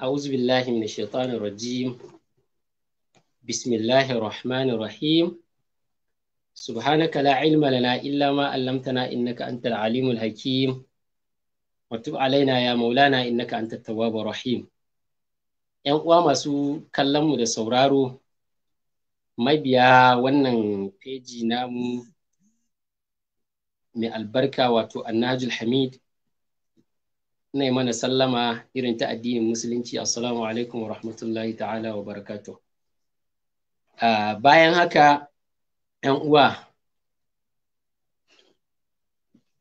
أعوذ بالله من الشيطان الرجيم بسم الله الرحمن الرحيم سبحانك لا علم لنا إلا ما علمتنا إنك أنت العليم الحكيم وتب علينا يا مولانا إنك أنت التواب الرحيم ‘Yan uwa masu kallonmu da sauraro, mabiya wannan feji namu mai albarka wato Annajul Hamid yi mana sallama irin ta addinin musulunci assalamu alaikum wa rahmatullahi ta'ala wa barakatu uh, bayan haka yan uwa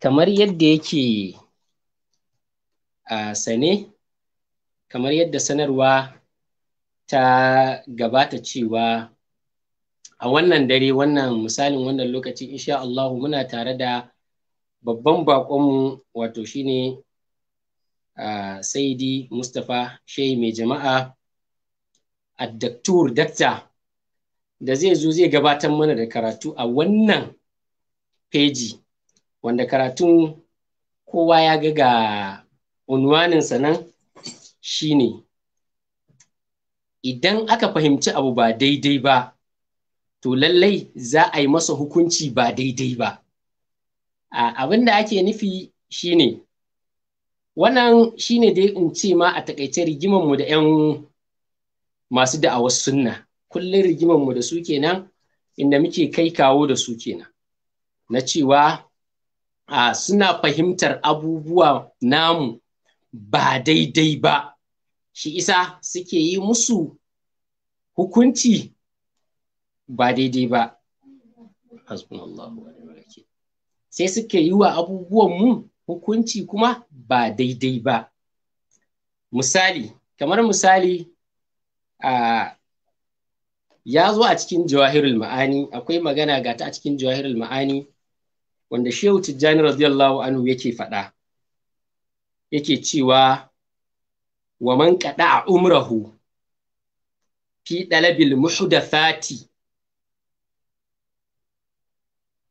kamar yadda yake a sane kamar yadda sanarwa ta gabata cewa a wannan dare wannan misalin wannan lokaci insha Allah muna tare da babban baƙonmu wato shine saidi mustapha shehi mai jama'a Daktur dakta da zai zo zai gabatar mana da karatu a wannan feji wanda karatun kowa ya ga ga unwaninsa nan shine idan aka fahimci abu ba daidai ba to lallai za a yi masa hukunci ba daidai ba abin da ake nufi shine wannan shi ne dai in ce ma a takaice rigimar mu da yan masu da'awar sunna kullun rigimar mu da su kenan inda muke kai kawo da su kenan na cewa suna fahimtar abubuwa namu ba daidai ba shi isa suke yi musu hukunci ba daidai ba sai suke yi wa abubuwanmu hukunci kuma ba daidai ba misali kamar misali ya zo a cikin jawahirul ma'ani akwai magana gata a cikin jawahirul ma'ani wanda shehu tijjani radiyallahu anhu yake faɗa yake cewa wa man kaɗa a umrahu fi da fati,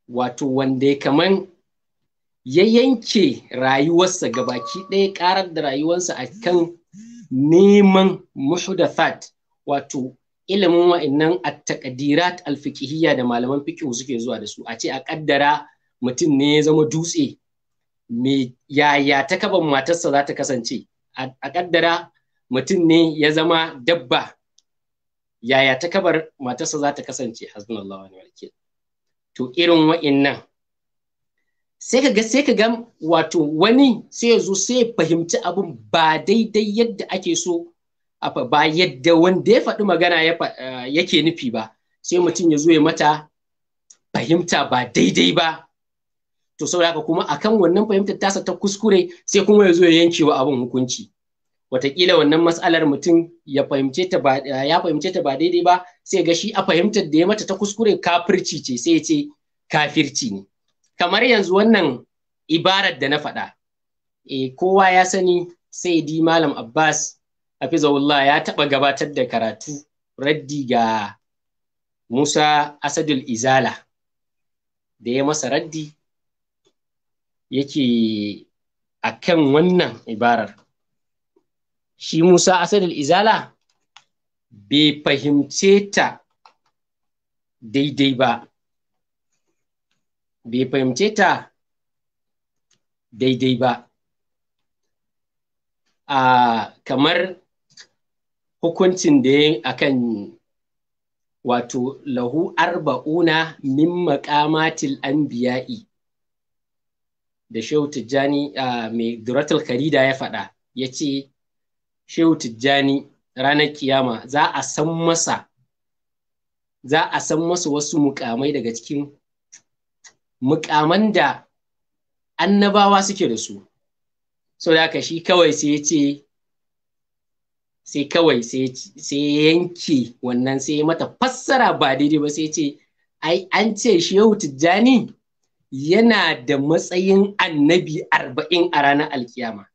wato wanda kaman ya yanke rayuwarsa gabaki ɗaya ƙarar da rayuwarsa a kan neman muhdathat wato ilimin wa'annan nan a al-fiqhiyya da malaman fikihu suke zuwa da su a ce a kaddara mutum ne ya zama dutse me yaya ta kaban matarsa za ta kasance a kaddara mutum ne ya zama dabba yaya ta kabar matarsa za ta kasance hasbunallahu wa ni'mal to irin wa'annan sai ka ga sai ka ga wato wani sai ya zo sai ya fahimci abin ba daidai yadda ake so ba yadda wanda ya faɗi magana eh, yake nufi ba sai mutum ya zo ya mata fahimta ba daidai ba to saboda kuma akan wannan fahimtar tasa ta kuskure sai kuma ya zo ya yanke wa abin hukunci wataƙila wannan matsalar mutum ya fahimce ta ba eh, ya fahimce ta ba daidai ba sai ga shi a fahimtar da ya mata ta kuskure kafirci ce sai ya ce kafirci ne kamar yanzu wannan ibarar da na faɗa e, kowa ya sani sai di malam abbas hafizahullah ya taɓa gabatar da karatu raddi ga musa asadul izala da ya masa raddi yake a kan wannan ibarar shi musa asadul izala bai fahimce ta daidai ba bai fahimce ta daidai ba a kamar hukuncin da ya akan wato lahu arba'una min maƙamatil anbiya'i da shehu tijjani mai duratul karida ya faɗa ya ce shehu tijjani ranar kiyama za a san masa za a san masa wasu mukamai daga cikin mukaman da annabawa suke da su so da ka shi kawai sai ya ce sai kawai sai yanke wannan sai mata fassara ba daidai ba sai ce ai an ce shehu tijjani yana da matsayin annabi arba'in a ranar alkiyama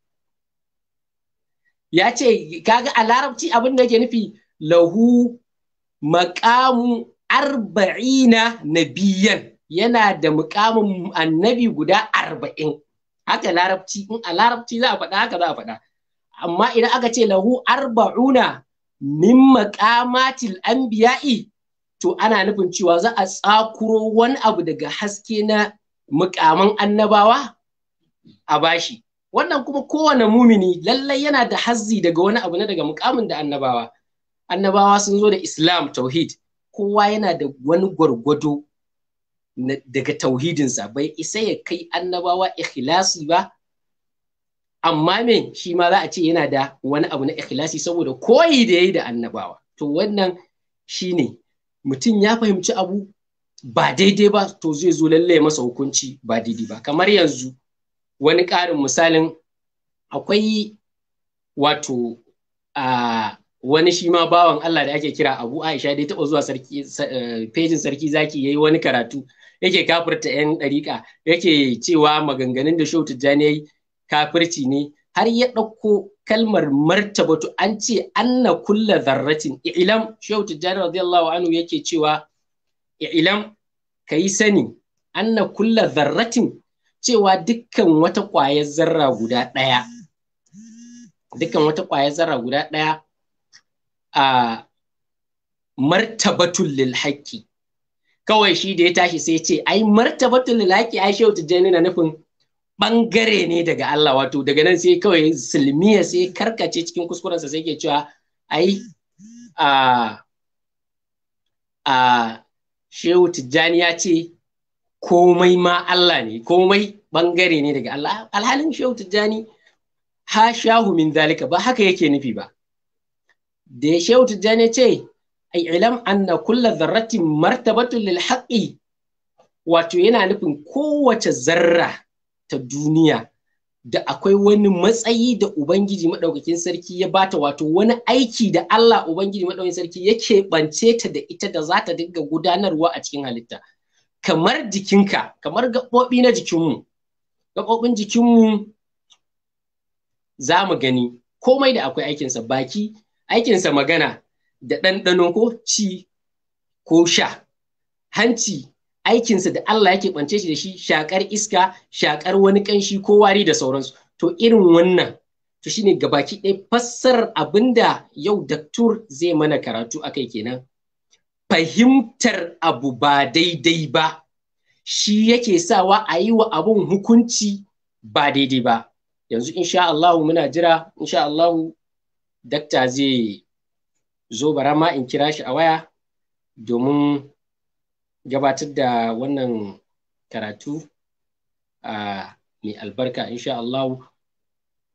ya ce kaga a larabci abin da yake nufi lahu makamu arba'ina nabiyan yana da mukamin annabi guda arba'in haka larabci in a larabci za a faɗa haka za a faɗa amma idan aka ce lahu arba'una min maqamatil anbiya'i to ana nufin cewa za a tsakuro wani abu daga haske na mukaman annabawa a bashi wannan kuma kowane mumini lallai yana da hazzi daga wani abu na daga mukamin da annabawa annabawa sun zo da islam tauhid kowa yana da wani gwargwado daga tauhidinsa bai isa ya kai annabawa ikhlasi ba amma me shi ma za a ce yana da wani abu na ikhlasi saboda koyi da yayi da annabawa to wannan shine mutum ya fahimci abu ba daidai ba to zai zo lalle masa hukunci ba daidai ba kamar yanzu wani ƙarin misalin akwai wato a wani shi ma bawan Allah da ake kira Abu Aisha dai taɓa zuwa sarki fejin eh, sarki zaki yayi wani karatu yake kafirta yan ɗariƙa yake cewa maganganun da shehu tijjani yayi kafirci ne har ya ɗauko kalmar martabatu an ce anna kulla zarratin ilam shehu tijjani radiyallahu anhu yake cewa ilam ka yi sani anna kulla zarratin cewa dukkan wata ƙwayar zarra guda ɗaya dukkan wata ƙwayar zarra guda ɗaya a martabatul lil haqqi kawai shi da ya tashi sai ce ai martabatul laki ai shehu tijjani na nufin bangare ne daga Allah wato daga nan sai kawai silmiya sai karkace cikin kuskurensa sai ke cewa ai a a shehu tijjani ya ce komai ma Allah ne komai bangare ne daga Allah alhalin shehu tijjani ha shahu min zalika ba haka yake nufi ba da shehu tijjani ce ilam anna kulla zarrati martabatu lil haqqi wato yana nufin kowace zarra ta duniya da akwai wani matsayi da ubangiji madaukakin sarki ya bata wato wani aiki da Allah ubangiji madaukakin sarki ya ɓance ta da ita da za ta dinga gudanarwa a cikin halitta kamar jikinka kamar gaɓoɓi na jikinmu gaɓoɓin jikinmu za mu gani komai da akwai aikinsa baki aikinsa magana da ɗanɗano ko ci ko sha hanci aikinsa da Allah yake ɓance shi da shi shaƙar iska shaƙar wani ƙanshi ko wari da sauransu to irin wannan to shi ne gabaki ɗaya fassarar da yau daktur zai mana karatu a akai kenan fahimtar abu ba daidai ba shi yake sawa a yi wa abun hukunci ba daidai ba yanzu insha Allahu muna jira insha Allahu dakta zai zo bara ma in kira shi a waya domin gabatar da wannan karatu a mai albarka insha Allah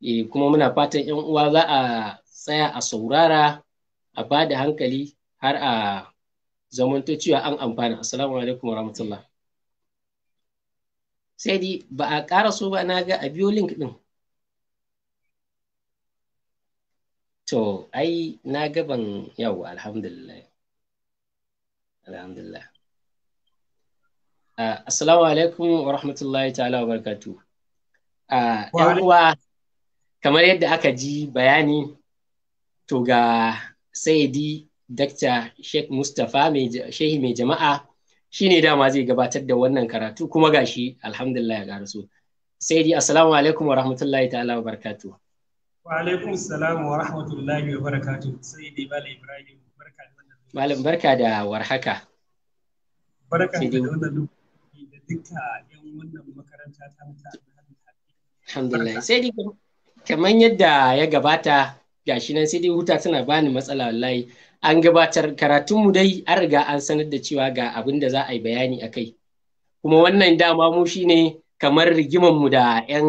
e, kuma muna fatan yan uwa za a tsaya a saurara a ba da hankali har a zamanto cewa an amfana assalamu alaikum rahmatullah sai dai ba a ƙara so ba na ga a biyo link ɗin To, ai na gaban yau alhamdulillah. Alhamdulillah. Uh, assalamu alaikum wa rahmatullahi ta'ala wa barkatu. Uh, ah, uwa kamar yadda aka ji bayani to ga Sayyidi Dr. Sheikh Mustapha shehi mai jama'a shi ne dama zai gabatar da wannan karatu kuma gashi alhamdulillah ya karaso. Sayyidi, assalamu alaikum wa rahmatullahi ta'ala wa barkatu. Wa barka da wannan. Malam Alhamdulillah. kamar yadda ya gabata gashi nan sai dai huta tana bani matsala wallahi an gabatar karatunmu dai an riga an sanar da cewa ga abin da za a yi bayani a kai. kuma wannan dama mu shine kamar rigimanmu da 'yan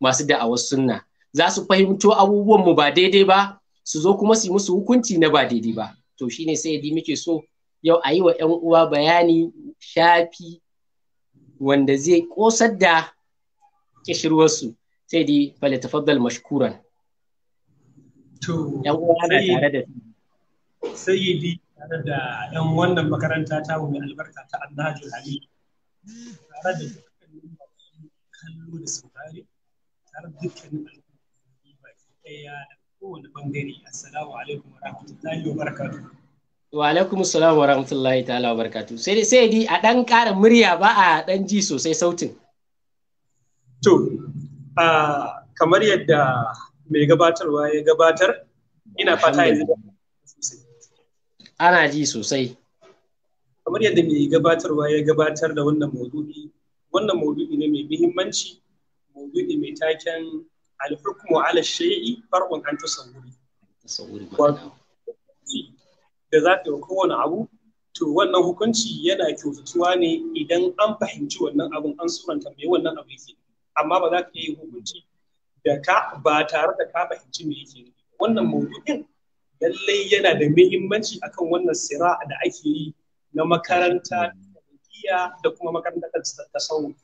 masu da'awar sunna za su fahimto abubuwan mu ba daidai ba su zo kuma su yi musu hukunci na ba daidai ba to shine sai yadi muke so yau a yi wa 'yan uwa bayani shafi wanda zai kosar da kishirwarsu sai dai tafaddal mashkuran to yan uwa na tare da sayyidi tare da yan wannan makaranta ta mai albarka ta Allah ali tare da dukkanin kallo da saurari tare da dukkanin ɗaya da kowane bangare assalamu alaikum wa rahmatullahi wa barakatuhu wa alaikum assalam wa rahmatullahi ta'ala wa barakatuhu sai sai di a ɗan ƙara murya ba a ɗan ji sosai sautin to kamar yadda mai gabatarwa ya gabatar ina fata yanzu ana ji sosai kamar yadda mai gabatarwa ya gabatar da wannan maudu'i wannan maudu'i ne mai muhimmanci maudu'i mai taken الحكم على الشيء far'un عن تصوري تصوري da za ta yi kowane abu to wannan hukunci yana kyautatuwa ne idan an fahimci wannan abun an sunanta mai wannan abu yake amma ba za ka yi hukunci da ka ba tare da ka fahimci me yake wannan maudu'in lallai yana da muhimmanci akan wannan sira da ake yi na makaranta da kuma makaranta ta tasawuf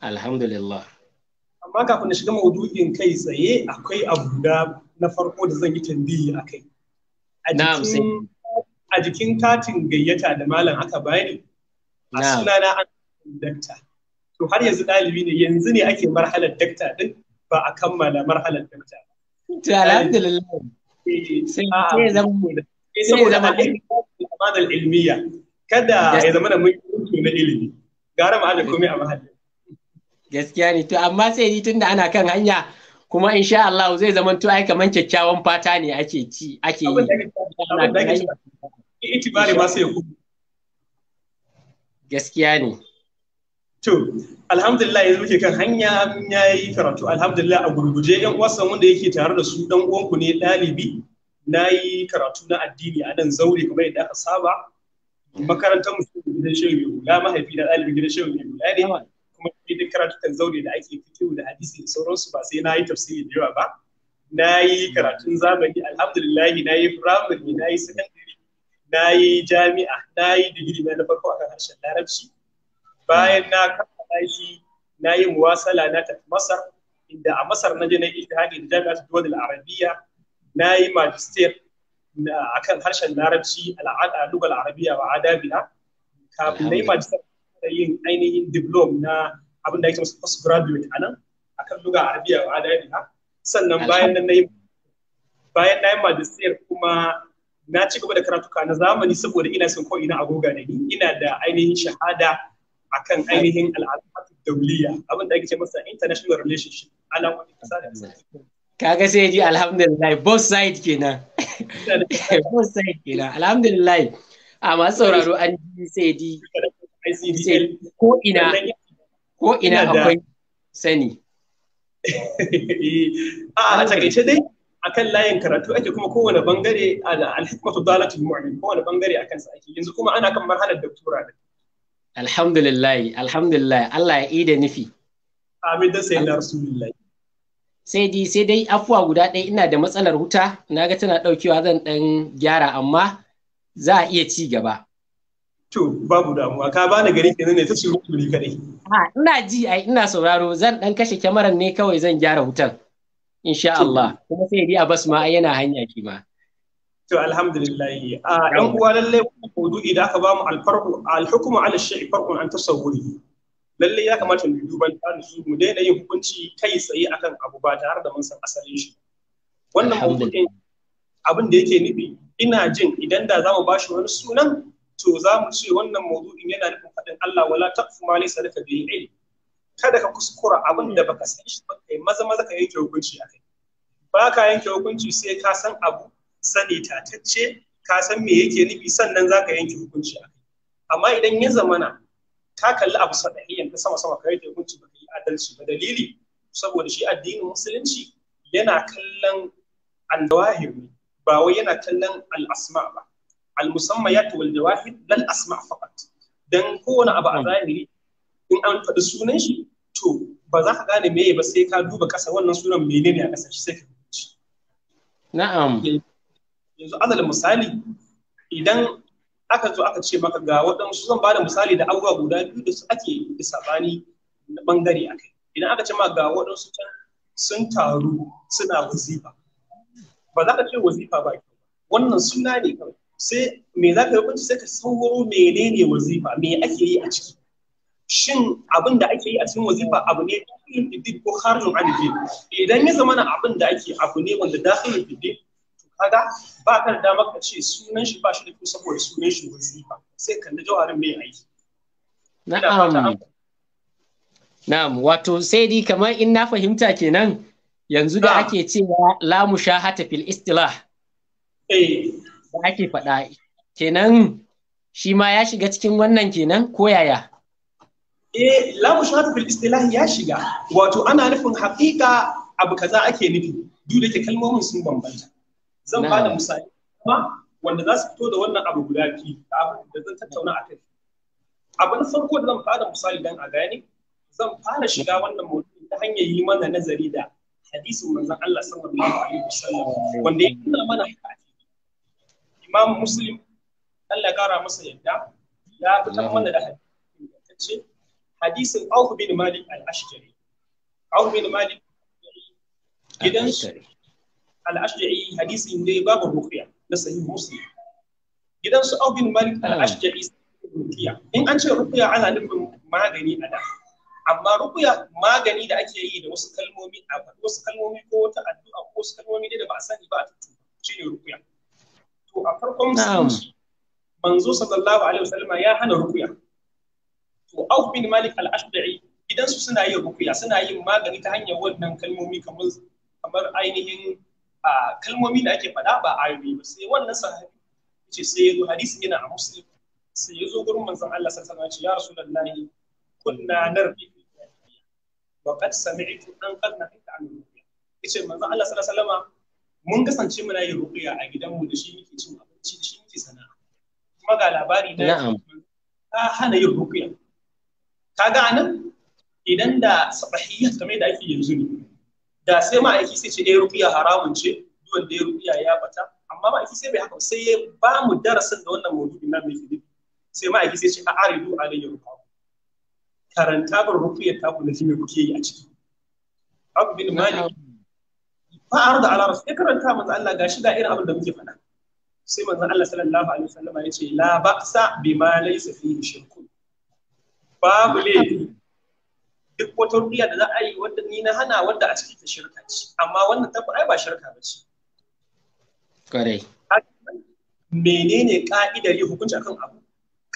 alhamdulillah amma kafin na shiga maudu'in kai tsaye akwai abu da na farko da zan yi tambayi a kai a jikin katin gayyata da malam aka bani a sunana an dakta to har yanzu ɗalibi ne yanzu ne ake marhalar dakta din ba a kammala marhalar dakta to alhamdulillah sai zama eh, saboda ilmiya kada ya zama da mun na ilimi gara ma'ana da komai a mahalli. gaskiya ne to amma sai ni tunda ana kan hanya kuma insha Allah zai zama to ai kaman kyakkyawan fata ne ake ci ake yi itibari ma sai gaskiya ne to alhamdulillah yanzu muke kan hanya yayi karatu alhamdulillah a gurguje yan uwansa wanda yake tare da su dan uwanku ne dalibi na yi karatu na addini a nan zaure kamar yadda aka saba makarantar musulmi gidan shehu mai hula mahaifi na ɗalibin gidan shehu hula ne kuma duk karatun zaure da ake fikihu da hadisi da sauransu ba sai na yi tafsirin da yawa ba na yi karatun zamani alhamdulillah na yi firamare na yi sakandare na yi jami'a na yi digiri na farko akan harshen larabci bayan na kammala shi na yi muwasala na tafi masar inda a masar na je na ijtihadi da jami'at duwal arabiya na yi magister kan harshen larabci al'ada lugal arabiya wa adabiya kafin na yi magister yin ainihin diplom na abin da ake masa postgraduate a nan a kan luga arabiya ba da ha sannan bayan nan na yi bayan na yi magister kuma na ci gaba da karatuka na zamani saboda ina son ko ina agoga ne ina da ainihin shahada akan ainihin al'adu dauliya abin da ake ce masa international relationship ana wani kasa da kasa kaga sai ji alhamdulillah both side kenan both side kenan alhamdulillah a masu sauraro an ji sai ji ko ina ko ina akwai sani ah, a takaice dai akan layin karatu ake kuma kowane bangare mu'min kowane bangare akan sa ake yanzu kuma ana kan marhalar da alhamdulillah alhamdulillah Allah ya ida nufi amin da sayyidina rasulullahi sai dai sai dai afuwa guda ɗaya ina da matsalar wuta naga tana ɗaukewa zan ɗan gyara amma za a iya ci gaba To babu damuwa ka bani gari kenan ne ta su guri kadai. ina ji ai ina sauraro zan dan kashe kyamarar ne kawai zan gyara hutan. Insha Allah kuma sai dai Abbas ma yana hanya ki ma. To alhamdulillah a yan uwa lalle kudu idan aka bamu mu alfarqu alhukmu ala shay'i farqun an tasawwuri. Lalle ya kamata mu duba ta su mu daina yin hukunci kai tsaye akan abu ba tare da mun san asalin shi. Wannan maudu'in abin da yake nufi ina jin idan da zamu bashi wani sunan to za mu ce wannan maudu'in yana nufin faɗin Allah wala taqfu ma laysa laka bihi ilmi kada ka kuskura abin da baka san shi ba kai maza maza ka yanke hukunci a kai. ba ka yanke hukunci sai ka san abu sani tatacce ka san me yake nufi sannan za ka yanke hukunci a kai. amma idan ya zamana ka kalli abu sadahiyan ta sama sama ka yanke hukunci ba yi adalci ba dalili saboda shi addinin musulunci yana kallon al ba wai yana kallon al-asma ba المسميات والجواهر لن jawahir فقط دن كون dan kowane abu a hmm. zahiri in an faɗi sunan shi to ba za ka gane meye ba sai ka duba wannan sunan menene a kasa shi sai ka na'am eh, yanzu alal misali idan aka zo aka ce maka ga waɗansu zan bada misali da abubuwa guda biyu da su ake da sabani na bangare a kai idan aka ce maka ga waɗansu can sun taru suna wazifa ba za ka ce wazifa ba wannan suna ne kawai sai me za ka yi sai ka sauro menene wazifa me ake yi a ciki shin abin da ake yi a cikin wazifa abu ne dakhilun fiddin ko kharijun an idan ya zama abin da ake abu ne wanda dakhilun fiddin to kaga ba ka da damar ka ce sunan shi ba shi da saboda sunan shi wazifa sai ka na jawarin mai aiki na'am na'am wato sai dai kamar in na fahimta kenan yanzu da ake cewa la mushahata fil istilah eh da ake faɗa kenan shi ma ya shiga cikin wannan kenan ko yaya eh la mushahadu fil istilahi ya shiga wato ana nufin haƙiƙa abu kaza ake nufi duk da ke kalmomin sun bambanta zan ba da misali kuma wanda za su fito da wannan abu guda biyu da zan tattauna a kai abu na farko da zan da misali dan a gane zan fara shiga wannan maudu'i ta hanyar yi mana nazari da hadisin manzon Allah sallallahu alaihi wasallam wanda ya nuna mana haka a imam muslim Allah kara masa yadda ya fitar mana da hadisi hadisin Auf bin Malik al-Ashjari Auf bin Malik gidan al-Ashjari hadisin ne babu ruqya na sahih muslim gidan su Auf bin Malik ah. al-Ashjari rukiya in an ce rukiya ana nufin magani a da amma ruqya magani da ake yi da wasu kalmomi a wasu kalmomi ko wata addu'a ko wasu kalmomi da ba a sani ba a tutu shine ruqya to a farkon musulunci manzo sallallahu alaihi wasallama ya hana rukuya to Auf bin Malik al-Ashba'i idan su suna yin rukuya suna yin magani ta hanyar wannan kalmomi kamar kamar ainihin kalmomi da ake faɗa ba ayoyi ba sai wannan sahabi ce sai ya zo hadisi yana a muslim sai ya zo gurin manzon Allah sallallahu alaihi wasallam ya rasulullahi kunna narbi wa qad sami'tu an qad nahita an rukuya yace manzon Allah sallallahu alaihi wasallam mun kasance muna yin ruqya a gidanmu da shi muke cin abinci da shi muke sana'a kuma ga labari na ta hana yin ruqya kaga anan idan da sabahiyya kamar da ake yanzu ne da sai aiki sai ce eh ruqya haramun ce duk wanda ya ruqya ya bata amma aiki sai bai haka sai ya ba mu darasin da wannan maudu'in nan mai fili sai aiki sai ce a aridu alayya ruqya karanta bar ruqya ta ku da shi me kuke yi a ciki Abu bin Malik fa arda ala rasul ya karanta manzo Allah gashi ga irin abin da muke faɗa sai manzo Allah sallallahu alaihi wasallam ya ce la ba'sa bima laysa fihi shirku babu le duk wata ruya da za a yi wanda ni na hana wanda a cikin ta shirka ce amma wannan tabbata ai ba shirka ba ce kare menene ka'idar yi hukunci akan abu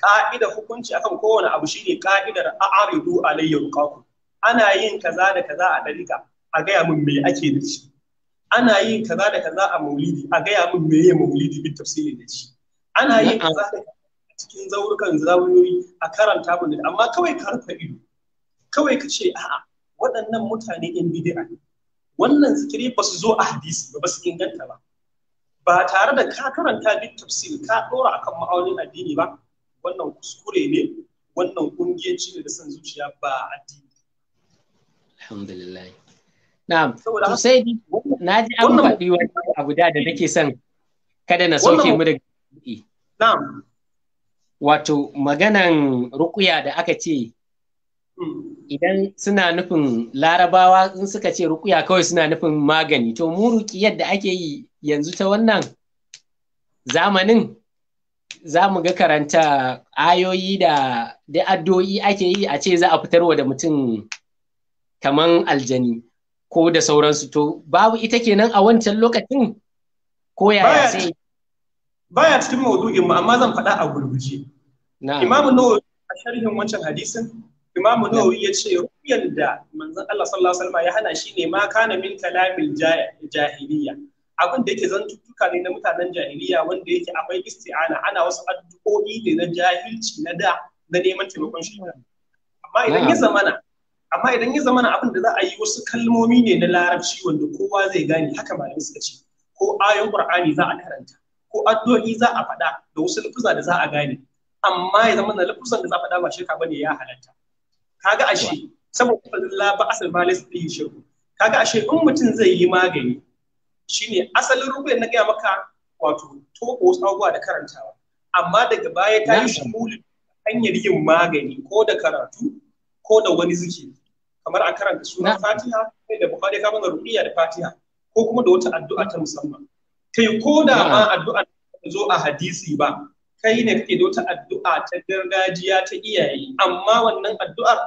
ka'idar hukunci akan kowane abu shine ka'idar a'ridu alayya ruqakum ana yin kaza da kaza a dalika a gaya min me ake da shi ana yin kaza da kaza a maulidi a gaya min meye maulidi bi tafsiri da shi ana yin kaza da a cikin zaurukan zawiyoyi a karanta mun da amma kawai ka rufe ido kawai ka ce a'a waɗannan mutane yan bid'a ne wannan zikiri ba su zo a hadisi ba ba su inganta ba ba tare da ka karanta bi tafsiri ka ɗora akan ma'aunin addini ba wannan kuskure ne wannan kungiyanci ne da son zuciya ba addini alhamdulillah Na'am. To sai na ji an faɗi wani abu da nake son kada na sauke mu daga Na'am. Wato maganan rukuya da aka ce hmm. idan suna nufin larabawa in suka ce rukuya kawai suna nufin magani to mu ruki yadda ake yi yanzu ta wannan zamanin za mu ga karanta ayoyi da da addo'i ake yi a ce za a fitarwa da mutum kaman aljani ko da sauransu to babu ita kenan a wancan lokacin ko ya sai baya cikin maudu'in amma zan faɗa a gurguje imamu nawawi a sharhin wancan hadisin imamu nawawi ya ce ruyan da manzon Allah sallallahu alaihi wasallam ya hana shi ne ma kana min kalamin jahiliya abin da yake zantuttuka ne na mutanen jahiliya wanda yake akwai isti'ana ana wasu addu'o'i ne na jahilci na da na neman taimakon shi amma idan ya zamana amma idan ya zamana abin da za a yi wasu kalmomi ne na larabci wanda kowa zai gane haka malami suka ce ko ayon qur'ani za a karanta ko addu'o'i za a faɗa da wasu lafuza da za a gane amma ya zama na lafuzan da za a faɗa ba shirka bane ya halatta kaga ashe saboda la ba asal balis din shirku kaga ashe in mutum zai yi magani shine asalin rubuyan na gaya maka wato to wasu abubuwa da karantawa amma daga baya ta yi shi hanyar yin magani ko da karatu ko da wani zikiri kamar a karanta suna fatiha sai da bukhari ka mana ruqiya da fatiha ko kuma da wata addu'a ta musamman kai ko da ma addu'a ta zo a hadisi ba kai ne kake da wata addu'a ta gargajiya ta iyaye amma wannan addu'ar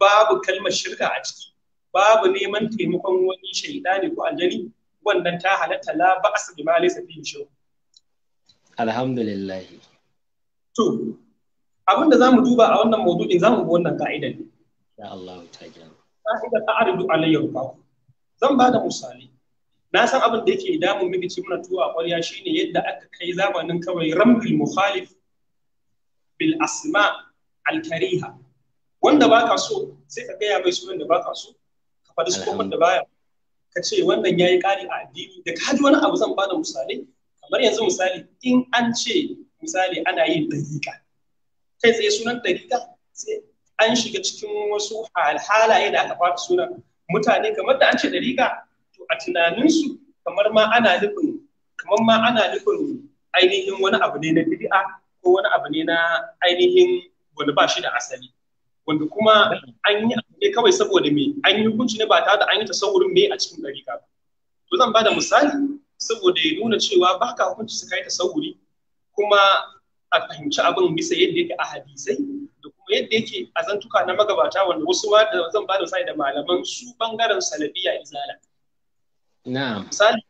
babu kalmar shirka a ciki babu neman taimakon wani shaidani ko aljani wannan ta halatta la bi bima laysa fihi alhamdulillah to abin zamu duba a wannan maudu'in zamu bi wannan ka'idan ya Allah ta ta a'ridu alayya rufaku zan ba da misali na san abin da yake damun miki ci muna tuwa ƙwarya shine yadda aka kai zamanin kawai rambil mukhalif bil asma al kariha wanda baka so sai ka gaya mai sunan da baka so ka faɗi sunan da baya ka ce wannan yayi ƙari a addini da ka ji wani abu zan ba da misali kamar yanzu misali in an ce misali ana yin dariƙa kai tsaye sunan dariƙa sai an shiga cikin wasu halaye da aka bata suna mutane kamar da an ce dariƙa to a tunaninsu kamar ma ana nufin kamar ma ana nufin ainihin wani abu ne na bid'a ko wani abu ne na ainihin wani ba shi da asali wanda kuma an yi abu ne kawai saboda me an yi hukunci ne ba tare da an yi tasawurin me a cikin dariƙa to zan ba da misali saboda ya nuna cewa ba ka hukunci su kai tasawuri kuma a fahimci abin bisa yadda yake a hadisai yadda yake a zantuka na magabata wanda wasu ma da zan bada sai da malaman su bangaren salafiya izala na'am misali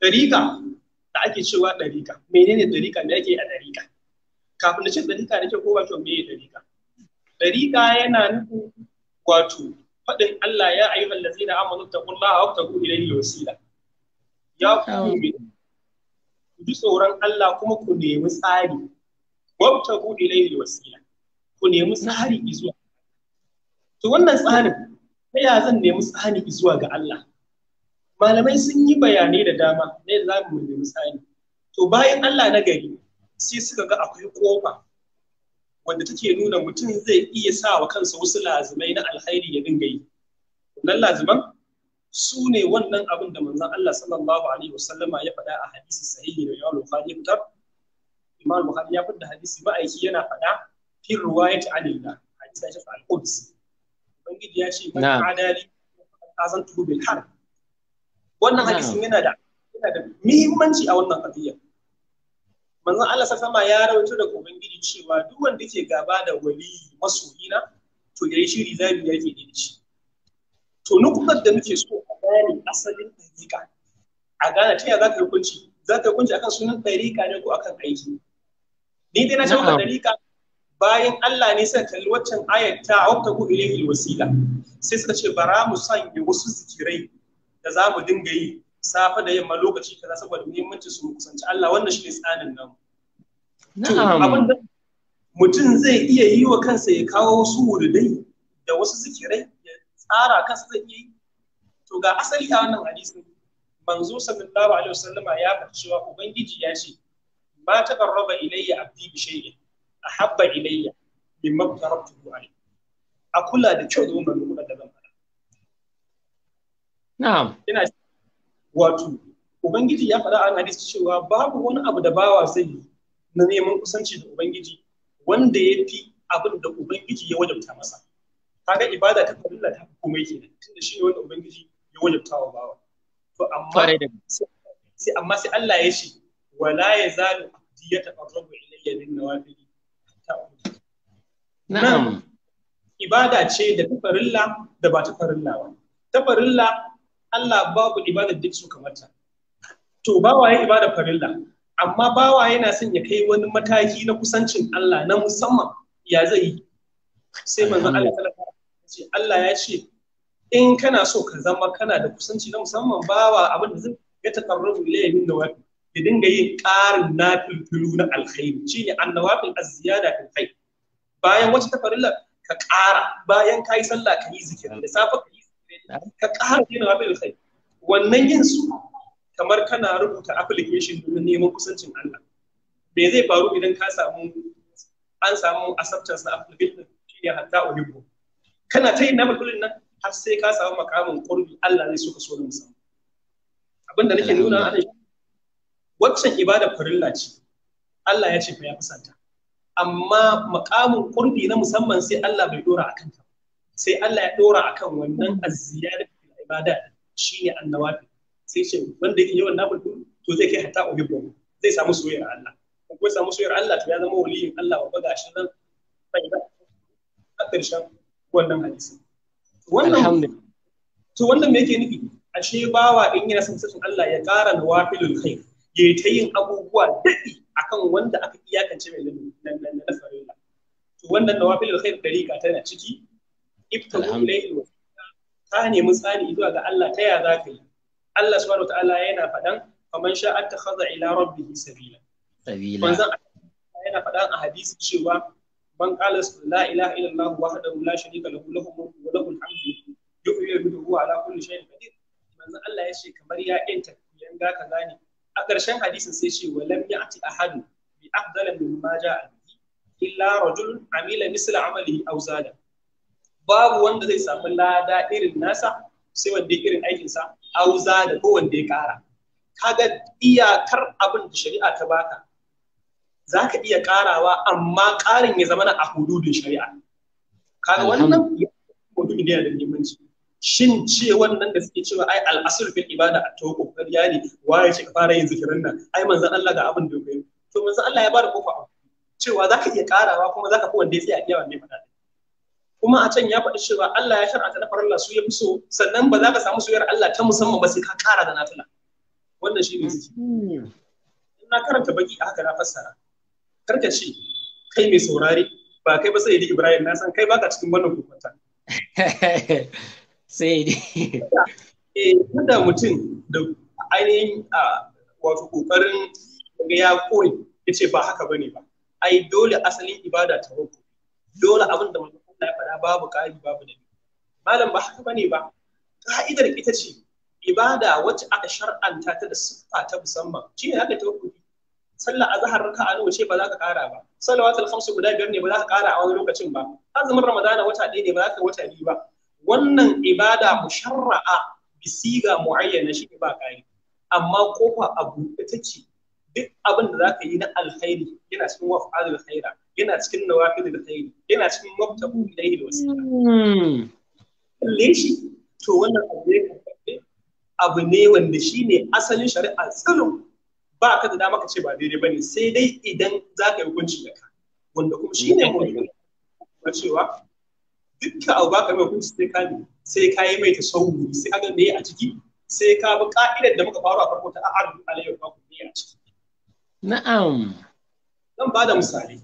dariƙa da ake cewa dariƙa menene dariƙa me yake a dariƙa kafin da ce dariƙa nake ko wato me dariƙa dariƙa yana nufin wato faɗin Allah ya ayyuhal ladzina amanu taqullaha wa tabu ilayhi wasila ya ku ku ji tsoron Allah kuma ku nemi tsari wabtagu ilayhi wasila ku nemi tsari izuwa to wannan tsarin ta ya zan nemi tsari izuwa ga Allah malamai sun yi bayanai da dama na yadda za mu nemi tsari to bayan Allah na gari sai suka ga akwai kofa wanda take nuna mutum zai iya sa wa kansa wasu lazimai na alkhairi ya dinga yi wannan laziman su ne wannan abin da manzon Allah sallallahu alaihi wasallama ya faɗa a hadisi sahihi da yawon Bukhari fitar Imam Bukhari ya fitar da hadisi ma'aiki yana faɗa fi riwayat anillah hadisi ya shafi al-quds ubangiji ya ce man adali azan tu bil har wannan hadisin yana da yana da muhimmanci a wannan qadiyya manzon Allah Sassama ya rawaito da ubangiji cewa duk wanda ke gaba da wali masoyina to ya yayi shiri zabi yake da shi to nukunar da muke so a gane asalin dariƙa a gane ta za ta yi kunci. za ta yi kunci akan sunan dariƙa ne ko akan aiki ni dai na ce maka dariƙa bayan Allah ne suka kalli waccan ayat ta ku ilaihi wasila sai suka ce bara mu sanya wasu zikirai da za mu dinga yi safe da yamma lokaci kaza saboda muhimmanci su kusanci Allah wannan shi ne tsanin nan. mutum zai iya yi wa kansa ya kawo wasu wurdai da wasu zikirai ya tsara kansa zai iya yi to ga asali a wannan hadisin manzo sallallahu alaihi wasallama ya faɗi cewa ubangiji ya ce ma taqarraba ilayya abdi bi shay'in ahabba ilayya mimma tarabtu alayhi a kula da kyau da umarnin kuɗa da zan faɗa na'am ina wato ubangiji ya faɗa an hadisi cewa babu wani abu da bawa zai na neman kusanci da ubangiji wanda ya fi abin da ubangiji ya wajabta masa kaga ibada ta farilla ta komai kenan tunda shi ne wanda ubangiji ya wajabta wa bawa to amma sai amma sai Allah ya ce wala yazalu abdi yataqarrabu ilayya bin nawafil Na'am. Ibada ce da tafarilla da ba farilla ba. Tafarilla Allah babu ibada duk su kamata. To bawaye ibada farilla, amma bawa yana son ya kai wani mataki na kusancin Allah na musamman ya zai yi. Sai manzon Allah ce Allah ya ce in kana so ka zama kana da kusanci na musamman bawa abin da zai ya takarrabu ilayhi min da wani. ki dinga yin ƙarin nafilfilu na alkhairi ne annawafil az-ziyada fil khair bayan wacce ta farilla ka ƙara bayan ka yi sallah ka yi zikiri da safe ka yi zikiri ka ƙara yin nafilfil khair wannan yin su kamar kana rubuta application domin neman kusancin Allah me zai faru idan ka samu an samu acceptance na application shine hatta uhibbu kana ta yin nafilfilin nan har sai ka samu makamin qurbi Allah zai so ka so da musamman abinda nake nuna a waccan ibada farilla ce Allah ya ce fa ya fusanta amma makamin qurbi na musamman sai Allah bai dora akan ta sai Allah ya dora akan wannan azziyar ibada shine annawafi sai ce wanda yake yawan nafil to zai kai hatta uhibbu zai samu soyayyar Allah ko kuma samu soyayyar Allah to ya zama waliyin Allah wa ga shi nan a ƙarshen wannan hadisi wannan to wannan me yake nufi ashe bawa in yana son sai Allah ya ƙara nawafilul khair ya ta yin abubuwa daɗi akan wanda aka iyakance mai na farilla to wannan nawafil khair dariqa tana ciki ibtahu ilayhi wasila nemi tsani zuwa ga Allah ta ya za ka yi Allah subhanahu yana faɗan faman sha attakhadha ila rabbihi sabila sabila yana faɗan a hadisi cewa man qala la ilaha illa Allah wahdahu la sharika lahu lahu mulku wa lahu alhamdu yuhyi wa yumiitu ala kulli shay'in qadir manzon Allah ya ce kamar ya yanta yanga kaza ne a ƙarshen hadisin sai shi wa lam ya'ti ahadu bi afdala mimma ja'a bihi illa rajul amila misla amalihi aw zada babu wanda zai samu lada irin nasa sai wanda ya irin aikin sa aw ko wanda ya ƙara kaga iyakar abin da shari'a ta baka za ka iya karawa amma karin ya zama na a hududin shari'a kaga wannan ya da muhimmanci shin ce wannan da suke cewa ai al'asul bil ibada a tawo ya ne waye ce ka fara yin zikirin nan ai manzon Allah ga abin da yake to manzon Allah ya bada kofa cewa zaka iya karawa kuma zaka fi wanda ya tsaya iya wanda ya kuma a can ya faɗi cewa Allah ya shar'anta da farilla su ya fi so sannan ba za ka samu soyar Allah ta musamman ba sai ka kara da nafila wannan shi ne ziki hmm. na karanta baki a haka na fassara karka ce kai mai saurare ba kai ba sai Ibrahim na san kai baka cikin wannan hukunta sai dai eh, da mutum da ainihin wato kokarin ga ya kore ya ce ba haka bane ba ai dole asalin ibada ta hukun dole abin da mutum ya faɗa babu ƙari babu da malam ba haka bane ba ka'idar ita ce ibada wacce aka shar'anta ta da siffa ta musamman shi ne haka ta hukun sallah azhar raka'a nawa ce ba za ka kara ba salawatul khamsu guda biyar ne ba za ka kara a wani lokacin ba azumin ramadana wata ɗaya ne ba za ka wata biyu ba wannan ibada mu musharra'a bisiga muayyana shi ba kai amma kofa a ta take duk abin da zaka yi na alkhairi yana cikin waf'alul khaira yana cikin nawafilul khairi yana cikin mabtabu ilayhi wasila hmm. kalle shi to wannan abu ne abu ne wanda shine asalin shari'a tsaro ba ka da dama ka ce ba daidai bane sai dai idan zaka yi hukunci da ka wanda kuma shine mu ba cewa dukkan abu baka mai hukunci sai ka sai ka yi mai tasawuri sai ka me a ciki sai ka bi ka'idar da muka faru a farko ta a'adu alayhi wa ne a ciki na'am zan ba da misali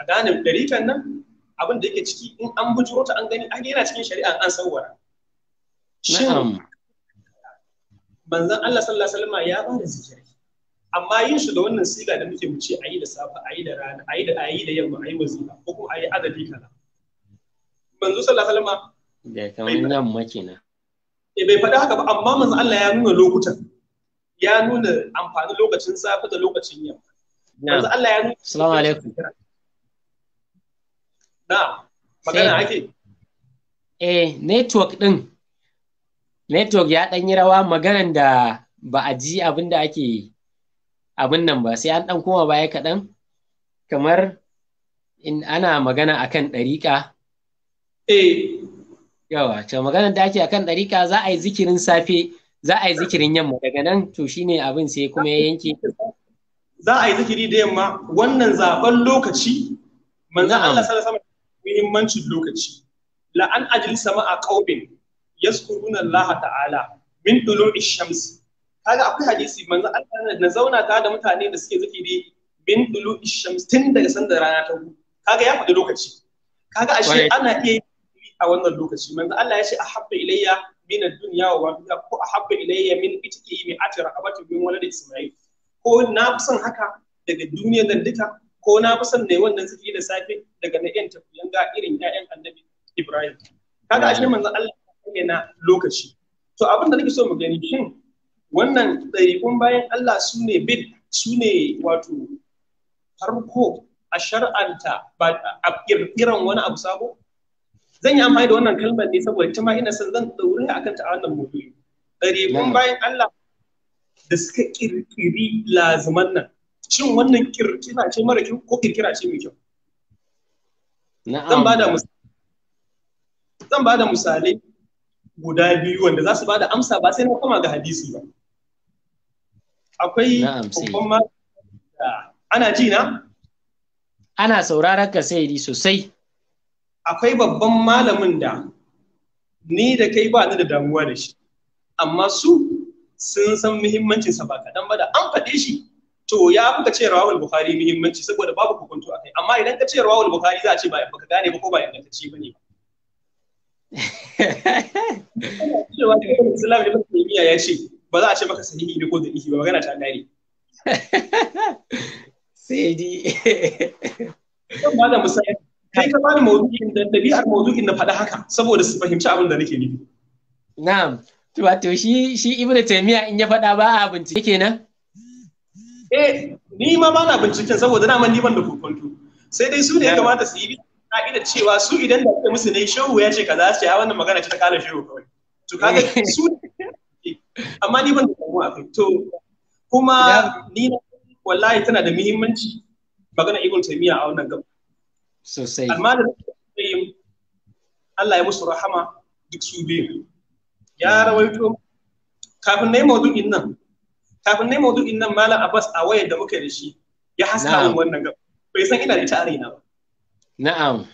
a gane dariƙan nan abin da yake ciki in an bujiro ta an gani an yana cikin shari'a an sawwara shin manzon Allah sallallahu alaihi wasallam ya bada zikiri amma yin shi da wannan siga da muke mu ce yi da safa yi da rana a da da yamma ayi wazifa ko kuma yi adadi kaza manzo sallallahu alaihi wasallam da kamar nan makina eh, bai faɗi haka ba amma manzo Allah ya nuna lokutan ya nuna amfani lokacin safi da lokacin yamma manzo Allah ya nuna assalamu alaikum na magana ake eh network din network ya ɗan yi rawa maganan da ba a ji abin da ake abin nan ba sai an ɗan koma baya kaɗan kamar in ana magana akan ɗariƙa eh yawa to maganar da ake akan ɗariƙa za a yi zikirin safe za a yi zikirin yamma daga nan to shine abin sai kuma ya yanke za a yi zikiri da yamma wannan zaben lokaci manzon Allah sallallahu alaihi wasallam muhimmancin lokaci la'an sama ajlis sama'a qaumin yazkuruna Allah ta'ala min dulu'i shams kaga akwai hadisi manzon Allah na zauna tare da mutane da suke zikiri min dulu'i shams tun daga sanda rana ta hu kaga ya faɗi lokaci kaga ashe ana iya yin. a wannan lokaci manzo Allah ya ce ahabba ilayya min ad-dunya wa ma ko ahabba ilayya min itiki mi atira abati min walad isma'il ko na fi son haka daga duniya nan duka ko na fi son ne wannan zikiri da safe daga na yan tafiyan ga irin ƴaƴan annabi Ibrahim kaga ashe manzo Allah ya na lokaci to abin da nake so mu gani shin wannan ɗariƙun bayan Allah su ne bid su ne wato farko a shar'anta ba a irin wani abu sabo zan yi amfani da wannan kalmar ne saboda ita ma ina son zan ɗaure akan ta a wannan maudu'i ɗariƙun bayan Allah da suka ƙirƙiri lazuman nan shin wannan ƙirƙira ce mara kyau ko ƙirƙira ce mai kyau zan ba da zan guda biyu wanda za su ba da amsa ba sai na koma ga hadisi ba akwai babban ma ana ji na ana sauraron ka sai sosai akwai babban malamin da ni da kai ba ni da damuwa da shi amma su sun san muhimmancinsa ba kaɗan ba da an faɗe shi to ya fi ce rawal bukhari muhimmanci saboda babu hukunto akai amma idan ka ce rawal bukhari za a ce ba in baka gane ba ko ba in ka ci bane cewa ya ce ba za a ce maka sahihi ne ko da'ihi ba magana ta gane sai dai kan ba da misali kai ka bani maudu'in da dabi'ar maudu'in na faɗa haka saboda su fahimci abin da nake nufi na'am to wato shi shi ibnu taymiya in ya faɗa ba a bincike kenan eh ni ma ba na binciken saboda na ni ban da kokonto sai dai su ne ya kamata su yi ka'ida cewa su idan da aka musu ne shehu ya ce kaza ce a ah, wannan magana ce ta kala shehu kawai to kaga su amma ni ban da kokonto akai to kuma ni wallahi tana da muhimmanci magana ibnu taymiya a wannan gaba sosai amma da Allah ya musu rahama duk su biyu ya mm. rawaito kafin na yi maudu'in nan kafin na yi maudu'in nan malam abbas a wayar da muke da shi ya haska min wannan gaba bai san ina da ita a raina ba na'am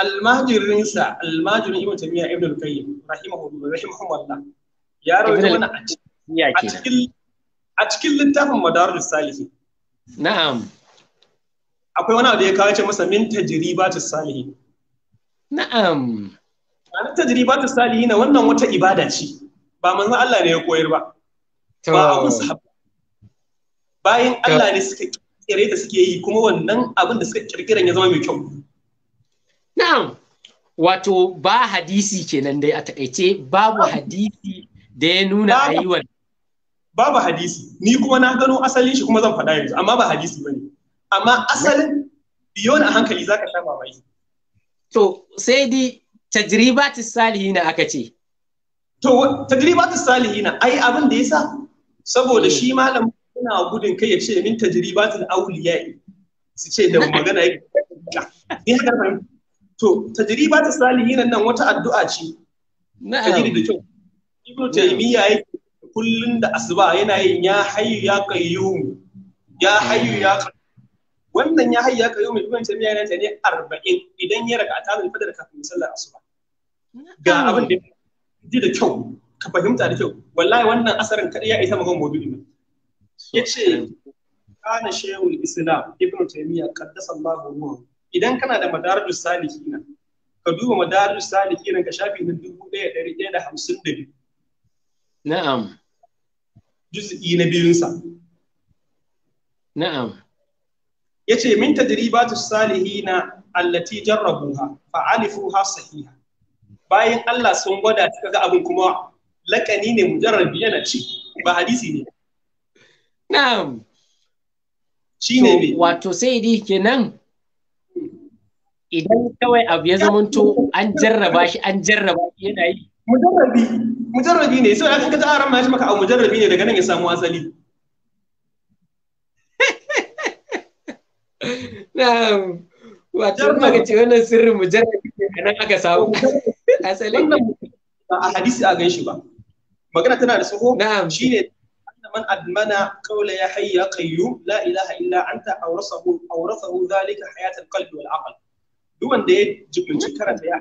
almajirinsa almajirin ibn tamiya ibn al-qayyim rahimahullah rahimahullah ya rawaito mana a cikin a cikin littafin madarul salihin na'am akwai wani abu da ya kawo ce masa min ta salihi na'am ma'anar salihi na wannan wata ibada ce ba manzo Allah ne ya koyar ba ba abun bayan Allah ne suka kirkire ta suke yi kuma wannan abin da suka kirkiran ya zama mai kyau na'am wato ba hadisi kenan dai a takaice babu hadisi da ya nuna a yi babu hadisi ni kuma na gano asalin shi kuma zan faɗa yanzu amma ba hadisi bane amma asalin biyo na hankali zaka sha mamaki to sai dai tajribatu salihina aka ce to tajribatu salihina ai abin da yasa saboda shi malam yana gudun kai ya ce min tajribatul yi, su ce da magana yake to tajribatul salihina nan wata addu'a ce na'am da kyau ibnu taymiya yake kullun da asuba yana yin ya hayyu ya qayyum ya hayyu ya qayyum wannan ya hayya ka mai ibn tamiya yana ta 40 idan ya raka ta fadar kafin sallar asuba ga abin da ji da kyau ka fahimta da kyau wallahi wannan asarin kadai ya isa magan maudu'i ne yace kana shaykhul islam ibn tamiya qaddasa Allahu ruhu idan kana da madarijus salihin ka duba madarijus salihin ka shafi na 1152 na'am juz'i na biyunsa na'am Ya ce min tajribatu na allati jarrabuha fa alifuha sahiha bayan Allah sun gwada suka ga abin kuma lakani ne mujarrabi yana ci ba hadisi ne na'am ne me wato sai dai kenan idan kawai abu ya zamanto an jarraba shi an jarraba shi yana yi mujarrabi mujarrabi ne sai aka ga aran ma shi maka abu mujarrabi ne daga nan ya samu asali Na'am. Wato ce wannan sirrin mujarrad ne nan aka samu. Asalin ba a hadisi a gan shi ba. Magana tana da tsoho shine man admana qawla ya hayya qayyum la ilaha illa anta awrasahu awrasahu dhalika hayatul qalbi wal aql. Duk wanda ya jibinci karanta ya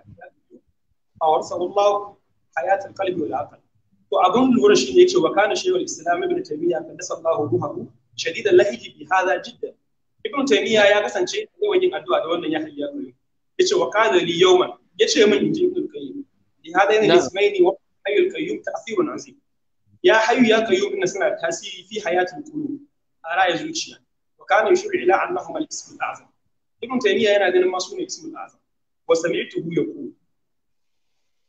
awrasahu Allah hayatul qalbi wal aql. To abin lura shi ne yake wa kana shaykhul islam ibn taymiya kaddasa Allahu ruhahu shadidan lahiji bi hadha jiddan. ibn taymiya ya kasance yawan yin addu'a da wannan ya hayya koyo yace wa kana li yawman yace min inji ibn qayyim li hadaini ismaini wa hayyul qayyum ta'thirun azim ya hayyu ya qayyum inna suna tasiri fi hayatil qulub a ra'ayin zuciya wa kana yushiru ila annahum al-ismul azam ibn taymiya yana ganin masu ne ismul azam wa sami'tuhu yaqul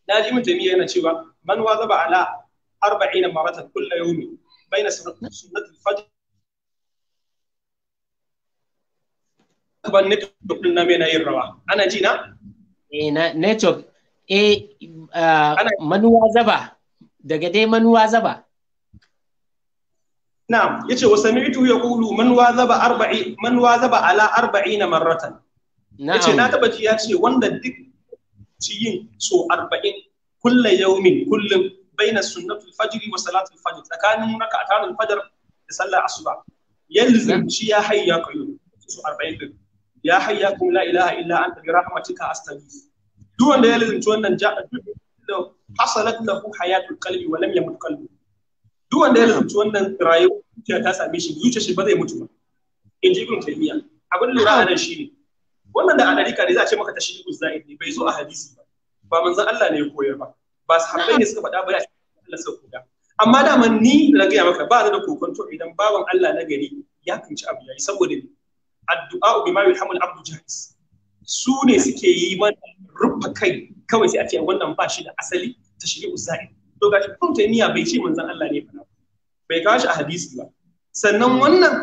naji ibn taymiya yana cewa man wazaba ala 40 maratan kullu yawmi bayna sunnati al-fajr ba network din namu na yin rawa ana ji na eh na network eh ah, manuwa zaba daga dai manuwa zaba na'am yace wa sami'tu yaqulu man zaba arba'i man wazaba ala arba'ina marratan yace na taba ji yace wanda duk ci yin so arba'in kulla yawmin kullum baina sunnatul fajri wa salatul fajr tsakanin raka a tarin da sallar asuba yanzu shi ya hayya kayo su arba'in din ya kuma la ilaha illa anta bi rahmatika astaghfir duk wanda ya lizinci wannan ja'a hasalat lahu hayatul qalbi wa lam yamut qalbi duk wanda ya lizinci wannan rayuwa ta same shi zuciya shi ba zai mutu ba in ji ibn taymiya abin lura a nan shine wannan da adarika ne za a ce maka tashri'u zaid ne bai zo a hadisi ba ba manzon Allah ne ya koyar ba ba habbai ne suka faɗa ba ya Allah suka koda amma man ni na gaya maka ba da kokonto idan bawan Allah na gari ya kunci abu yayi saboda ni addu'a ma yulhamu al abdu jahiz su ne suke yi mana rufa kai kawai sai a ce wannan ba shi da asali ta shige usai to ga shi kun taymiya bai ce manzon Allah ne ba bai kawo shi a hadisi ba sannan wannan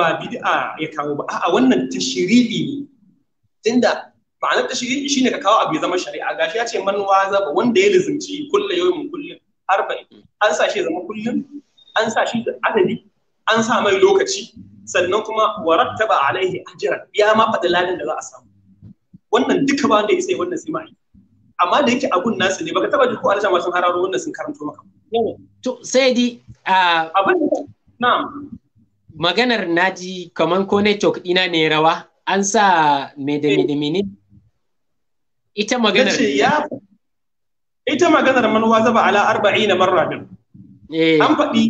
ba bid'a ya kawo ba a'a wannan tashri'i ne tunda ma'anar tashri'i shine ka kawo abu ya zama shari'a gashi ya ce man waza ba wanda ya lizimci kullu yawmin kullu arba'in an sa shi ya zama kullun an sa shi da adadi an sa mai lokaci sannan kuma warattaba alaihi ajran ya ma faɗi ladin da za a samu wannan duka ba wanda ya wannan sai ma'aikata amma da yake abun nasu ne baka taba duk ko alshan wasu hararo wannan sun karanto maka to sai di abin na maganar naji kaman ko network dina ne rawa an sa me da me da mene ita maganar ita maganar manwa zaba ala 40 marra eh. an faɗi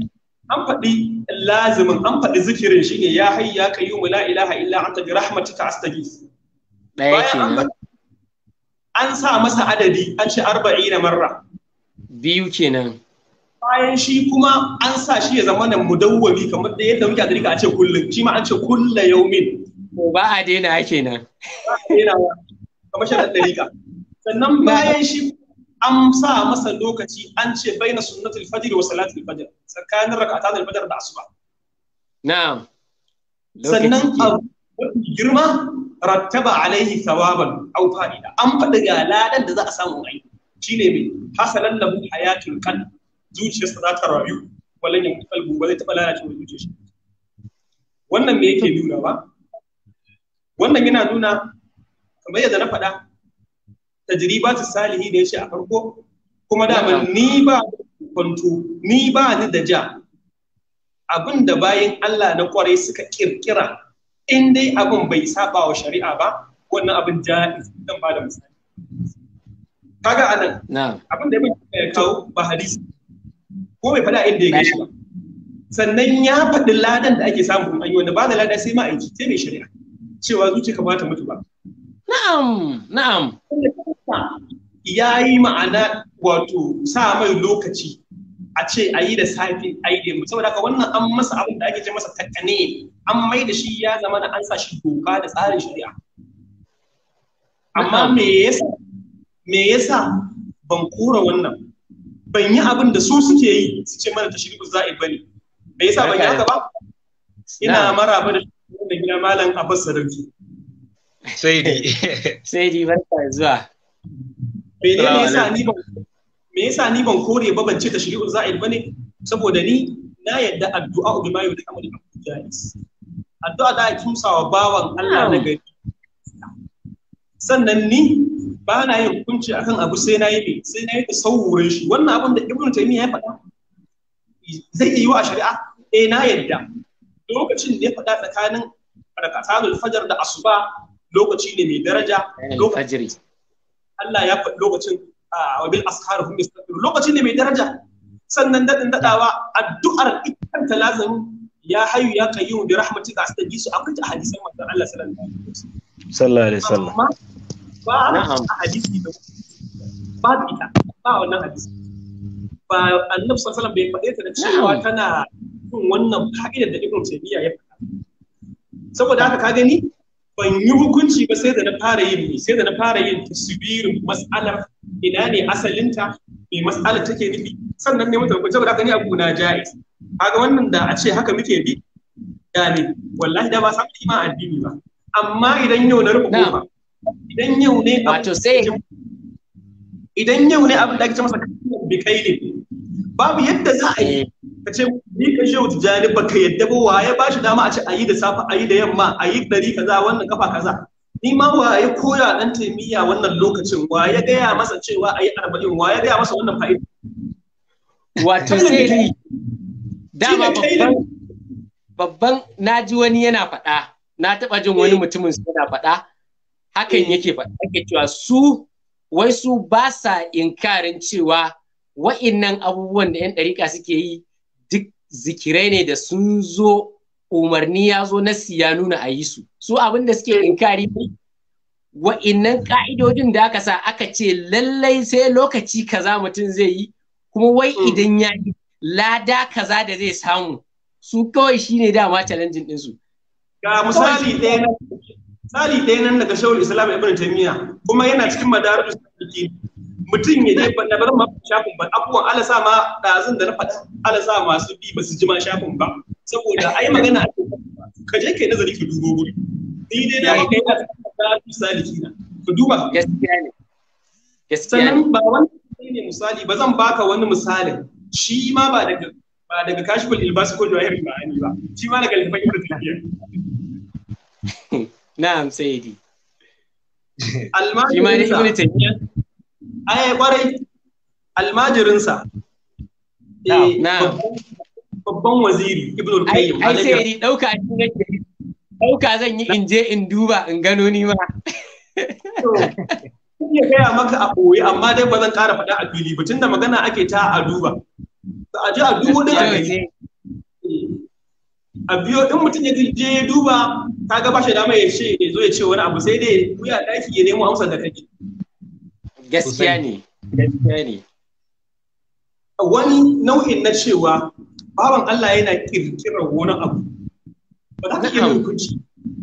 an faɗi lazimin an faɗi zikirin shine ya hayya ka yi la ilaha illa anta bi rahmatika astaghis daya kenan an sa masa adadi an ce 40 marra biyu kenan bayan shi kuma an sa shi ya zama nan mudawwami kamar da yadda muke a a ce kullum shi ma an ce kullu yaumin ko ba a daina kenan ba a daina kamar sharadin dariƙa sannan bayan shi an sa masa lokaci an ce bai na sunnatul fajr wa salatul fajr tsakanin rak'atan al-fajr da asuba na'am sannan girma rattaba alaihi thawaban aw fa'ida an faɗi ga ladan da za a samu ai shine mai hasalan lahu hayatul qalb zuciyarsa za ta rayu wallan yanku kalbu ba zai taɓa lalace zuciyar shi wannan me yake nuna ba wannan yana nuna kamar yadda na faɗa tajribatu salihi da yace a farko kuma da ni ba kwanto ni ba ni da ja abin da bayan Allah na kwarai suka kirkira in dai abin bai saba wa shari'a ba wannan abin ja'iz dan ba da misali kaga anan abin da ya kawo ba hadisi ko bai fada inda ya gaishe ba sannan ya faɗi ladan da ake samu an yi wanda ba da ladan sai aiki sai mai shari'a cewa zuciya ka ba ta mutu ba na'am na'am ya yi ma'ana wato sa mai lokaci a ce a yi da safe a yi da saboda haka wannan an masa abin da ake ce masa takane an mai da shi ya zama da an sa shi doka da tsarin shari'a amma me yasa me yasa ban kora wannan ban yi abin da su suke yi su ce mana tashriku za'i bane me yasa ban yi haka ba ina maraba da da gina malam Abbas Sarauki sai dai sai dai barka zuwa Me ne yasa ni ban me yasa ni ban kore ba ban ce tashri'ul za'id bane saboda ni na yadda addu'a bi ma yudi amali jais addu'a da ake wa bawan Allah na gari sannan ni ba na yin hukunci akan abu sai na yi me sai na yi tasawurin shi wannan abin da ibnu taymiya ya faɗa zai yi wa shari'a eh na yadda lokacin da ya faɗa tsakanin rakatul fajar da asuba lokaci ne mai daraja lokacin Allah ya faɗi lokacin wa bil ashar hum Lokacin lokaci ne mai daraja sannan dadin dadawa addu'ar ikkan talazamin ya hayu ya qayyum bi rahmatika astajisu akwai ta hadisan manzon Allah sallallahu alaihi wasallam ba a hadisi da ba ita ba wannan hadisi ba annabi sallallahu alaihi wasallam bai faɗe ta da cewa tana yin wannan ka'idar da ibn taymiya ya faɗa saboda haka ka gani ban yi hukunci ba sai da na fara yin sai da na fara yin tasbirin mas'alar ina ne asalinta me mas'alar take nufi sannan ne mutum hukunci saboda haka ni abu na jais kaga wannan da a ce haka muke bi da ne wallahi da ba san ma addini ba amma idan yau na rubuta ba idan yau ne wato sai idan yau ne abin da ake masa kai ne babu yadda za a yi eh. ka ce ni ka wuce jani ba ka yadda ba waye ba shi dama a ce ayi da safe ayi da yamma ayi dari kaza wannan kafa kaza ni ma waye koya dan taimiya wannan lokacin waye gaya masa cewa ayi arba'in waye gaya masa wannan fa'ida wato sai dama babban babban naji wani yana faɗa na taɓa jin wani eh. mutumin yana faɗa hakan eh. yake faɗa yake cewa su wai su ba sa inkarin cewa wa'innan abubuwan da 'yan ɗariƙa suke yi zikirai ne da sun zo umarni ya zo na siya nuna a yi su su abin da suke inkari wa'innan ka'idodin da aka sa aka ce lallai sai lokaci kaza mutum zai yi kuma wai hmm. idan ya yi lada kaza da zai samu su kawai shine dama challenging ɗinsu. ga misali ɗaya misali nan daga shawul islam ibn taymiya kuma yana cikin madarus mutum ya je na bar ma shafin ba abubuwan alasa ma ɗazun da na faɗa alasa masu bi ba su ji ma shafin ba saboda ai magana ka je kai nazari ka dubo guri ni dai na kai na ta misali kina ka duba gaskiya ne gaskiya ne ba wani ne misali ba zan baka wani misalin shi ma ba daga ba daga kashful ilbas ko jawahir ma'ani ba shi ma daga lifan ibnu tafiya na'am sayyidi almajin ibnu tafiya ai kwarai almajirinsa eh, babban waziri ibn al-qayyim ai sai ni dauka shi nake dauka zan yi in je in duba in gano ni ma ya gaya maka a ɓoye amma dai ba zan ƙara faɗa a fili ba tunda magana ake ta a duba a ji a duba da a biyo in mutum ya je ya duba ta ga ba shi dama ya ce zo ya ce wani abu sai dai wuya daki ya nemo amsar da kake Gaskiya ne. Gaskiya ne. Wani nau'in na cewa bawan Allah yana kirkirar wani abu. Ba za ka iya hukunci.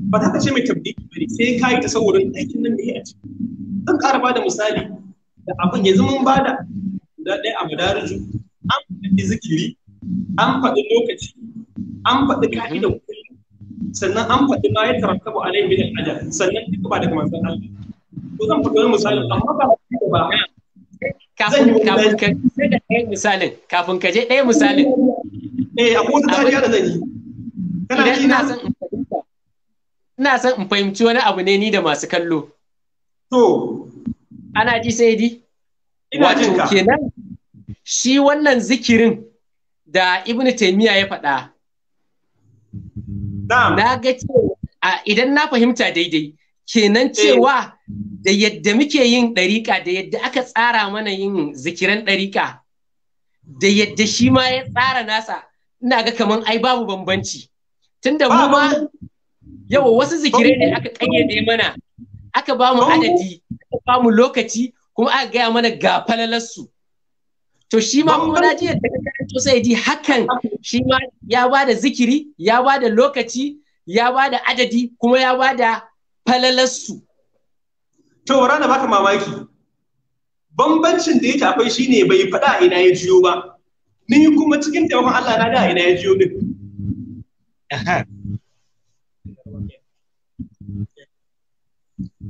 Ba za ka ce mai tabdiki bari sai ka yi tasawurin aikin nan da ya ci. Zan ƙara ba da misali da abin yanzu mun ba da guda ɗaya a madaraju an faɗi zikiri an faɗi lokaci an faɗi ka'idan mhm. kullum sannan an faɗi ma ya tarattabu alaihi min sannan duka ba daga manzon Allah kafin ka je ɗaya misalin ina son in fahimci wani abu ne ni da masu kallo ana ji sai wato kenan shi wannan zikirin da ibnu taymiya ya faɗa na ga ce idan na fahimta daidai kenan eh. cewa da yadda muke yin ɗariƙa da yadda aka tsara mana yin zikiran ɗariƙa da yadda shi ma ya tsara nasa ina ga kaman ai babu bambanci tunda mu ma yawa wasu zikirai ne aka ne mana aka ba mu adadi aka ba mu lokaci kuma aka gaya mana ga falalarsu to shi ma mu na jiya ka karanto sai hakan shi ma ya ba da zikiri ya ba da lokaci ya ba da adadi kuma ya ba da falalarsu to bara na baka mamaki bambancin da yake akwai shine bai faɗa ina ya jiyo ba ni kuma cikin taimakon Allah na da ina ya jiyo din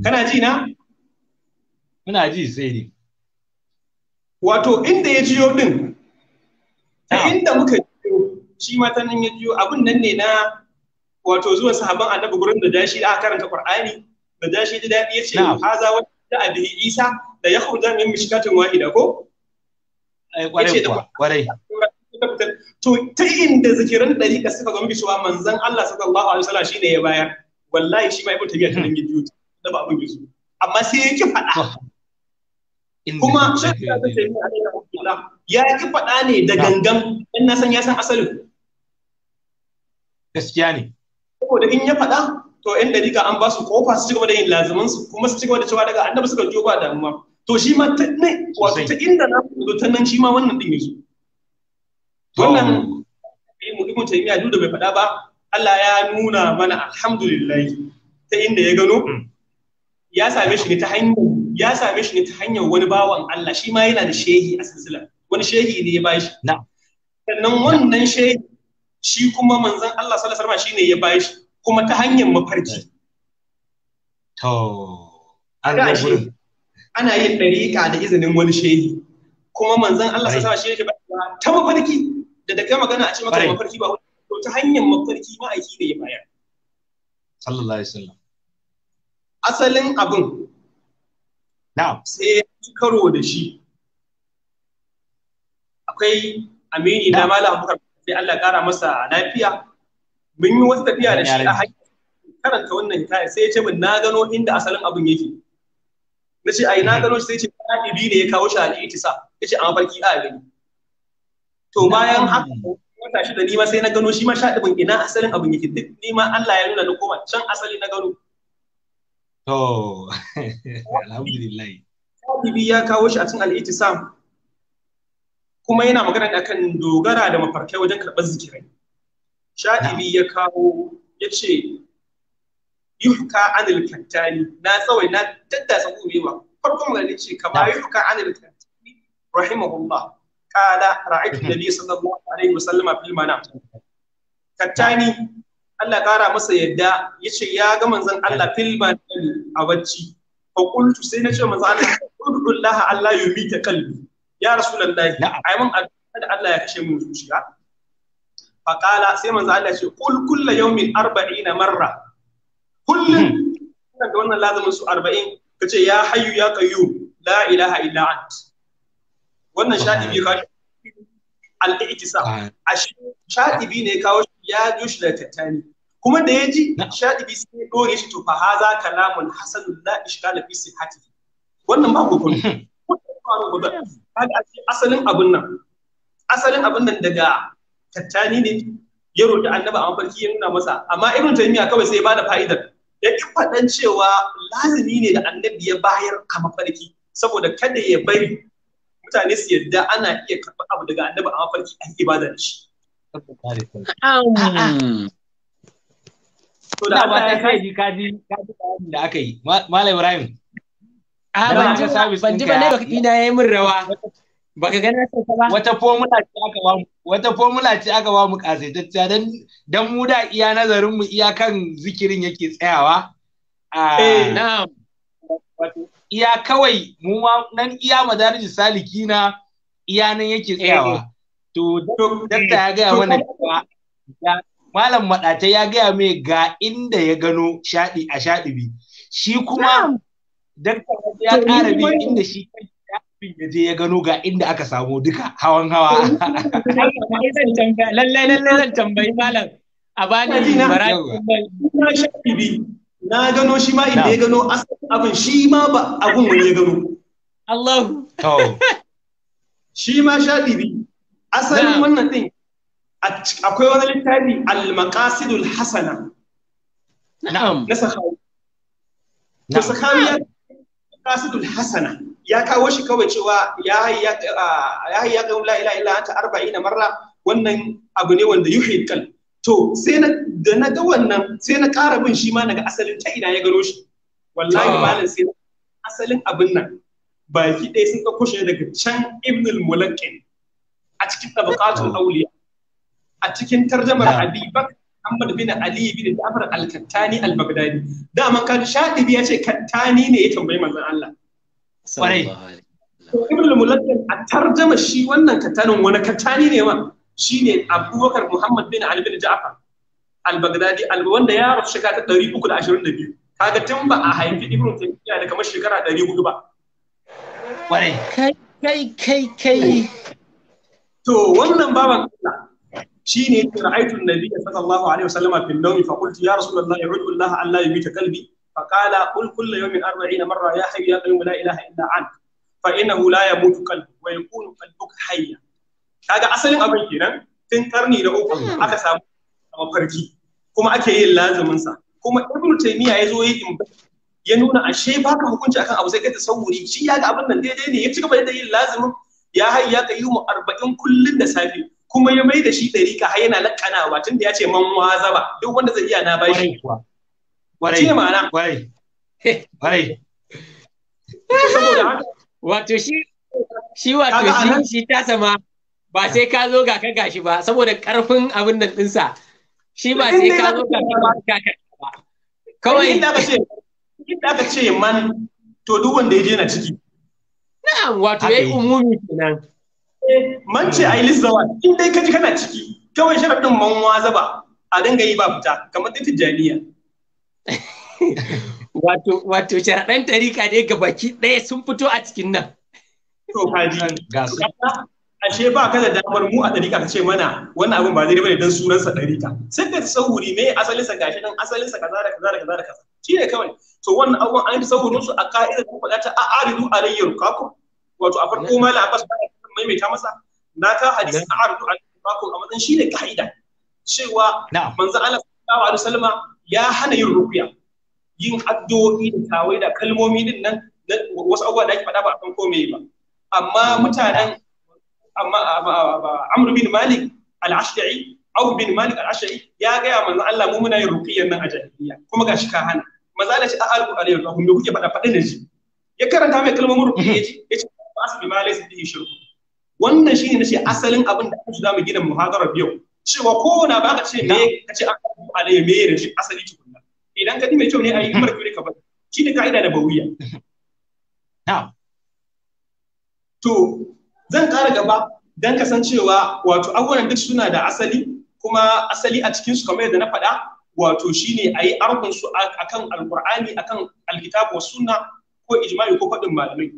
kana ji na muna ji sai ne wato inda ya jiyo din ta inda muka jiyo shi ma ta nan ya jiyo abun nan ne na wato zuwa sahabban annabi gurin da dashi aka karanta qur'ani da dashi da daɗi ya ce haza wa da abin isa da ya khuruja min mishkatin wahida ko kwarai kwarai to ta inda zikiran dariƙa suka zama cewa manzon Allah sallallahu alaihi shi ne ya baya. wallahi shi ma ibnu tabiya ta dangin juji da ba abin gizo amma sai ya ki faɗa kuma ya ki faɗa ne da gangan in na san ya san asalin gaskiya ne saboda in ya faɗa to yan dariƙa an ba su kofa su cigaba da yin lazumansu, su kuma su cigaba da cewa daga annabi suka jiyo ba damuwa to shi ma ta ne wato ta inda na zo ta nan shi ma wannan din yazo wannan ibnu taymiya duk da bai faɗa ba Allah ya nuna mana alhamdulillah ta inda ya gano mm. ya same shi ne ta hanyar ya same shi ne ta hanyar wani bawan Allah shi ma yana da shehi a silsila wani shehi ne ya bashi sannan wannan shehi shi kuma manzon Allah sallallahu alaihi wasallam shine ya shi. kuma ta hanyar mafarki to an gurin ana yin ɗariƙa da izinin wani shehi kuma manzan Allah sa shehi ba ta mafarki da daga kai magana a ce maka mafarki ba to ta hanyar mafarki aiki da ya bayar sallallahu alaihi wasallam asalin abin sai ya karo da shi akwai amini da malam Abubakar sai Allah kara masa lafiya mun yi wasu tafiya da shi a hanyar karanta wannan hikaya sai ya ce min na gano inda asalin abin yake na ce ai na gano shi sai ce ɗalibi ne ya kawo shi a sa ya ce a mafarki a gani to bayan haka wata shi ni ma sai na gano shi ma sha ɗibin ina asalin abin yake duk ni ma Allah ya nuna na koma can asali na gano to alhamdulillah ɗalibi ya kawo shi a cikin al'itisam kuma yana magana akan dogara da mafarkai wajen karɓar zikirai shaɗibi ya kawo ya ce yuhka anil kantani na tsawai na daddasa gumewa farkon magana ce kama yuhka anil kantani rahimahullah kala ra'aytu nabi sallallahu alaihi wasallama fil manam kattani Allah kara masa yadda ya ce ya ga manzon Allah fil manam a bacci fa qultu sai na ce manzon Allah ud'u Allah Allah yumita qalbi ya rasulullahi ai mun addu'a da Allah ya kashe mu zuciya faƙala sai manzo Allah ce kul kulla yawmin arba'ina marra kullum da hmm. wannan lazumin su arba'in ka ce ya hayyu ya qayyum la ilaha illa ant wannan shadibi ka al-i'tisam ah. a shadibi ne kawo ya jushi da tattani kuma da ya ji shaɗibi sai ya ɗore shi to fa haza kalamun hasanun la ishkala fi sihhati wannan ba gukun hmm. kaga asalin abun nan asalin abun nan daga tattani ne ya roƙi annaba a mafarki ya nuna masa amma ibn taymiya kawai sai ya bada fa'idar ya ki faɗan cewa lazimi ne da annabi ya bayar a mafarki saboda kada ya bari mutane su yarda ana iya karɓar abu daga annabi a mafarki a ibada da shi To da ba ta kai da aka yi Malam Ibrahim ban ji ba ne da kafi na min rawa Baka gane ta ba? Wata formula ce aka ba mu, wata formula ce aka ba mu kasaitacciya dan dan mu da iya nazarin mu iya kan zikirin yake tsayawa. Ah, na'am. Wato iya kawai mu ma nan iya madarijin saliki na iya nan yake tsayawa. Eh. To dokta ya gaya mana cewa malam Madata" ya gaya mai ga inda ya gano shadi a shaɗi bi. Shi kuma dokta ya ƙara bi inda shi ya je ya gano ga inda aka samu duka hawan hawa. Lallai lallai zan tambayi malam a bani barati. Na gano shi ma inda ya gano abin shi ma ba abin wani ya gano. Allahu. Shi ma sha ɗibi. Asalin wannan ɗin akwai wani littafi al-maqasidul hasana. Na'am. Na sahawi. Na sahawi ya maqasidul hasana. ya kawo shi kawai cewa ya yi ya ga la ila illa arba'ina marra wannan abu ne wanda yuhi kal to sai da na ga wannan sai na ƙara bin shi ma daga asalin ta ina ya gano shi wallahi ah. malam sai asalin abin nan baki ɗaya sun ka kushe daga can ibnul mulakin a cikin tabaqatul awliya a cikin tarjamar ah. abi bakr Muhammad bin Ali bin Jafar al-Kattani al-Baghdadi kan Shadibi ya ce Kattani ne ya tambayi manzon Allah kwarai ibn muladdin a tarjama shi wannan katanin wani katani ne ma shine abubakar muhammad bin ali bin ja'far al-baghdadi wanda ya rasu shekara ta ɗari uku da ashirin 322 kaga tun ba a haifi ibn taymiya da kamar shekara ɗari 400 ba kwarai kai kai kai kai to wannan baban Allah shine ra'aytu an-nabiy sallallahu alaihi wasallam fil nawmi fa qultu ya rasulullahi ud'u Allah an la yumita qalbi فقال قل كل يوم أربعين مرة يا حي يا قيوم لا إله إلا أنت فإنه لا يموت قلب ويكون قلبك حيا kaga asalin abin kenan tun karni da uku aka samu mafarki kuma ake yin lazumin sa kuma ibnu taymiya ya zo yi ya nuna ashe Ba baka hukunci akan abu sai ka tasawuri shi ya ga abin nan daidai ne ya ci gaba da yin lazumin ya hayya ya kayi mu arba'in kullun da safe kuma ya mai da shi ɗari ka har yana lakkanawa tunda ya ce man wazaba duk wanda zai iya na bashi Shi ne ma'ana. Kwarai. Kwarai. Wato shi shi wato shi shi tasa ma ba sai ka zo ga ka gashi ba saboda karfin abin nan dinsa shi ba sai ka zo ga ka gashi ba kawai inda ka ce inda ka ce man to duk wanda ya je na ciki na'am wato yayi umumi kenan eh, man ce ai lissawa in dai ka ji kana ciki kawai sharadin man waza ba a dinga yi ba fita kamar ta tijjaniya wato wato sharaɗan ɗarika dai ga baki ɗaya sun fito a cikin nan. To kaji. Ashe ba ka da damar mu a tarika ka ce mana wannan abin ba zai bane don sunansa tarika. Sai ka tsawuri me asalinsa gashi nan asalinsa kaza da kaza da kaza da kaza. Shi ne kawai. To wannan abin an yi tsawurin su a ka'ida ko faɗa ta a alayyar rukaku. Wato a farko mala abbas ba maimaita masa. Na ka hadisi a alayyar rukaku a matsayin shi ne ka'ida. Cewa manzo Allah sallallahu alaihi wasallama ya hana yin rukuya yin addu'o'i da tawai da kalmomi din nan wasu abubuwa da ake faɗa ba a san komai ba amma mutanen amma Amr bin Malik al ashari Abu bin Malik al ashari ya gaya manzo Allah mu muna yin ruqiyyan nan a jahiliya kuma gashi ka hana manzo a alku a'al qur'ani wa hum kuke faɗa faɗa da ji ya karanta mai kalmomin ruqiyya ji yace asbi Malik laysa bihi shirku wannan shine nace asalin abin da za mu gina muhadarar biyu cewa kowane ba ka ce me eh, ka ce aka yi alayhi ya rashin asali tukunna idan gani mai kyau ne a yi mara rikuri ne ka bari shi ne ka'ida da bawuya to zan ƙara gaba don kasancewa wato abubuwan duk suna da asali kuma asali a cikinsu kamar yadda na faɗa wato shine a yi a akan alkur'ani akan alkitabu wa suna ko ijma'i ko faɗin malamai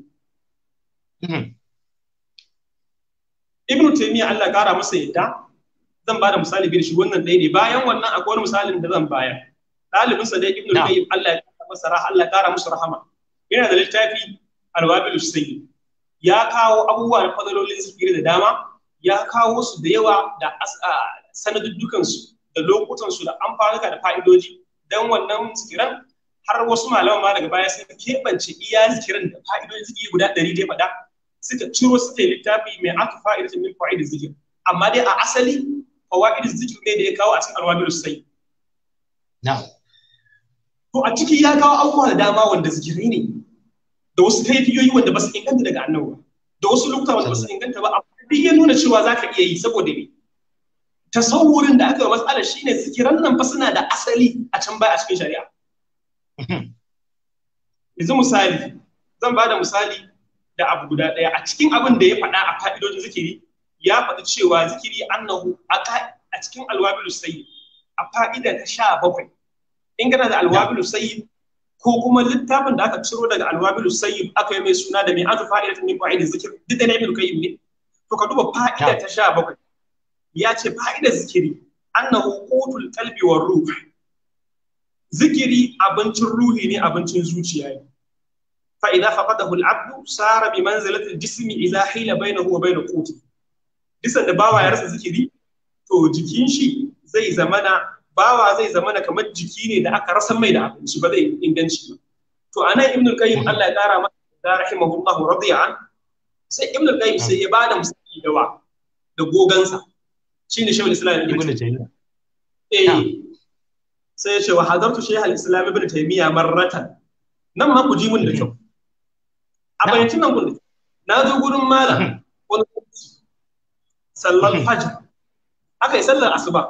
mm-hmm. ibn taymiya Allah ƙara masa yadda zan bada misali bin shi wannan ɗaya ne bayan wannan akwai wani misalin da zan bayar ɗalibin sa dai ibnu qayyim Allah ya kara masa rahama Allah ya kara musu rahama yana da littafi alwabil sayyid ya kawo abubuwa na fadalolin zikiri da dama ya kawo su da yawa da sanaduddukan su da lokutan su da amfanuka da fa'idoji dan wannan zikiran har wasu malaman ma daga baya sun kebance iya zikiran da fa'idojin zikiri guda ɗari dai faɗa suka ciro suka littafi mai aka fa'ida min fa'ida amma dai a asali fawaid zikr ne da ya kawo a cikin alwabiru sai na'am to a ciki ya kawo abubuwa da dama wanda zikirai ne da wasu kaifiyoyi wanda ba su inganta daga annabi da wasu lokuta wanda ba su inganta ba amma duk ya nuna cewa za ka iya yi saboda me tasawurin da aka yi matsalar ne zikiran nan fa suna da asali a can baya a cikin shari'a mhm. yanzu misali zan ba da misali da abu guda ɗaya a cikin abin da ya faɗa a fa'idojin zikiri ya faɗi cewa zikiri annahu a cikin alwabilu sayyid a fa'ida ta sha bakwai in gana da alwabilu sayyid ko kuma littafin da aka ciro daga alwabilu sayyid aka yi mai suna da mai aka fa'ida ta min fa'ida zikir duk da ne kai ne to ka duba fa'ida ta sha bakwai ya ce fa'idar zikiri annahu qutul qalbi war ruh zikiri abincin ruhi ne abincin zuciya ne fa idza faqadahu al-abdu sara bi manzilati al-jismi ila hila bainahu wa bain quti bisa da bawa zikiri to jikin shi zai zamana bawa zai zamana kamar jiki ne da aka rasa mai da abinci ba zai inganci ba to anan ibnul qayyim Allah ya kara masa da rahimahullahu radiya sai ibnul qayyim sai ya bada misali da wa da gogansa shine shaykhul islam ibn taymiya eh sai ya ce wa hadartu shaykhul islam ibn taymiya marratan nan ma ku ji mun da kyau a bayyacin nan na zo gurin malam sallar hmm. fajr aka yi sallar asuba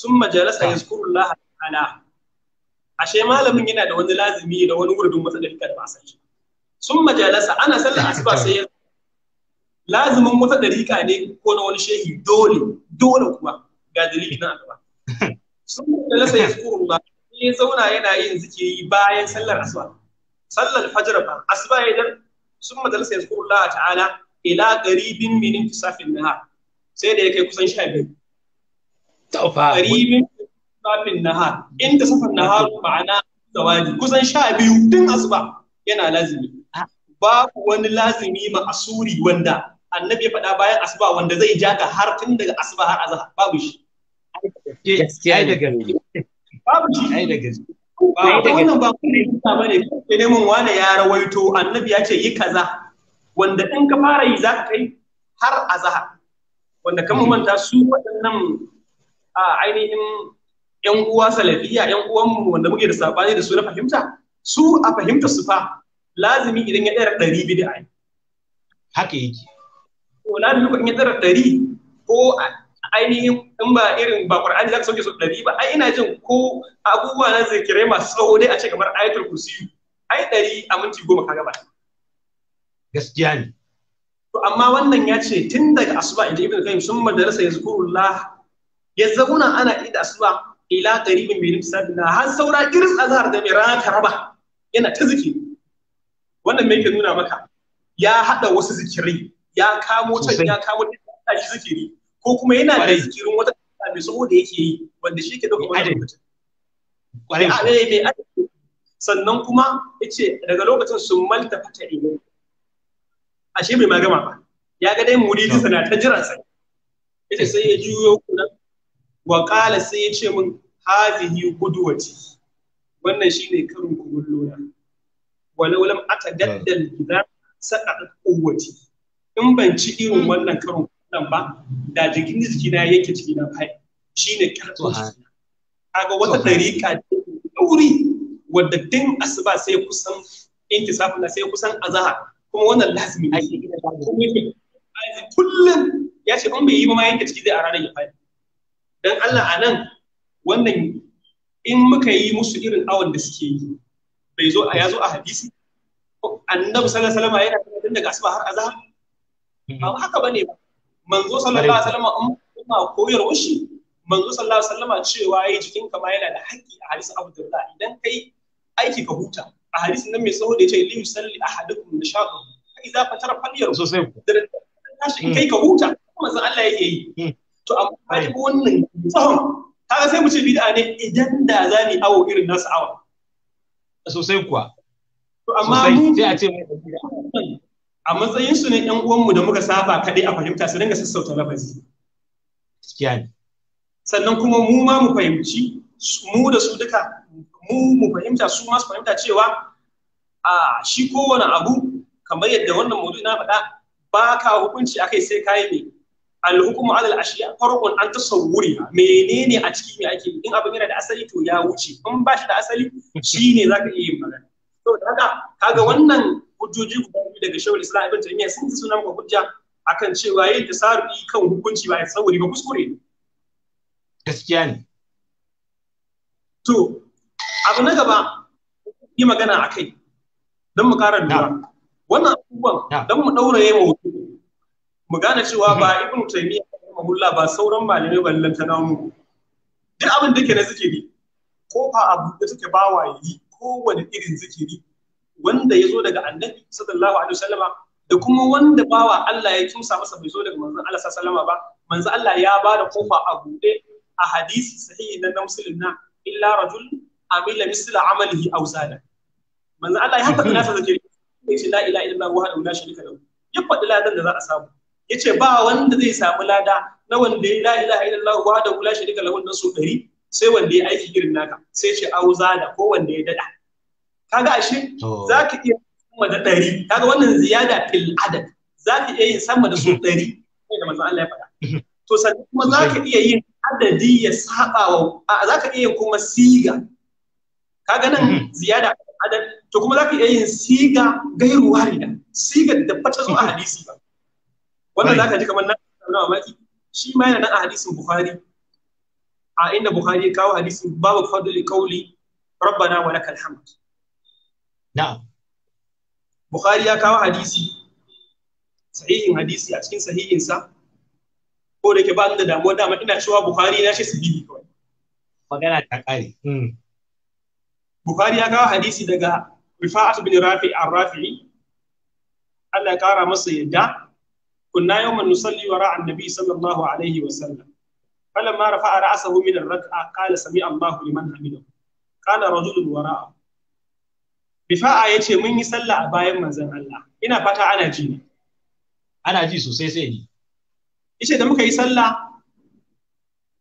sun majalasa ah. ya zukuru Allah ta'ala ashe malamin yana da wani lazimi da wani wurdun masa da fika da ba san shi sun majalasa ana sallar ah, asuba sai ya lazimin wata dariƙa ne ko na wani shehi dole dole kuma ga dalili na gaba sun majalasa ya zukuru Allah ya zauna yana yin zikiri bayan sallar asuba sallar fajr ba asuba ya dar sun majalasa ya zukuru Allah ta'ala ila qaribin min intisafin nahar sai da ya kai kusan sha biyu Ɗari ƙaribin safin nahar inda safin nahar ma'ana zawadi kusan sha biyu tun asuba yana lazimi ah. babu wani lazimi ma asuri wanda annabi ya faɗa bayan asuba wanda zai ja ka har tun daga asuba har azhar babu shi gaskiya da gari babu shi ai da gari ba wannan ba kuma ba ne ke neman wani ya rawaito annabi ya ce yi kaza wanda in ka fara yi za ka kai har azhar wanda kan mm-hmm. manta su waɗannan a ainihin yan uwa salafiya yan uwanmu wanda muke da sabani da su na fahimta su a fahimta su fa lazimi idan ya ɗara ɗari da ne haka yake ko lazimi ko in ya ɗara ɗari ko ainihin in ba irin ba za ka sauke su ɗari ba ai ina jin ko abubuwa na zikirai masu tsawo dai a ce kamar ayatul kursi ai ɗari a minti goma ka gaba gaskiya ne to amma wannan ya ce tun daga asuba inda ibn kayyim sun madarasa Allah ya zauna ana ida asuba ila qaribin min sabina har saura kiris azhar da mai rana ta raba yana ta zikiri wannan me yake nuna maka ya hada wasu zikiri ya kamo can ya kamo ta shi zikiri ko kuma yana da zikirin wata mai saboda yake yi wanda shi ke dauka wani mutum sannan kuma yace daga lokacin sun malta fata ilmi ashe bai ma ba ya ga dai muridi sana ta jiran sa yace sai ya juyo kuna wa qala sai ya ce min hazihi qudwati wannan shine karin kumullo na walau lam atagaddal gida saka quwwati in ban ci irin wannan karin kullon ba da jikin jiki na yake ciki na fai shine karfin kaga wata dariƙa dauri wadda din asuba sai kusan intisafin sai kusan azahar kuma wannan lazimi ake yi kullum ya ce in bai yi ba ma yanka ciki zai a ranar ya fadi dan Allah a nan wannan in muka yi musu irin awon da suke yi bai zo a yazo a hadisi annabi sallallahu alaihi wasallam yana tun daga asuba har azhar mm-hmm. ba haka bane ba manzo sallallahu alaihi wasallam in kuma koyar shi manzo sallallahu alaihi wasallam cewa yayi jikin ma yana da haƙƙi a hadisi Abu Darda idan kai aiki ka huta a hadisi nan mai tsawo da ya ce da yusalli ahadukum bi shaqq idza fatara falyar Da ku tashi in kai ka hmm. huta manzon Allah yake yi hmm. to amma ba wannan tsawon kaga sai mu ce bid'a ne idan da za ni awo irin nasu awa sosai kuwa to amma mu sai a ce a matsayin su ne ƴan uwanmu da muka saba kadai a fahimta su dinga sassauta lafazi gaskiya ne sannan kuma mu ma mu fahimci mu da su duka mu mu fahimta su masu fahimta cewa a shi kowane abu kamar yadda wannan maudu'i na faɗa ba ka hukunci akai sai ka yi ne alhukumu alal ashiya farkon an tasawwuri menene a ciki me ake in abin yana da asali to ya wuce in ba shi da asali Shi ne, za ka iya yin magana to da haka kaga wannan hujjoji guda biyu daga shawul islam ibn taymiya sun ji sunan ko hujja akan cewa yin tasarrufi kan hukunci ba sauri ba kuskure gaskiya ne to abu na gaba yi magana a kai don mu ƙara lura wannan abubuwan don mu ɗauraye mu mu gane cewa ba mhm. ibn taymiya hula ba sauran malamai ballan ta namu duk abin da ke na zikiri kofa abu da take bawa yi kowane irin zikiri wanda ya zo daga annabi sallallahu alaihi wasallama da kuma wanda bawa Allah ya kimsa masa bai zo daga manzon Allah sallallahu ba manzon Allah ya ba da kofa a buɗe a hadisi sahihi na muslim na illa rajul amila misla amalihi aw zada manzo Allah ya faɗi nasa zakiri ce la ilaha illallah wa la sharika lahu ya faɗi ladan da za a samu yace ba wanda zai samu lada na wanda ya la ilaha illallah wahdahu la sharika lahu nan so dari sai wanda ya aiki irin naka sai ce aw zada ko wanda ya dada kaga ashe zaka iya kuma da dari kaga wannan ziyada fil adad zaka iya yin sama da so dari da manzo Allah ya faɗa to sannan kuma zaka iya yin adadi ya saba wa zaka iya kuma siga kaga nan mm-hmm. ziyada adad to kuma zaka iya yin siga gairu da siga da fata zuwa a hadisi ba wannan zaka ji kamar nan mamaki shi ma yana nan a hadisin bukhari a inda bukhari ya kawo hadisin babu fadli qawli rabbana wa lakal hamd na'am bukhari ya kawo hadisi sahihin hadisi a cikin sahihin sa ko da ke ba da damuwa dama ina cewa bukhari ya shi sahihi kawai magana ta kare mm. Bukhari ya kawo hadisi daga Rifa'at bin Rafi ar-Rafi'i Allah ya kara masa yadda kunna yawman nusalli wara annabi sallallahu alaihi wa sallam falamma rafa'a ra'sahu min ar-rak'a qala sami Allahu liman hamidahu kana rajulun wara'a Rifa'a yace mun yi sallah a bayan manzon Allah ina fata ana ji ana ji sosai sai ni yace da muka yi sallah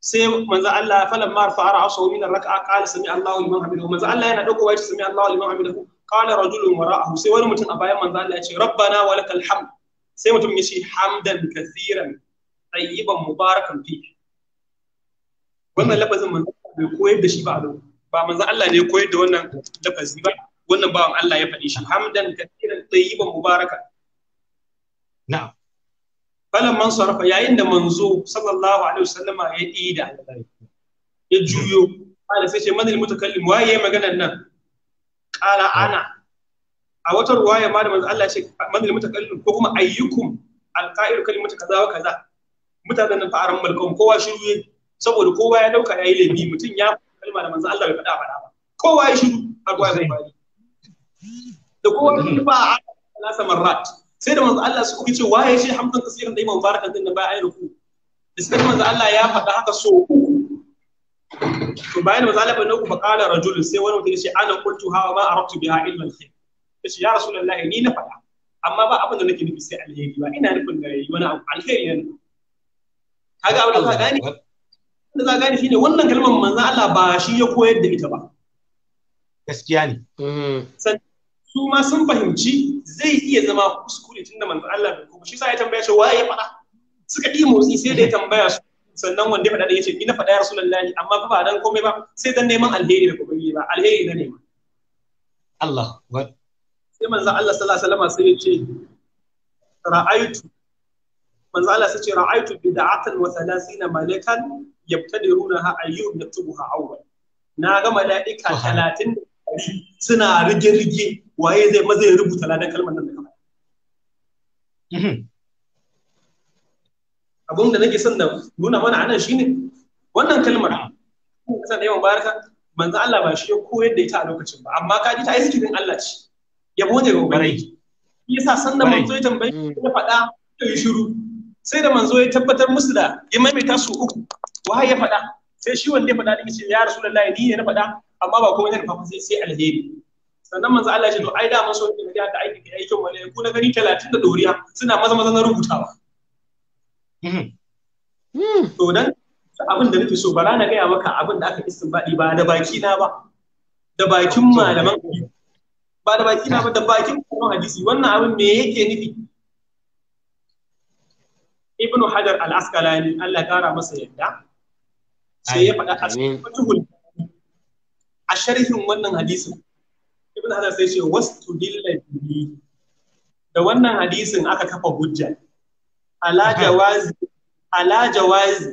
sai manzo Allah falan ma rafa'a ra'sahu min ar-raka'a qala sami Allahu liman hamidahu manzo Allah yana dauko wace sami Allahu liman hamidahu qala rajulun wara'ahu sai wani mutum a bayan manzo Allah ya ce rabbana wa lakal hamd sai mutum ya ce hamdan kathiran tayyiban mubarakan fi wannan lafazin manzo bai koyar da shi ba a ba manzo Allah ne ya koyar da wannan lafazi ba wannan bawan Allah ya faɗi shi hamdan kathiran tayyiban mubarakan na'am falan man sarrafa yayin da manzo sallallahu alaihi wasallama ya ida ya juyo kana sai ce manil mutakallim waye yayi maganar nan kana ana a wata ruwaya ma da manzo Allah ya ce manil mutakallim ko kuma ayyukum alqa'ir kalimatu kaza wa kaza mutanen nan fa aran kowa shiru ya saboda kowa ya dauka yayi laifi mutum ya kalma da manzo Allah bai faɗa faɗa ba kowa ya shiru har kowa ya bari da kowa ya ba a salasa marrat sai da manzo Allah suka ce waye shi hamdan kasirin da imam barakan din da ba ayi ruku da suka manzo Allah ya faɗa haka so uku to bayan manzo Allah bane ku ba kala rajul sai wani mutum ya ce ana qultu hawa ma arabtu biha ilma al-khair yace ya rasulullahi ni na faɗa amma ba abin da nake nufi sai alheri ba ina nufin da yayi wani abu alheri ne kaga abin da ka gani da za gane shine wannan kalmar manzo Allah ba shi ya koyar da ita ba gaskiya ne mm. su ma sun fahimci zai iya zama kuskure tunda manzo Allah bai kuma shi sa ya tambaya shi waye faɗa suka yi motsi sai da ya tambaya su sannan wanda ya faɗa da yace ina na faɗa ya rasulullahi amma ba dan komai ba sai dan neman alheri da kuma ba alheri na nema Allah wa sai manzo Allah sallallahu alaihi wasallam sai ya ce ra'aitu manzo Allah sai ce ra'aitu bid'atan wa malaikan yabtadiruna ha ayyub yaktubuha awwal na ga mala'ika 30 suna rige-rige waye zai maza ya rubuta ladan kalmar nan da kamar. Abin da nake son da nuna mana anan shine wannan kalmar kasa da yawan baraka manzo Allah ba shi ya koyar da ita a lokacin ba amma ka ji ta zikirin Allah ce ya ne ga ubangiji yasa san da manzo ya tambaye mm. ya faɗa ya yi shiru sai da manzo ya tabbatar musu da ya maimaita su uku wa ya faɗa sai shi wanda ya faɗa din ce ya rasulullahi ni ne na faɗa amma ba kuma ne fa sai sai alheri sannan manzo Allah ya ce to ai da mun so ki da aiki ki aikin wala ku na gani 30 da doriya suna maza maza na rubutawa hmm. Hmm. to dan abin da nake so bara na gaya maka abin da aka istinbadi ba da baki na ba da bakin malaman ba da baki na ba da bakin kuma hadisi wannan abin me yake nufi ibnu hajar al-asqalani Allah ya kara masa yadda sai ya faɗa a cikin fatihul a sharhin wannan hadisin ibn hajar sai ce wasu bihi da wannan hadisin aka kafa hujja ala jawazi ala jawazi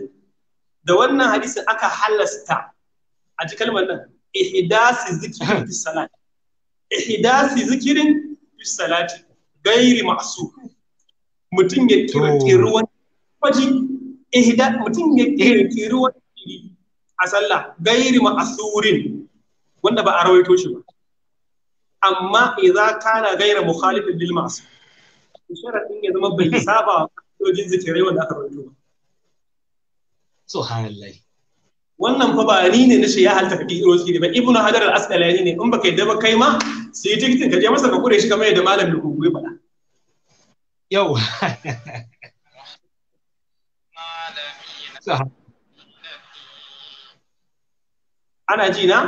da wannan hadisin aka halasta a ji kalmar nan ihdasi zikirin fi salat ihdasi zikirin fi salati gairi masu mutum ya kirkiri wani faji ihda mutum ya kirkiri wani a sallah gairi ma'asurin wanda ba a rawaito shi ba amma idza kana gaira mukhalifin lil ma'as sharadin ya zama bai saba dojin zikirai wanda aka rawaito ba subhanallahi wannan fa ba ni ne na shi ya halta kake iro ne ba ibnu hajar al asqalani ne in baka yadda ba kai ma sai tikitin ka je masa ka kure shi kamar yadda malam da kuguwe ba. yau ana ji na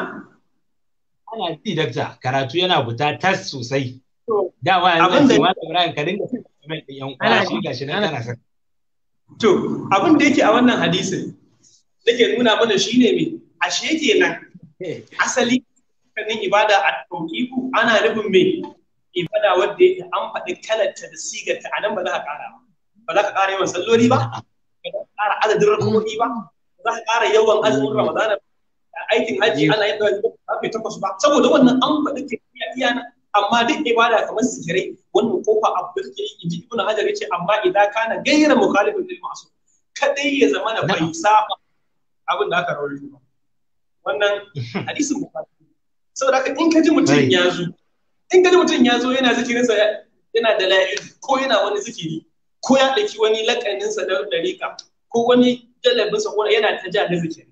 ana ci dakta karatu yana fita tas sosai dama yanzu ce ma Ibrahim ka dinga mai yan uwa shi gashi nan kana sa to abin da yake a wannan hadisin ke nuna mana shi ne me ashe nan eh. asali kanin ibada a tauqiqu ana rubin me ibada wanda yake an faɗi kalarta da sigarta a nan ba za ka ƙara ba za ka ƙara yawan salloli ba ba za ka ƙara adadin rukunoni ba ba za ka ƙara yawan azumin ramadana ba aikin haji ana yin ba fi takwas ba saboda wannan an faɗi ke iya na amma duk ibada kamar zikirai wannan kofa abu da yi inji ibnu hajar yace amma idan kana mu mukhalifin lil masu kadai ya zama na bai saba abin da aka rawaito ba wannan hadisin bukhari saboda haka in ka ji mutum ya zo in ka ji mutum ya zo yana zikirin sa yana da la'il ko yana wani zikiri ko ya ɗauki wani lakaninsa da dariƙa ko wani jalabinsa ko yana ta ja na zikiri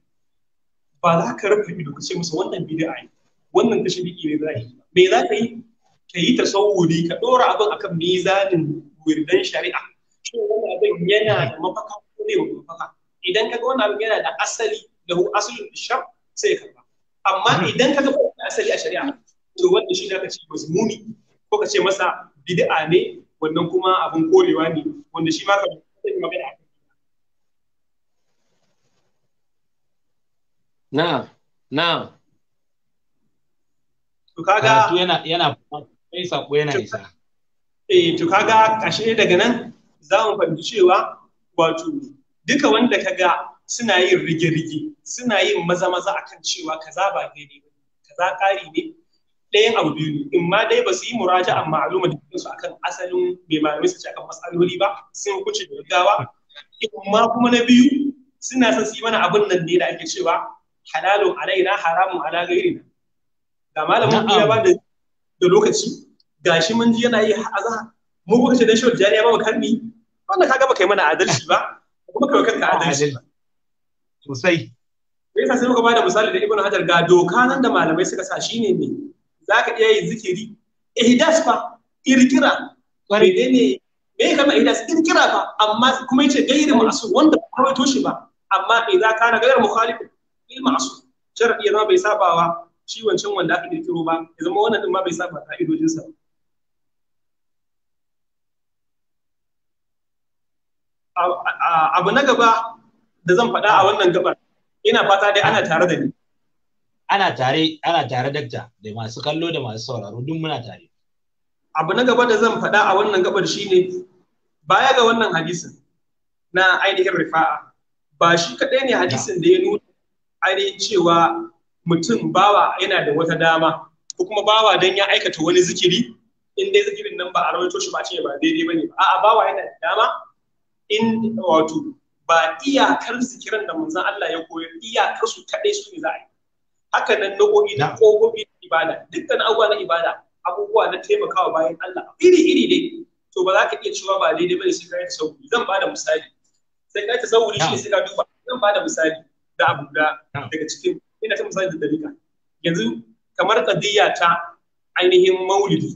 ba za ka rufe ido ka ce masa wannan bid'a ne wannan kashe biki ne za yi me za ka yi ka yi tasawuri ka dora abin akan mizanin wirdan shari'a shin wannan abin yana da mafaka ko ne mafaka idan ka ga wannan abin yana da asali lahu aslun shar sai ka ba amma hmm. idan ka ga wannan asali a shari'a to wanda shi da ka ce mazmuni ko ka ce masa bid'a ne wannan kuma abin korewa ne wanda shi ma ka magana na'am na'am to yana yana sako yana isa eh to ga kashe daga nan za mu fahimci cewa wato duka wanda ka ga suna yin rige-rige suna yin maza-maza akan cewa kaza ba daidai ba kaza ƙari ne ɗayan abu biyu ne in ma dai ba su yi muraja a ma'aluma da su akan asalin bai malamai su akan matsaloli ba sun kuce da gaggawa in ma kuma na biyu suna son su yi mana abin nan ne da ake cewa halalun alaina haramun ala gairina ga malamin ya ba da lokaci gashi mun ji yana yi azha mu kuka ce dan shi jariya ba makarni wanda kaga baka yi mana adalci ba kuma kai kanka adalci sosai me sa sai muka bada misali da ibnu hajar ga doka nan da malamai suka sa shine me zaka iya yin zikiri ihdas fa irkira bare ne me kama ihdas irkira fa amma kuma yace mu ma'sum wanda ba kawai toshi ba amma idza kana gairu mukhalif lil ma'sum shar'i ya bai sabawa ciwon can wanda aka kirkiro ba ya zama wannan din ma bai saba ka'idojin ba. abu na gaba da zan faɗa a wannan gabar ina fata dai ana tare da ni ana tare ana tare dakta da masu kallo da masu sauraro duk muna tare abu na gaba da zan faɗa a wannan gabar shine baya ga wannan hadisin na ainihin rifa'a ba shi kaɗai ne hadisin da ya nuna ainihin cewa mutum bawa yana da wata dama ko kuma bawa don ya aikata wani zikiri in dai zikirin nan ba a rawaito shi ba ce ba daidai ba ne ba a'a bawa yana da dama in wato ba iyakar zikiran da manzon Allah ya koyar iyakar su kadai su ne za a yi haka nan nau'o'i na na ibada dukkan abubuwa na ibada abubuwa na taimakawa bayan Allah iri iri ne to ba za ka iya cewa ba daidai ba ne sai ka yi tasawuri zan ba da misali sai ka yi tasawuri shi sai ka duba zan ba da misali da abu da daga cikin ina ta misali da dalika yanzu kamar kadiyya ta ainihin maulidi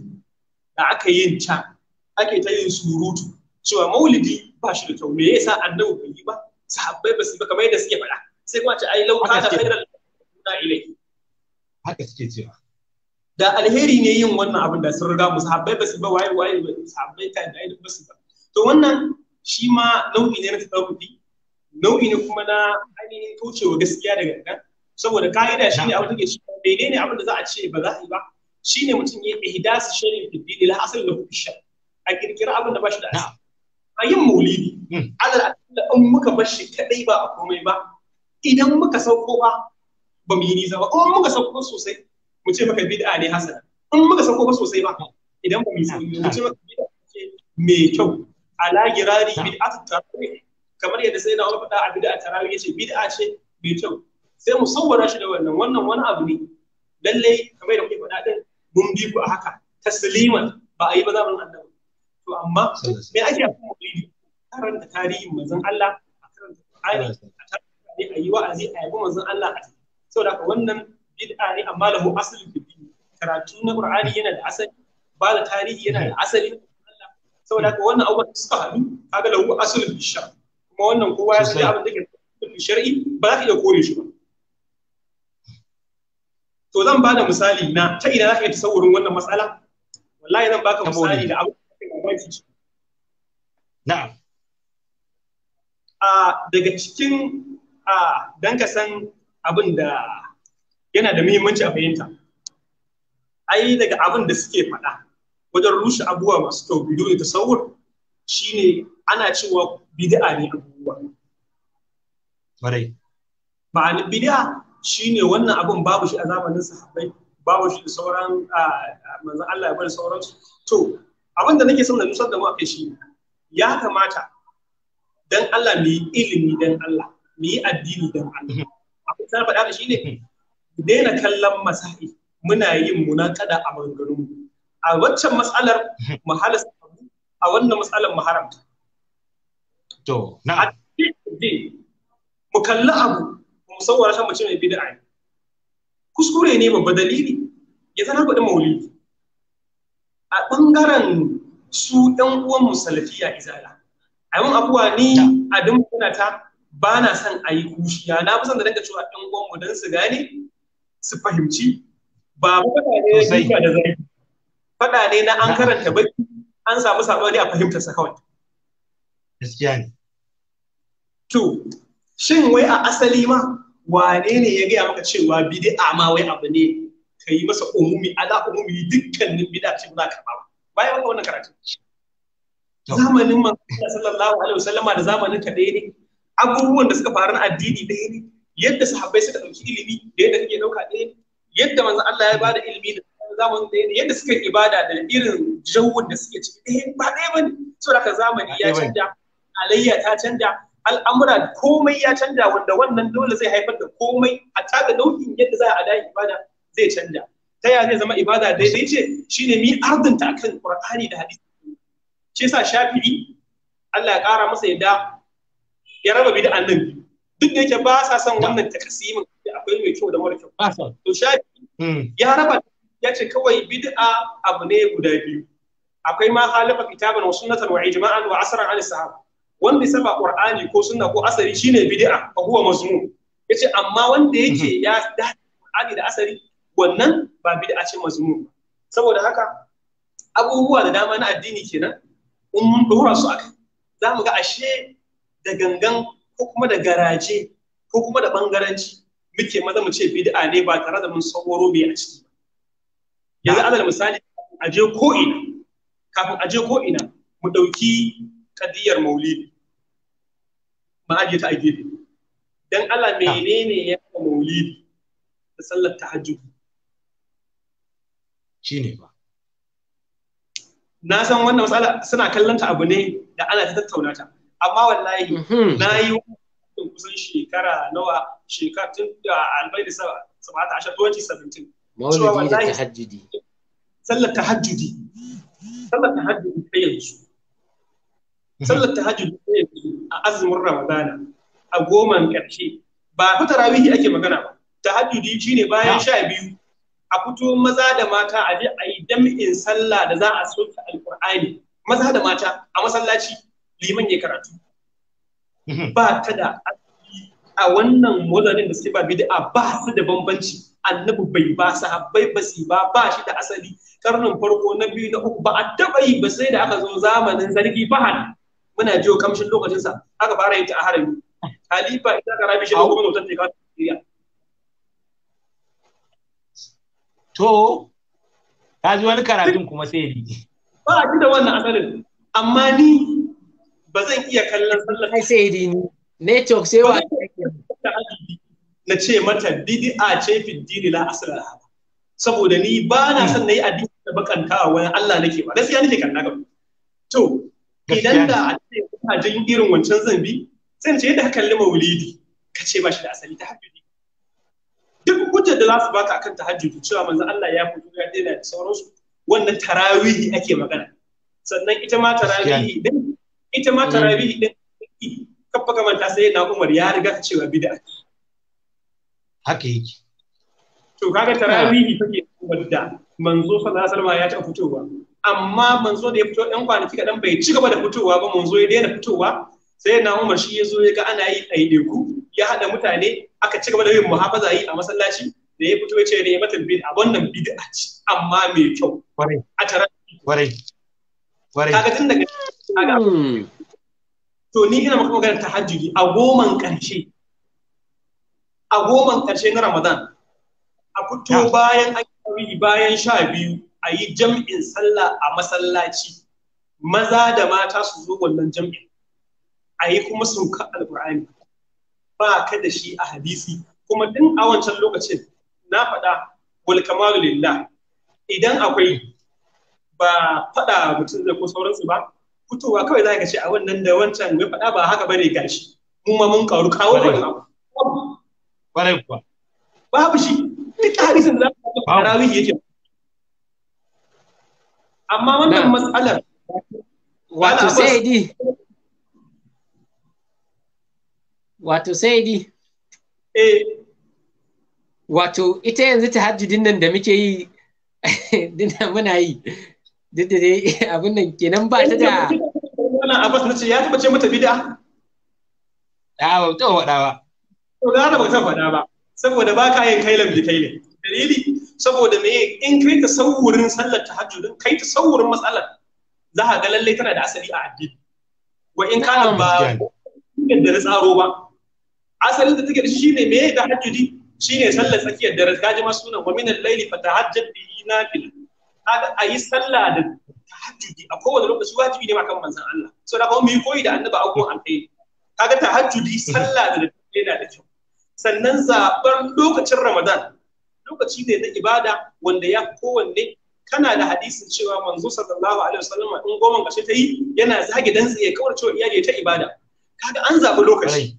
da aka yin ta ake ta yin surutu cewa maulidi ba shi da kyau me yasa annabi bai yi ba sahabbai ba su ba kamar yadda suke faɗa sai kuma ce ai lau kana khairal da ilai haka suke cewa da alheri ne yin wannan abin da sun riga mu sahabbai ba su ba waye waye sahabbai ta da ba su ba to wannan shi ma nau'i ne na tsarudi nau'i ne kuma na ainihin kaucewa gaskiya daga gangan saboda ka'ida shi ne abin da ke shi ne abin da za a ce ba za a yi ba shi ne mutum ya su shirin da asalin da lahu shan. a kirkira abin da ba shi da asali a yin maulidi hmm. alal da in muka bar shi kadai ba a komai ba idan muka sauko ba ba mu yi nisa ba in muka sauko ba sosai mu ce maka bid'a ne hasan in muka sauko ba sosai ba idan ba mu yi hmm. sauki mu ce maka bid'a ne mai kyau ala girari bid'atu tarawih kamar yadda sai na wani faɗa a bid'a tarawih yace bid'a ce mai kyau sai mu sauwara shi da wannan wannan wani abu ne Lallai kamar yadda kuke faɗa ɗin mun bi ku a haka tasliman ba a yi ba zamanin annabi to amma me ake yi mu maulidi karanta tarihin manzon Allah a karanta Qur'ani a tarihi a yi wa'azi a yabi manzon Allah a saboda haka wannan bid'a ne amma lahu asalin bid'i karatu na Qur'ani yana da asali ba da tarihi yana da asali saboda haka wannan abubuwan suka haɗu kaga lahu asalin bishar قلنا wannan kowa ya san abin da ke tafi shar'i ba za ka iya kore shi ba to zan da misali na ta ina za ka iya tasawurin wannan matsala zan misali da da a daga cikin a dan ka san abin da yana da muhimmanci a fahimta ai daga abin da suke faɗa wajen rushe abubuwa masu kyau bidiyo da tasawur shine ana cewa bid'a ne abu abubuwa kwarai ma'anin bid'a shine wannan abin babu shi a zamanin sahabbai babu shi sauran manzon Allah ya bar sauransu to abin da nake son na nusar da mu akai shi ya kamata dan Allah mu yi ilimi dan Allah mu yi addini dan Allah mhm. abin da faɗa da shi ne, mhm. daina kallon masahi muna yin munakada a mhm. mu. a waccan matsalar mu halasta a wannan matsalar mu haramta to na mu kalli abu mu saurara shan mace mai bid'a ne kuskure ne babba dalili ya zana kuɗin maulidi a ɓangaren su ɗan uwan musalafiya izala a yi abuwa ni a dimbuna ta ba na son a yi kushiya na fi son da dinga cewa ɗan uwan mu don su gane su fahimci ba mutane ne da zai faɗa ne na an karanta baki an samu saɓani a fahimtarsa kawai gaskiya ne to shin wai a asali ma wane ne ya gaya maka cewa bid'a ma wai abu ne ka yi masa umumi ala umumi dukkanin bid'a ce ba za ka ba bayan maka wannan karatu zamanin manzo sallallahu alaihi wasallama da zamanin ka ɗaya ne abubuwan da suka faru na addini ɗaya ne yadda sahabbai suka ɗauki ilimi da yadda kake dauka ɗaya ne yadda manzo Allah ya bada ilimi da zamanin ɗaya ne yadda suka ibada da irin jawun da suke ciki ɗaya ba ɗaya bane saboda ka zamani ya canja alayya ta canja al'amura komai ya canja wanda wannan dole zai haifar da komai a taga nau'in yadda za a dai ibada zai canja ta ya zai zama ibada daidai ce shine mi ardanta akan qur'ani da hadisi shi yasa shafi'i Allah ya kara masa yadda ya raba bid'an nan duk da yake ba sa son wannan takasimin akwai mai kyau da mara kyau to shafi'i hmm. ya raba ya ce kawai bid'a abu ne guda biyu akwai ma khalafa kitaban wa sunnatan wa ijma'an wa asran al sahaba wanda ya saba qur'ani ko sunna ko asari shine bid'a a huwa Ya yace amma wanda yake mhm. ya dace qur'ani da asari wannan ba bid'a ce mazmum saboda haka abubuwa da dama na addini kenan in mun dora su akai za mu ga ashe da gangan ko kuma da garaje ko kuma da bangaranci muke maza mu ce bid'a ne ba tare da mun sauro mai a ciki ba yanzu alal misali aje ko ina kafin aje ko ina mu ɗauki kadiyar maulidi ba a ta a gefe dan Allah menene ya ka maulidi da sallar tahajjud shine ba na san wannan matsala suna kallonta abu ne da ana ta tattauna ta amma wallahi mhm. na yi kusan shekara nawa shekara tun da albai da saba ta maulidi da tahajjudi sallar tahajjudi sallar tahajjudi yanzu sallar mhm. tahajjudi yanzu a azumin ramadana a goman ƙarshe ba fa tarawihi ake magana ba tahajjudi shine bayan sha biyu a fito maza da mata a je a yi dam'in sallah da za a soke alƙur'ani maza da mata a masallaci liman ya karatu ba ta da a wannan mazanin da suke ba bid'a ba su da bambanci annabi bai ba sahabbai ba su ba ba shi da asali karnin farko na biyu na uku ba a taba yi ba sai da aka zo zamanin sarki fahad muna jiyo kamshin lokacinsa aka fara yin ta a harami khalifa idan ka rabi shi da hukumar mutunta ka Najeriya. To, ta ji wani karatun kuma sai yi. Ba a da wannan asalin, amma ni ba zan iya kallon sallar. Kai sai yi ni, network sai wa na ce mata bid'a ce fi dini la asala saboda ni ba na son na yi addini da bakantawa wani Allah nake ba gaskiya nake kan na To, idan da a ce kuna jin irin wancan zan bi, zan ce yadda kalli maulidi ka ce ba shi da asali ta tahajjudi duk hujjar da za su baka akan tahajjudi cewa manzo Allah ya fito ya daina da sauransu wannan tarawihi ake magana sannan ita ma tarawihi din ita ma tarawihi din kafa kamanta sai na Umar ya riga ka cewa bid'a haka yake to kaga tarawihi take wadda manzo sallallahu alaihi wasallam ya ta fitowa amma manzo da ya fito ɗan kwanaki kaɗan bai ci gaba da fitowa ba manzo ya daina fitowa sai na umar shi ya zo ya ga ana yi ɗaiɗaiku ya haɗa mutane aka ci gaba da yin muhafaza yi a masallaci da ya fito ya ce ne mata a wannan bid'a ce amma mai kyau a tare kaga tun daga kaga hmm. to ni ina maka magana tahajjudi a goman karshe. a goman karshe na Ramadan a fito bayan an bayan sha biyu a yi jam'in sallah a masallaci maza da mata su zo wannan jam'in a yi kuma sauka Alƙur'ani. ba ka da shi a hadisi kuma din a wancan lokacin na faɗa wal kamalu lillah idan akwai ba faɗa mutum zai ko sauransu ba fitowa kawai za ka ce a wannan da wancan mai faɗa ba haka bane gashi mu ma mun karu kawo wannan abu babu shi duk hadisin da za ka rawihi yake amma wannan matsalar wato sai di wato sai di eh wato ita yanzu tahajjudin nan da muke yi dinnan muna yi duk da dai abin nan kenan ba ta da wannan abbas nace ya taba ce mata bid'a dawo to wadawa to da ba ta faɗa ba saboda ba ka yin kailan bi kailin dalili saboda me in kai tasawurin sallar tahajjudin kai ta tasawurin matsalar za ka ga lallai tana da asali a addini wa in kana ba da na tsaro ba asalin da take da shi ne me da hajjudi ne sallar tsakiyar dare ka ji masu sunan wa min al-layli fatahajjad bi nafil kaga ayi sallah da tahajjudi a kowane lokaci wajibi ne ma kan manzon Allah so da kuma mu yi koyi da annabi a gon alkai kaga tahajjudi sallah da yana da kyau sannan zaɓar lokacin Ramadan lokaci ne na ibada wanda ya kowanne kana da hadisin cewa manzo sallallahu alaihi wasallam in goma kashe ta yi yana zage dan tsaye kawar cewa iyali ta ibada kaga an zabi lokaci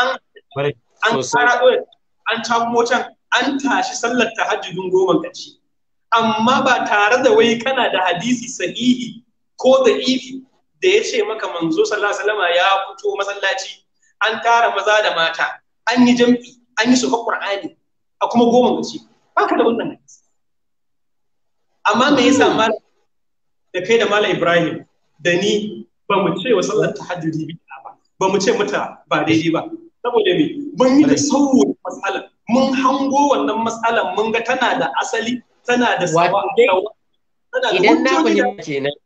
an an fara an tamo can an tashi sallar tahajjudin goma kashe amma ba tare da wai kana da hadisi sahihi ko da ifi da ya ce maka manzo sallallahu alaihi wasallam ya fito masallaci an tara maza da mata an yi jam'i an yi sufa qur'ani a kuma goma shi ba ka da wannan amma me yasa malam da kai da malam Ibrahim da ni ba mu ce wa sallar tahajjudi bid'a ba ba mu ce mata ba daidai ba saboda me mun yi da sauwa matsalar mun hango wannan matsalar mun ga tana da asali tana da sawa idan na fahimta kenan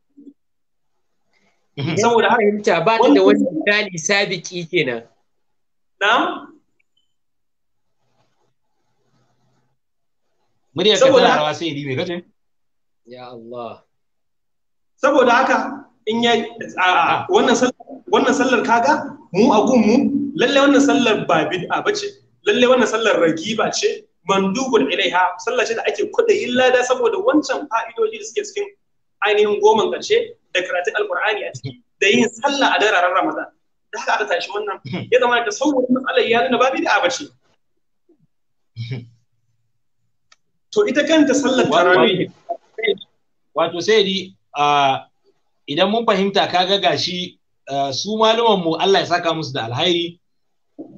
saboda fahimta ba ta da wani misali sabiki kenan na muryar ka rawa sai ribe kace ya Allah saboda haka in ya wannan sallar wannan sallar kaga mu a gun mu lalle wannan sallar ba bid'a bace lalle wannan sallar ragiba ce mandubul ilaiha sallar ce da ake kudayin lada saboda wancan fa'idoji da suke cikin ainihin goman karshe da karatun alkur'ani a ciki da yin sallah a daren ramadan da haka aka tashi wannan hmm. ya zama da sauran matsalar ya nuna ba bid'a bace to ita kanta sallar tarawih wato sai di idan mun fahimta kaga gashi su malaman mu Allah ya saka musu da alhairi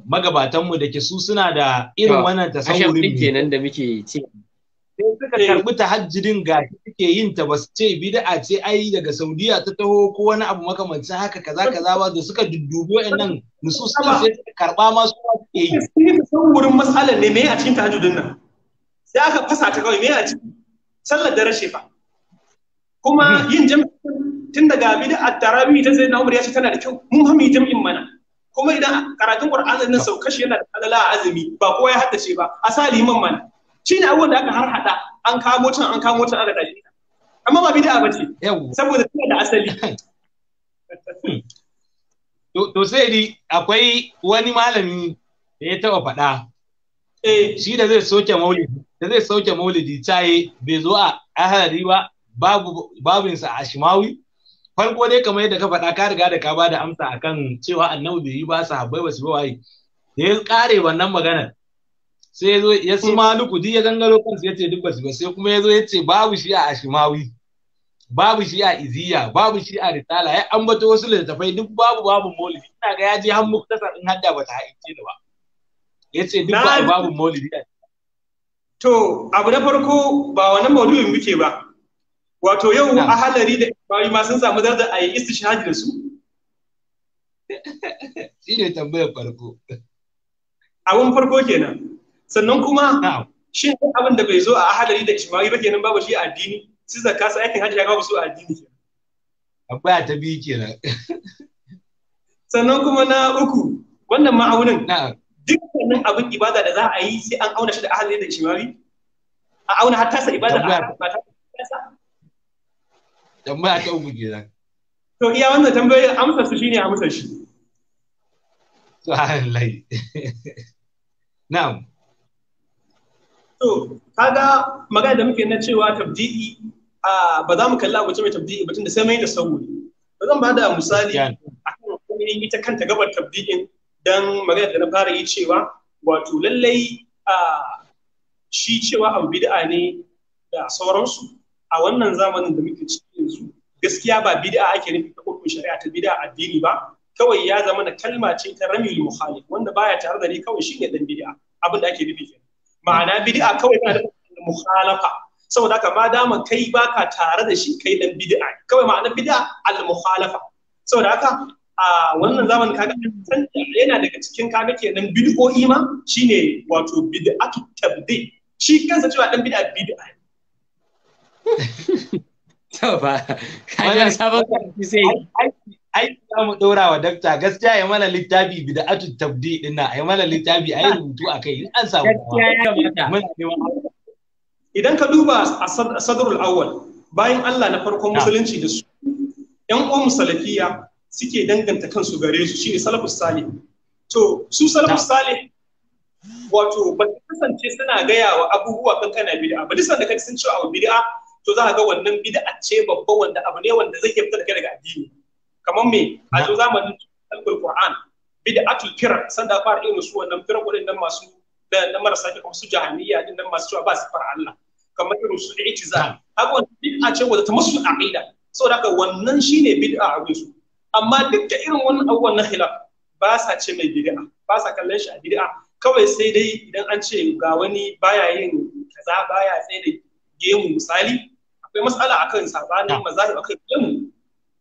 magabatan mu da su suna da irin wannan ne. kenan da muke ce sai suka eh. karbi tahajjudin ga suke yin ta ba ce bid'a ce ai daga Saudiya ta taho ko wani abu makamancin haka kaza kaza ba da suka duddubi wayannan nusus sai suka karba ma su suke yi sai tasawurin matsalar ne me a cikin tahajjudin nan sai aka fasa ta kawai mai a ciki sallar da rashe fa kuma yin jami'in tun daga bid'a tarabi ta na Umar ya ce tana da kyau mun hami jami'in mana kuma idan karatun Qur'anin nan kashi yana da alala azumi ba kowa ya haddace ba asali liman mana Shi ne abubuwan da aka har hada an kamo can an kamo can aka dace amma ba bid'a bace saboda tana da asali to sai di akwai wani malami da ya taba faɗa eh. shi da zai soke maulidi da zai sauke maulidi yi bai zo a ahari ba babu babinsa a shimawi farko dai kamar yadda ka faɗa ka riga da ka bada amsa akan cewa annabi bai yi ba su habbai ba su ba waye da ya kare wannan maganar sai zo ya su maluku duk ya gangaro kansu ya ce duk ba su ba sai kuma ya zo ya ce babu shi a shimawi, babu shi a iziya babu shi a risala ya ambato wasu littattafai duk babu babu maulidi ina ga ya je har muktasar in hadda ba ta haice ni ba ya ce duk babu babu maulidi a To, abu na farko ba wannan maudu'in muke ba. Wato yau a halari da bayi ma sun samu darajar a yi istishhadi da su. Shi ne tambayar farko. Abun farko kenan. Sannan kuma shin abin da bai zo a halari da ishmawi ba kenan babu shi a addini? Su zaka su aikin hajji ya babu su a addini. Akwai ta biyu kenan. Sannan kuma na uku wannan ma'aunin. Na'am. dukkanin abin ibada da za a yi sai an auna shi da ahalin da shi kimari a auna har tasa ibada a ba ta tasa tambaya ta uku kenan to iya wannan tambayoyin amsar su shine amsar shi subhanallahi na'am to kaga magana da muke na cewa tabdi'i ba za mu kalli abuce mai tabdi'i ba tunda sai mai da sauri ba zan ba da misali akan ita kanta gabar tabdi'in dan magana da na fara yi cewa wato lallai a shi cewa abu bid'a ne da sauransu a wannan zamanin da muke cikin yanzu gaskiya ba bid'a ake nufi ta kurkun shari'a ta bid'a addini ba kawai ya zama na kalma ce ta rami muhalif wanda baya tare da ni kawai shine dan bid'a abin da ake nufi ke ma'ana bid'a kawai tana da muhalafa saboda haka ma dama kai baka tare da shi kai dan bid'a kawai ma'ana bid'a al muhalafa saboda haka a wannan zamanin kaga yana daga cikin kaga kenan bid'o'i ma shine wato bid'atu tabdi shi kansa cewa dan bid'a bid'a to ba kaga sabon karfi sai ai za mu dora wa dakta gaskiya ya mana littafi bid'atu tabdi din nan ai mana littafi ai rubutu akai in an samu idan ka duba a sadrul awwal bayan Allah na farkon musulunci da su yan uwan musalafiya suke danganta kansu gare su shine salafus salih to su salafus salih wato ba su kasance suna gaya wa abubuwa kankana bid'a ba duk da kai sun ce a bid'a to za ka ga wannan bid'a ce babba wanda abu ne wanda zai kai daga addini kamar me a zo zamanin alquran kira san sanda fara irin su wannan firar nan masu da marasa kyau su jahiliya din nan masu cewa ba su fara Allah kamar irin su i'tizal itiza haka wannan bid'a ce wanda ta musu aqida saboda haka wannan shine bid'a a su amma duk da irin wannan abubuwan na khilaf ba sa ce mai bid'a ba sa kallon shi a bid'a kawai sai dai idan an ce ga wani baya yin kaza baya sai da gemu misali akwai mas'ala akan sabanin mazahib akan gemu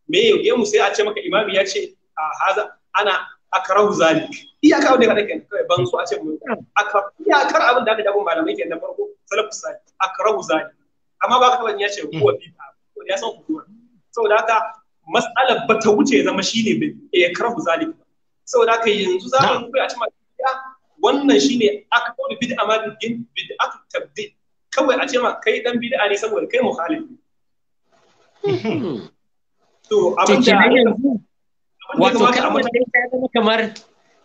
me yau gemu sai a ce maka imami ya ce a haza ana akrahu zalik iyaka wanda kada dake kai ban so a ce mu akar iyakar abin da aka dabo malamai na farko salafus salih akrahu zalik amma ba ka ya ce ko bid'a ko ya san kuwa saboda haka mas'alar ba ta wuce zama shine ya karahu zalik saboda haka yanzu za mu a cikin wannan shine aka kawo bid'a ma bid'in bid'atu tabdi kawai a ce ma kai dan bid'a ne saboda kai mukhalif to abin wato kalmar zama kamar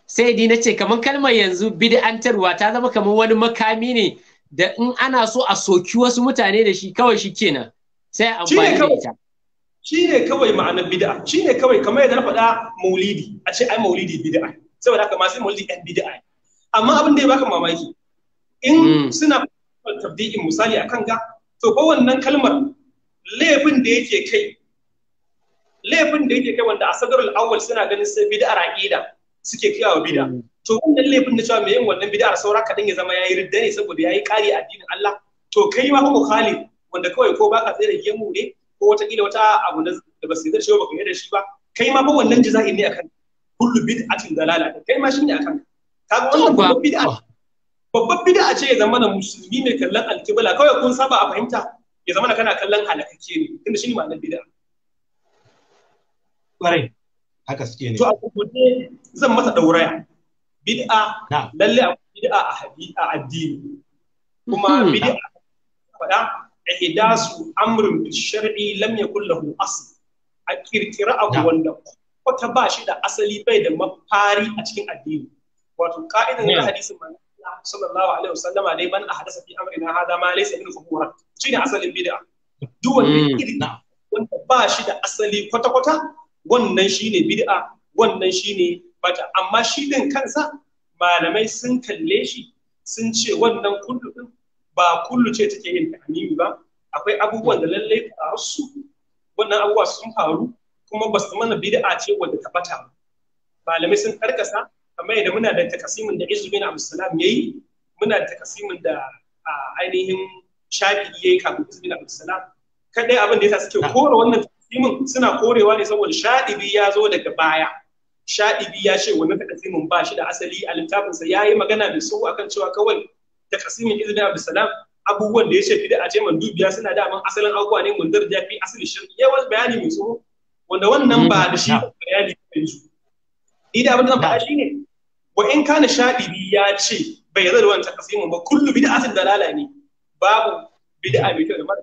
sai di na ce kamar kalmar yanzu bid'antarwa ta zama kamar wani makami ne da in ana so a soki wasu mutane da shi kawai shi kenan sai amfani da ita shine kawai ma'anar bid'a shine kawai kamar yadda na faɗa maulidi a ce ai maulidi bid'a saboda haka masu maulidi ɗan bid'a amma abin da ya baka mamaki in hmm. suna tabdi'in misali akan ga to ko wannan kalmar laifin da yake kai laifin da yake kai wanda a sadarul awwal suna ganin sai bid'ar raqida suke kiyawa bid'a hmm. to wannan laifin da cewa me yin wannan bid'ar saura kadan ya zama yayi ridda ne saboda yayi kari addinin Allah to kai ma kuma khalid wanda kawai ko baka tsere gemu ne ko wata kila wata abu da ba su yarda cewa baka da shi ba kai ma ba wannan jaza'i ne akan kullu bid'atin dalala kai ma shine akan ka ga wannan a bid'a Babban bid'a ce ya zama na musulmi mai kallon alkibla kawai kun saba a fahimta ya zama kana kallon halakakke ne tunda shine ma'anar bid'a kwarai haka suke ne to a guje zan masa dauraya bid'a lalle a bid'a a hadisi a addini kuma hmm. bid'a faɗa ihdasu amrin bil shar'i lam yakul lahu asl a kirkira abu wanda kwata ba shi da asali bai da mafari a cikin addini wato ka'idan da hadisin man sallallahu alaihi wasallama dai man ahdasa fi amrina hada ma laysa min fuhurat shine asalin bid'a duk wanda kirkira wanda ba shi da asali kwata kwata wannan shine bid'a wannan shine bata amma shi din kansa malamai sun kalle shi sun ce wannan kullu din ba kullu ce take yin ta'amimi ba akwai abubuwan da lallai faru su wannan abubuwa sun faru kuma ba su mana bid'a ce wanda ta bata ba malamai sun karkasa kamar yadda muna da takasimin da bin abdulsalam yayi muna da takasimin da ainihin shafi yayi kafin bin abdulsalam kadai abin da yasa suke kore wannan takasimin suna korewa ne saboda shadibi ya zo daga baya shadibi ya ce wannan takasimin ba shi da asali a littafinsa yayi magana mai tsawo akan cewa kawai ta kasimin abu salam abubuwan da ya ce aje ce dubiya suna da man asalin aukuwa ne mun darja fi asali shirki yawan bayani mai tsoro wanda wannan ba da shi mm-hmm. bayani ne su da abin da zan shi ne? wa in kana shadibi ya ce bai yarda da wannan takasimin ba kullu bid'atin dalala ne babu bid'a mai kyau da mara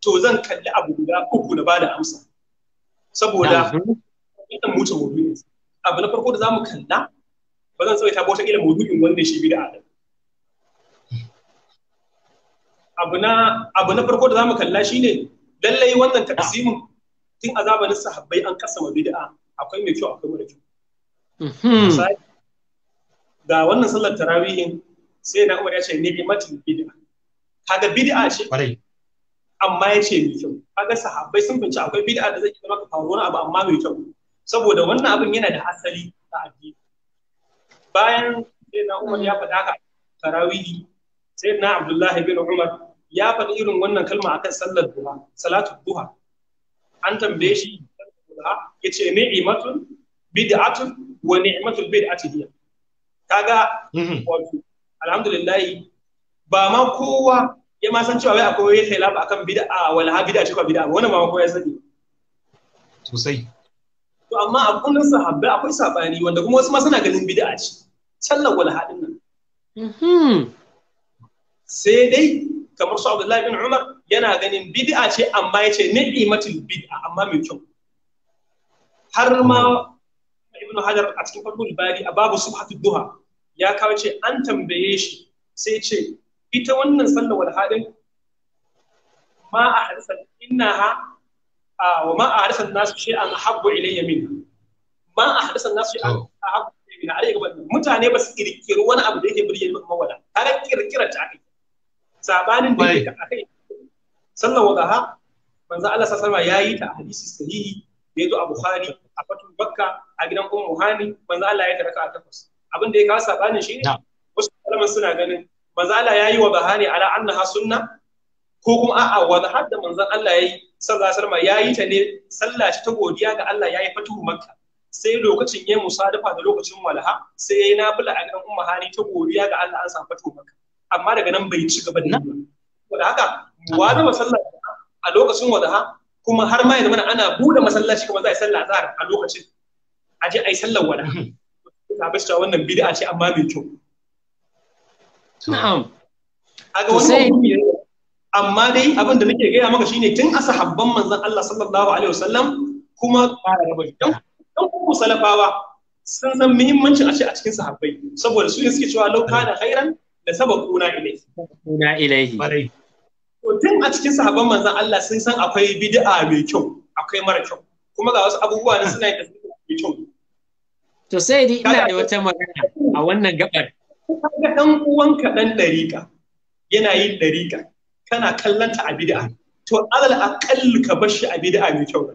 to zan kalli abu guda uku na bada amsa saboda wannan mutum abu na farko da zamu kalla ba zan tsawaita ba wata ilmin maudu'in wanda shi bid'a da abu na farko da za mu kalla shine lallai wannan taqsimin tun a zamanin sahabbai an kasama bid'a akwai mai kyau akwai mara kyau mhm. Ga wannan sallar tarawihin sai na umar ya ce ni'imatul bid'a kaga bid'a ce amma ya ce mai kyau kaga sahabbai sun fince akwai bid'a da zai zama ka faru wani abu amma mai kyau saboda wannan abin yana da asali a addini bayan sai na umar ya faɗa ka tarawihi sai na abdullahi bin umar ya faɗi irin wannan kalma akan sallar duha salatu duha an tambaye shi ya ce ni'imatun bid'atun wa ni'matul bid'ati hiya kaga mhm. wato alhamdulillah ba ma kowa ya ma san cewa wai akwai wani khilaf akan bid'a wal ha bid'a ce ko bid'a wannan ba ma kowa ya sani sosai to amma a kullun sahabbai akwai sabani wanda kuma wasu ma suna ganin bid'a ce sallar wal hadin nan mhm. sai dai kamar su Abdullahi bin Umar yana ganin bid'a ce amma ya ce ni'imatul bid'a amma mai kyau har ma Ibn Hajar a cikin Fathul Bari a babu Subhatud Duha ya kawo ce an tambaye shi sai ce ita wannan sallar wal hadin ma a hadisan innaha wa ma a hadisan nasu shay'an habbu ilayya min ma a hadisan nasu shay'an oh. habbu ilayya min mutane ba su kirkiri wani abu da yake burge ni mawala kaga kirkira ta ake sabanin da yake akai sallar ha manzo Allah sallallahu alaihi wasallam yayi ta hadisi sahihi da yato a Bukhari a Fatul Bakka a gidan Ummu Hani manzo Allah ya taraka a takwas abin da ya kawo sabanin ne wasu malaman suna ganin manzo Allah yayi wa bahani ala annaha sunna ko kuma a'a wadaha da manzo Allah yayi sallallahu alaihi wasallam yayi ta ne sallah ta godiya ga Allah yayi Fatul Makka sai lokacin ya musadafa da lokacin walaha sai yayi nafila a gidan Ummu ta godiya ga Allah an samu Fatul Makka amma daga nan bai ci gaba da yi haka, haka da masallaci a lokacin wadaha kuma har ma ya mana ana bude masallaci kuma za a yi sallah azhar a lokacin a je a yi sallar wada ta bi ta wannan bid'a ce amma mai kyau na'am aga wannan amma dai abin da nake gaya maka shine tun asahabban manzon Allah sallallahu alaihi wasallam kuma fara raba dan dan ku salafawa sun san muhimmancin a ce a cikin sahabbai saboda su ne suke cewa lau kana khairan da saba kuna ilaihi kuna ilaihi tun a cikin sahabban manzan Allah sun san akwai bid'a mai kyau akwai mara kyau kuma ga wasu abubuwa na suna da mai kyau to sai dai ina da wata magana a wannan gabar ga dan uwanka ɗan dariƙa yana yin dariƙa kana kallanta a bid'a to alal aqall ka bar shi a bid'a mai kyau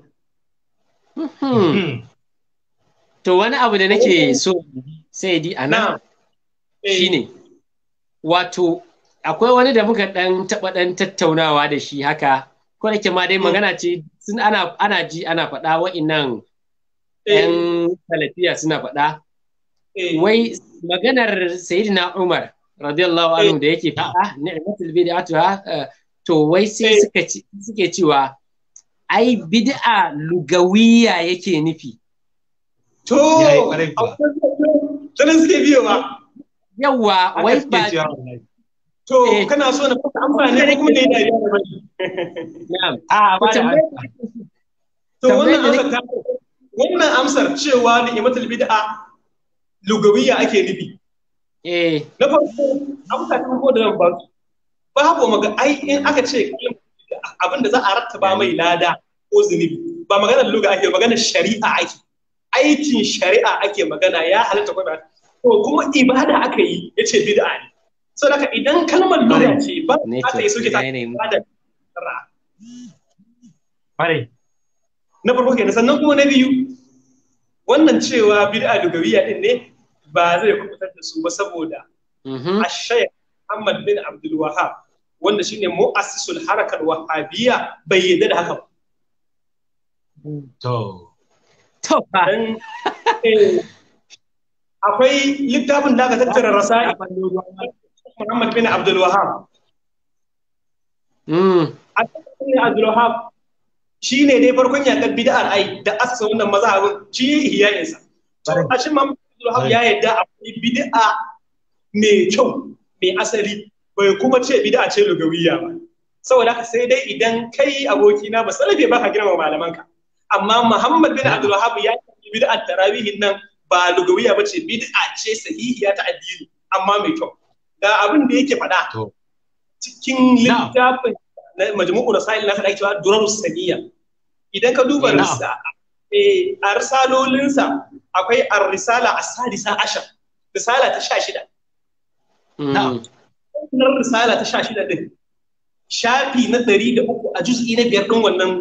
hmm. Hmm. to wani abu da nake so sai di shi eh. shine wato akwai wani da muka ɗan taɓa ɗan tattaunawa da shi haka ko da ma dai mm. magana ce sun ana ana ji ana faɗa wa'innan ɗan eh. salafiya suna faɗa eh. wai maganar sayyidina umar radiyallahu anhu eh. da yake faɗa ni'matul bid'atuha to wai sai suka suke cewa ai bid'a lugawiya yake nufi to sanin suke biyo ba yawa wai ba to eh. kana so na fata amfani ko kuma ah, da yana yi na'am a ba da to wannan amsar ta wannan amsar cewa da imatul bid'a lugawiya ake nufi eh na farko amsa ta ko da ba babu maga ai in aka ce abin da za a rattaba mai lada ko zunubi ba maganar luga ake magana shari'a ake aikin shari'a ake magana ya halatta ko ba to kuma ibada aka yi ya ce bid'a ne so daga idan kalmar bid'a ce ba ta yi soke ta ibada Kwarai. Na farko kenan sannan kuma na biyu wannan cewa bid'a lugawiya din ne ba zai kubutar da su ba saboda mm-hmm. Ashaya Muhammad bin Abdul Wahab wanda shine mu'assisul harakar wahabiyya bai yi da haka ba. To. To ba. akwai littafin da aka tattara rasa'i Muhammad bin Abdul Wahab mm a cikin Abdul Wahab shine dai farkon yakar bid'ar ai da asasa wannan mazhabin shi hiyayen sa A ashin Muhammad Abdul Wahab ya yadda akwai bid'a mai kyau mai asali bai kuma ce bid'a ce lugawiya ba saboda haka sai dai idan kai abokina ba salafi ba ka girma malamanka amma Muhammad bin Abdul Wahab ya yi bid'a tarawihin nan ba lugawiya ba ce bid'a ce sahihiya ta addini amma mai kyau ga abin da yake faɗa cikin littafin majmu'u rasail na faɗa cewa durarus saniya idan ka duba risa eh, a risalolinsa akwai ar-risala as-sadisa ashar risala ta 16 mm. na'am risala ta 16 din shafi na 300 a juz'i na biyar din wannan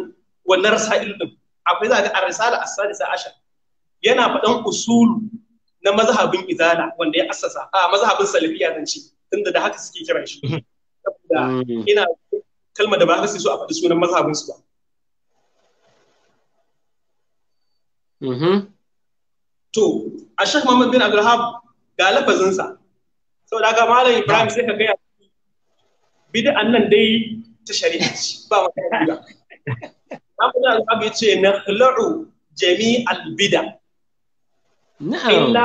wannan rasail din akwai za ar-risala as-sadisa ashar yana faɗan usulu na mazhabin izala wanda ya assasa a mazhabin salafiya zan ce tunda da haka suke kiran shi mm-hmm. saboda mm-hmm. ina kalma da ba haka sai a faɗi sunan mazhabin su ba mm-hmm. to a shek Muhammad bin Abdulhab ga lafazin sa saboda ga malam Ibrahim sai ka ga bid'an nan dai ta shari'a ce ba magana ba Abdulhab ya ce na nakhla'u jami'al bid'a na'am illa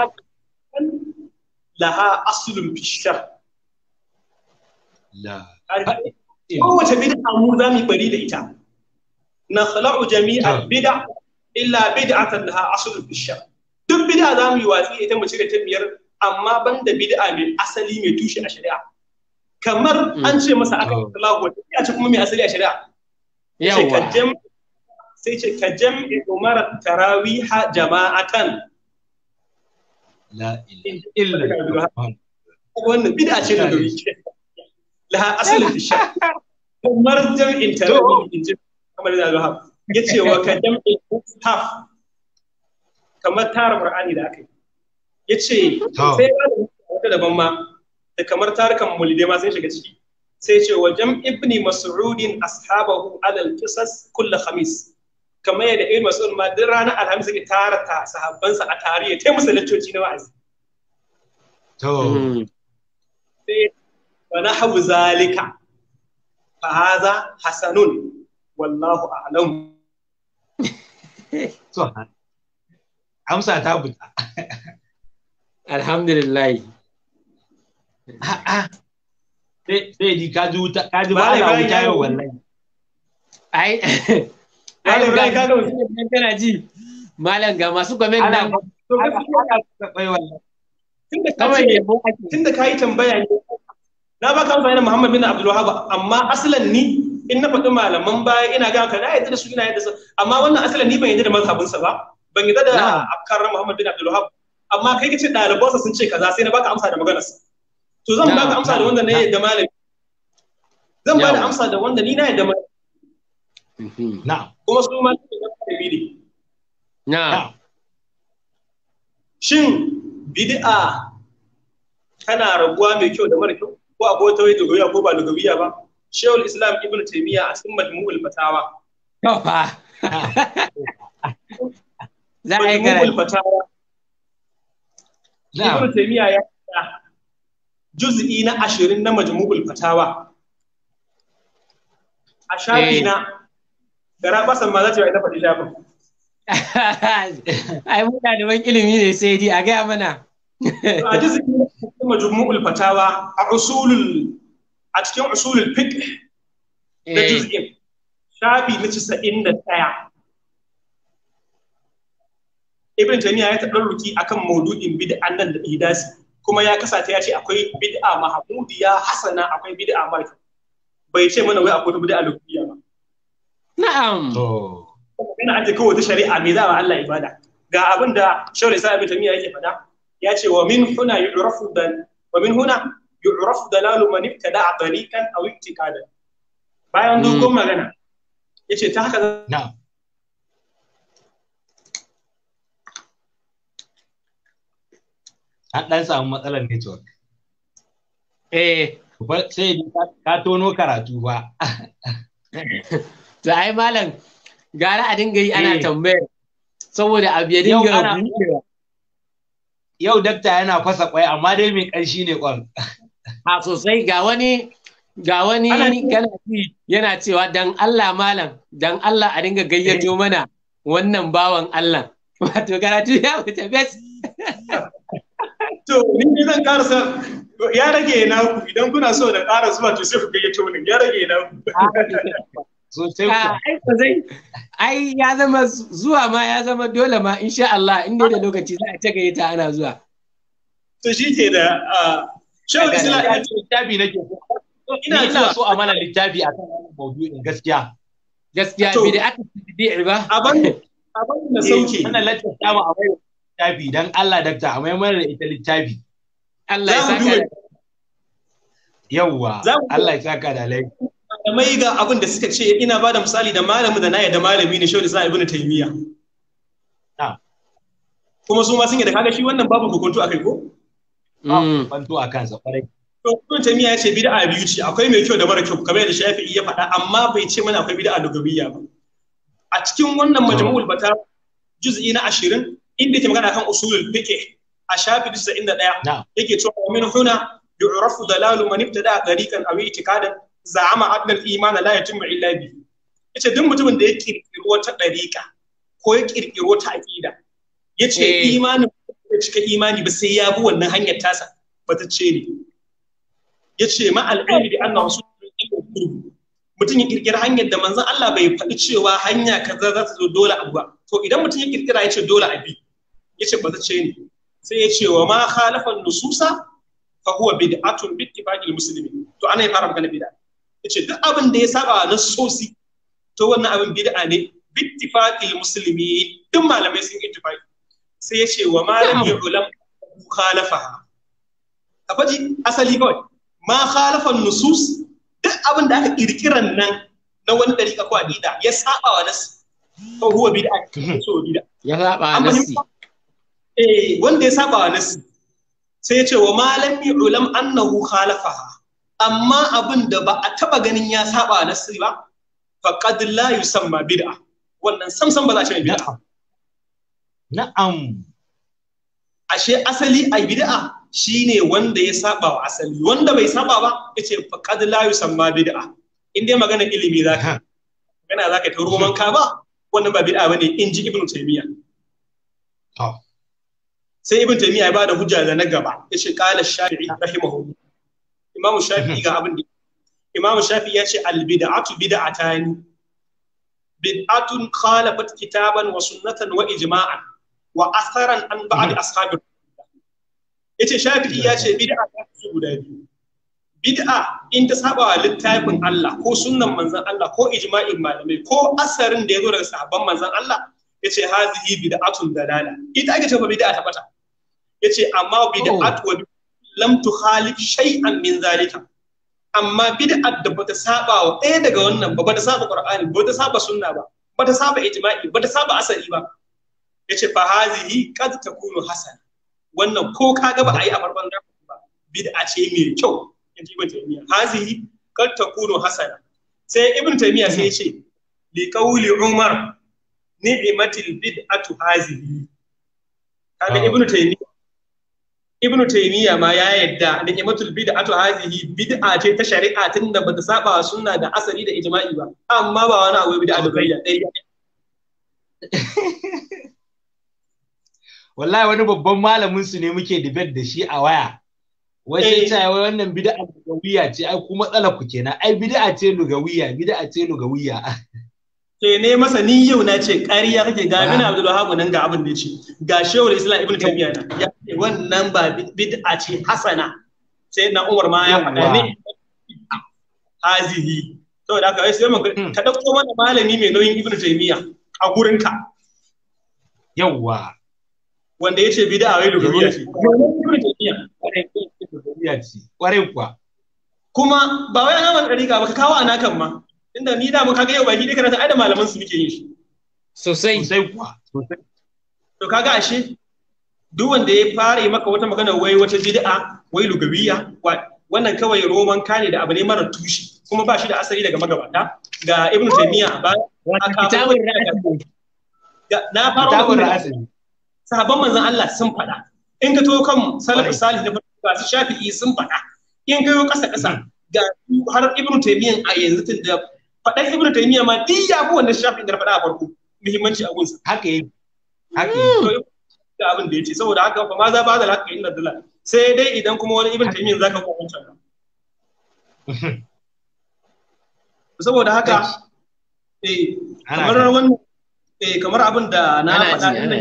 laha aslun fi shar la kowace bid'a mu za bari da ita na jami'a bid'a illa bid'atan laha aslun fi duk bid'a za yi watsi ita mu cire ta biyar amma mai asali mai tushe a shari'a kamar an ce masa aka yi talahu ya ce kuma mai asali a shari'a sai ce ka jam'i umar tarawiha jama'atan la ilaha illa wannan bid'a ce da gari la asalin sha kamar jam'in tarabi in kamar da alhab yace wa ka jam'in mushaf kamar tara qur'ani da aka yi yace sai wata daban ma da kamar tarukan mulide ma sai shiga ciki sai ce wa jam'ibni mas'udin ashabahu alal qisas kull khamis kamar yadda irin masu ma duk ranar alhamis yake tara ta sahabbansa a tarihi ya musu laccoci na wa'azi to wa nahwu zalika fa hadha hasanun wallahu a'lam to amsa ta buta alhamdulillah a'a ah, ah. sai di ka ji wuta ka ji ba wuta yau wallahi ai Malam ga ka nan ji. Malam ga masu comment nan. To gaskiya ka tsaye wallahi. Tunda ka yi tambaya ne. Na ba ka amfani da Muhammad bin Abdullahi, Wahab amma asalan ni in na faɗi malaman baya ina ga ka na yadda da su ina yadda su amma wannan asalan ni ban yadda da mazhabinsa ba. Ban yadda da afkarar Muhammad bin Abdullahi. amma kai kace ɗalibansa sun ce kaza sai na baka amsa da maganarsa. To zan baka amsa da wanda na yadda malami. Zan ba da amsa da wanda ni na yadda malami. na kuma su ma ne na shin Bidi'a tana raguwa mai kyau da mara kyau ko a bota wai lugawiya ko ba lugawiya ba shehul islam ibn taymiya a cikin majmu'ul fatawa kafa za a yi karatu ibn taymiya ya juz'i na ashirin na majmu'ul fatawa a shafi eh. na gara basan ma za ta yi na faɗi labin ai muna da ban ilimi ne sai dai a gaya mana a jizikin majmu'ul fatawa a usulul a cikin usulul fiqh da eh. juz'in shafi na 91 ibn taymiya ya tadarruki akan maudu'in bid'an nan da ihdasi kuma ya kasata ya ce akwai bid'a mahmudiya hasana akwai bid'a mai bai ce mana wai akwai bid'a lukiya na'am magana ake kowace shari'a me za a Allah ibada ga abin da shawar isa abin tamiya yake faɗa ya ce wa min huna yu'rafu dal wa min huna yu'rafu dalalu man ibtada tariqan aw ibtiqada bayan hmm. dogon magana yace ta haka na'am an ɗan samu matsalar network. Eh, sai ka tono karatu ba. to ai malam gara a dinga yi ana eh. tambaya saboda abu ya dinga yau dakta yana fasa kwai amma dai mai ƙarshi ne kwan a sosai ga wani ga wani yana cewa dan Allah malam dan Allah a dinga gayyato eh. mana wannan bawan Allah wato karatu ya fita bes to ni ne zan karasa ya rage na ku idan kuna so da ƙara zuwa to sai ku gayyato ni ya rage na ku ah, sosai ai ya zama zuwa ma ya zama dole ma insha Allah in da lokaci za a ta gayyata ana zuwa to shi ke da shawar islam ya ce littafi nake ina ina so a mana littafi akan wannan maudu'in gaskiya gaskiya bi da aka tidi ba aban aban na eh, sauke ana latta ta mu a mai littafi dan Allah dakta a mai mana ita littafi Allah ya saka yawwa Allah ya saka da alai malamai ga abin da suka ce ina ba da misali da malami da naya da malami ne shaudu sa ibnu taymiya kuma su ma sun yi da kaga shi wannan babu hukuntu kai ko mm. hukuntu a kansa kwarai to ibnu taymiya ya ce a biyu ce akwai mai kyau da mara kyau kamar yadda shafi'i ya faɗa amma bai ce mana akwai bid'a lugabiyya ba a cikin wannan majmu'ul batar juz'i na ashirin, inda ke magana kan usulul fiqh a shafi bisa inda 91 yake cewa min huna yu'rafu dalalu man ibtada tariqan aw i'tiqadan za'ama annal imana la yatimmu illa Ya ce duk mutumin da ya kirkiri wata ɗariƙa, ko ya kirkiri wata Ya ce eh. imanin ya cika imani ba sai ya bi wannan hanyar tasa ba ta ce ne ce ma al'ilmi bi annahu sunnatul mutum ya kirkiri hanyar da manzon Allah bai faɗi cewa hanya kaza za ta zo dole abu ba to idan mutum ya kirkira ce dole abi ce ba ta ce ne sai ya ce wa ma khalafa nususa fa huwa bid'atun bi ittifaqil muslimin to ana ya fara magana bid'a yace duk abin da ya saba na sosi to wannan abin bid'a ne bittifaqil muslimi duk malamai sun ittifaqi sai ya ce wa malam yu'lam khalafaha a faji asali kawai ma khalafa nusus duk abin da aka kirkiran nan na wani dariƙa ko adida ya saba wa nasu. to huwa bid'a mhm. so bid'a ya saba wa nasu. eh wanda ya saba wa nasu, sai ya ce wa malam ulam annahu khalafa amma abin da ba a taba ganin ya saba sirri ba faqad la yusamma bid'a wannan samsam ba za a ce bid'a na'am ashe asali a bid'a shine wanda ya saba wa asali wanda bai saba ba yace faqad la yusamma bid'a in dai magana ilimi zaka magana zaka ta roman ka ba wannan ba bid'a bane in ji ibnu taymiya sai ibnu taymiya ya bada hujja da na gaba yace qala shafi'i rahimahullah Imam Shafi'i ga abin da Imam Shafi'i ya ce al bid'atu bid'atani bid'atun khalafat kitaban wa sunnatan wa ijma'an wa asaran an ba'd ashabi yace Shafi'i ya ce bid'a ta guda biyu bid'a in ta saba wa littafin Allah ko sunnan manzon Allah ko ijma'in malamai ko asarin da ya zo daga sahabban manzon Allah yace hazihi bid'atun dalala ita ake cewa bid'a ta bata yace amma bid'atu lam tukhalif shay'an min zalika amma bid'at da bata saba wa ɗaya daga wannan ba bata saba qur'ani ba bata saba sunna ba bata saba ijma'i bata saba asali ba yace fa hazihi qad takunu hasan wannan ko kaga ba a yi a farban da ba bid'a ce mai kyau inji ibn taymiya hazihi qad takunu hasan sai ibn taymiya sai yace li qawli umar ni'matil bid'atu hazihi kaga ah. ibn taymiya Ibn taymiya ma ya yadda da imatul bid'atu hazihi bid'a ce ta shari'a tunda bata saba sunna da asali da ijma'i ba amma ba wani abu bid'a da bayyana wallahi wani babban malamin su ne muke debate da shi a waya wai sai ta wai wannan bid'a lugawiya ce ai ku matsala ku kenan ai bid'a ce lugawiya bid'a ce lugawiya ke ne masa ni yau na ce ƙarya kake ga bin Abdul Wahhab nan ga abin da ya ce ga Shehu Islam Ibn Taymiyyah na ya ce wannan ba bid'a ce hasana sai na Umar ma ya faɗa ne hazihi to da aka sai ka dauko mana malami mai nauyin Ibn Taymiyyah a gurinka yawwa wanda ya ce bid'a wai lugawiya ce kuwa kuma ba wai an gama ɗari ba ka kawo a nakan ma inda ni da mu kaga yau baki dai karatu ai da malaman su muke yin shi sosai sosai kuwa to kaga ashe duk wanda ya fara yi maka wata magana wai wata bid'a wai lugabiya wannan kawai roman kane da abu ne mara tushe kuma ba shi da asali daga magabata ga ibn taymiya ba kitabun na fara wannan sahabban manzon Allah sun faɗa in ka to kan salafus salih da su shafi'i sun faɗa in ka yo kasa kasa ga har ibn taymiya a yanzu tun da faɗan ibnu taymiya ma duk ya fi wannan shafin da faɗa a farko muhimmanci a gunsa haka yi haka hmm. yi da abin da yace saboda haka fa ma za ba da haka inna dala sai dai idan kuma wani ibnu taymiya zaka ko wancan saboda haka eh kamar wannan eh kamar abin da na faɗa ina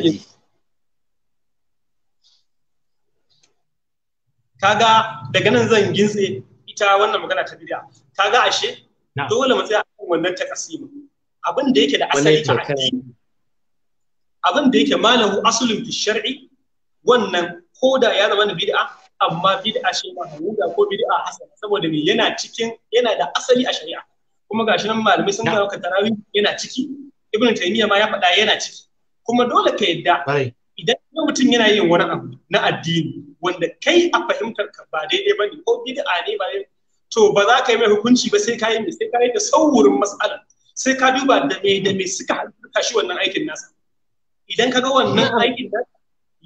kaga daga nan zan gintse ita wannan magana ta bidiya kaga ashe dole mu tsaya akan wannan takasima abin da yake da asali a abin da yake malahu asulin fi shar'i wannan ko da ya zama na bid'a amma bid'a shi ma huda ko bid'a hasan saboda me yana cikin yana da asali a shari'a kuma gashi nan malamai sun kawo tarawih yana ciki ibn taymiya ma ya faɗa yana ciki kuma dole ka yadda idan mutum yana yin wani abu na addini wanda kai a fahimtar ka ba daidai bane ko bid'a ne ba to ba za ka yi mai hukunci ba sai ka yi sai ka yi da saurin matsala sai ka duba da me da me suka halitta shi wannan aikin nasa idan ka ga wannan aikin nasa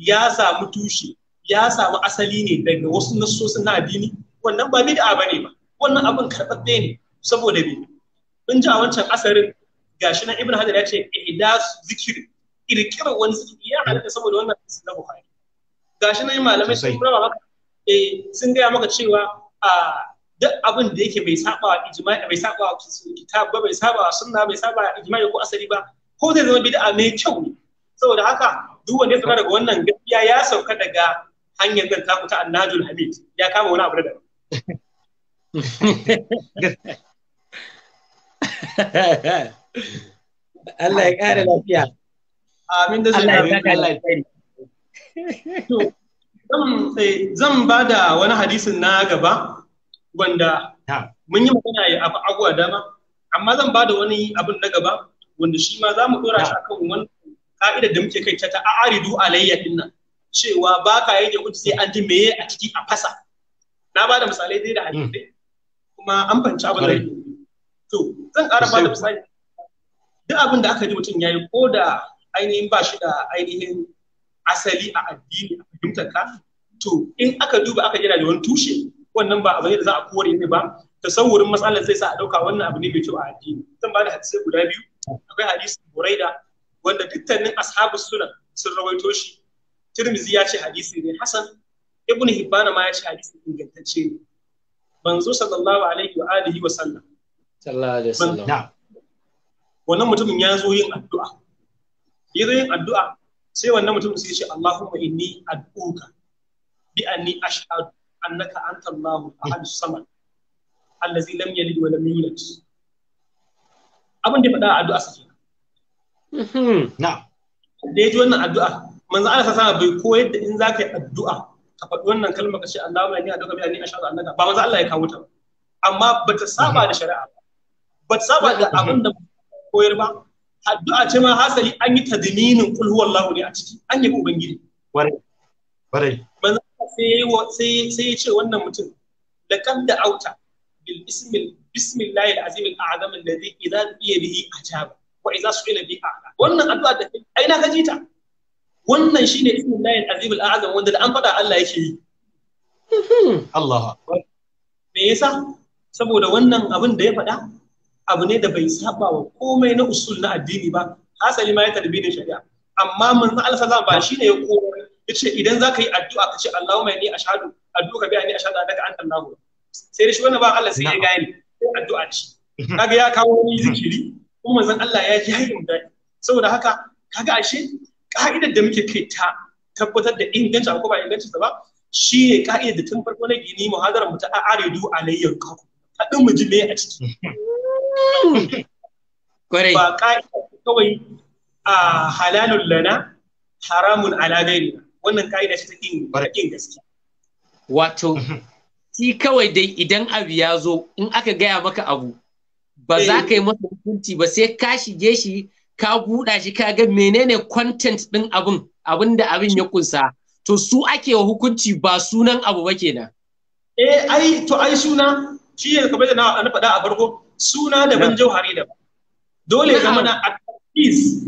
ya samu tushe ya samu asali ne daga wasu nassosin na addini wannan ba bid'a ne ba wannan abin karɓaɓɓe ne saboda bi mun ji a wancan asarin gashi nan ibn hajar ya ce ihdas zikiri kirkira wani zikiri ya halitta saboda wannan hadisi na bukhari gashi nan malamai sun maka eh, sun gaya maka cewa a ah, duk abin da yake bai saba ijma'i bai saba kitab ba bai saba sunna bai saba ijma'i ko asali ba ko zai zama bid'a mai kyau ne saboda haka duk wanda ya sauka daga wannan gaskiya ya sauka daga hanyar zan taku ta annajul hamid ya kama wani abu da Allah ya kare lafiya amin da zai Allah ya kare lafiya eh, zan ba da wani hadisin na gaba wanda mun yi magana a abuwa dama amma zan ba da wani abin na gaba wanda shi ma za mu dora shi akan wani. ka'idar da muke kai ta ta aridu alayya din nan cewa ba ka yanke hukunci sai an ji meye a ciki a fasa na ba da misalai dai da hadisi mm. kuma an banci abin da to zan ƙara ba da misali duk abin da aka ji mutum ya yi ko da ainihin ba shi da ainihin asali a addini a fahimtar ka to in aka duba aka jira da wani tushe wannan ba abu ne da za a kore ne ba tasawurin matsalar zai sa a dauka wannan abu ne mai kyau a addini zan ba da hadisi guda biyu akwai hadisi buraida wanda dukkanin ashabu sunan sun rawaito shi tirmizi ya ce hadisi ne hasan ibnu hibbana ma ya ce hadisi ingantacce ne manzo sallallahu alaihi wa alihi wa sallam sallallahu alaihi wa sallam wannan mutumin ya zo yin addu'a ya zo yin addu'a sai wannan mutumin sai ya ce Allahumma inni ad'uka bi anni ashhadu annaka anta Allahu ahad samad allazi lam yalid wa lam yulad abin da faɗa a addu'a na hmm, da wannan addu'a manzo Allah sa bai koyar da in zaka yi addu'a ka faɗi wannan kalmar ka ce Allahumma inni addu'a bi anni ashhadu annaka ba manzo Allah ya kawo ta amma bata saba da shari'a ba saba da abin da koyar ba addu'a ma hasali an yi tadminin kul huwallahu ne a sai ya ce wannan mutum da kan da auta bil ismil bismillahi alazim alazam alladhi idza biya bihi ajaba wa idza su'ila bihi a'la wannan addu'a da ai na gaji ta wannan shine bismillahi alazim alazam wanda da an faɗa Allah yake yi hmm. Allah me yasa saboda wannan abin da ya faɗa abu ne da bai saba wa komai na usul na addini ba hasali ma ya tarbi da shari'a amma mun Allah sallallahu alaihi wasallam ba shine ya koyar yace idan zaka yi addu'a ka ce Allahumma inni ashhadu addu'a ka bi anni ashhadu annaka anta Allahu sai shi wannan ba Allah sai ya gane addu'a ce kaga ya kawo ni zikiri kuma manzon Allah ya ji hayyun da saboda haka kaga ashe ka'idar da muke kai ta tabbatar da inganci ko ba inganci ba shi ne ka'idar da tun farko na gini muhadarar mu ta aridu alayyan ka haɗin mu ji me a ciki ba ka'idar kawai a ah, halalun lana haramun ala gairina wannan ka'ida ce ta kin kin gaskiya wato mhm. shi kawai dai idan abu ya zo in aka gaya maka abu ba za eh. ka yi masa hukunci ba sai ka shige shi ka buɗa shi ka ga menene content ɗin abin abin da abin ya kunsa to su ake wa hukunci ba sunan abu ba kenan eh ai to ai suna shi ne kamar da na faɗa a farko suna da ban jauhari ba. dole zama na at least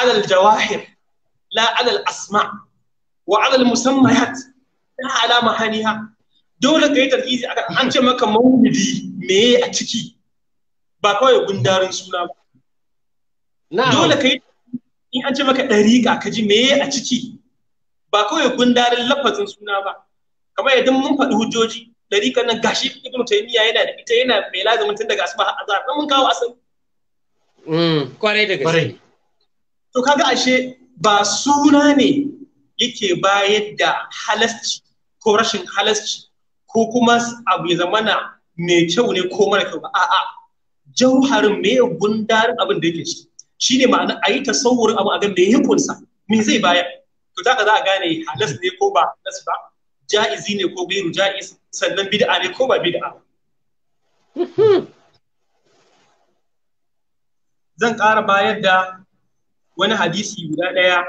alal jawahir la alal asma' wa alal musammayat ta alama haniha dole ka yi tarkizi an ce maka maulidi meye a ciki ba kawai gundarin suna ba dole ka yi in an ce maka dariƙa ka ji meye a ciki ba kawai gundarin lafazin suna ba kamar yadda mun faɗi hujjoji dariƙa nan gashi ibnu taymiya yana da ita yana mai lazumin tun daga asuba a azhar mun kawo asali mm, kwarai da gaske to kaga ashe ba suna ne yake bayar da halasci ko rashin halasci ko kuma abu ya zamana mai kyau ne ko mara kyau ba a'a jauharin me gundar abin da yake shi shine ma'ana a yi tasawurin abin a ga me ya kunsa me zai bayar to za ka za a gane halas ne ko ba halas ba ja'izi ne ko gairu ja'iz sannan bid'a ne ko ba bid'a zan ƙara bayar da wani hadisi guda ɗaya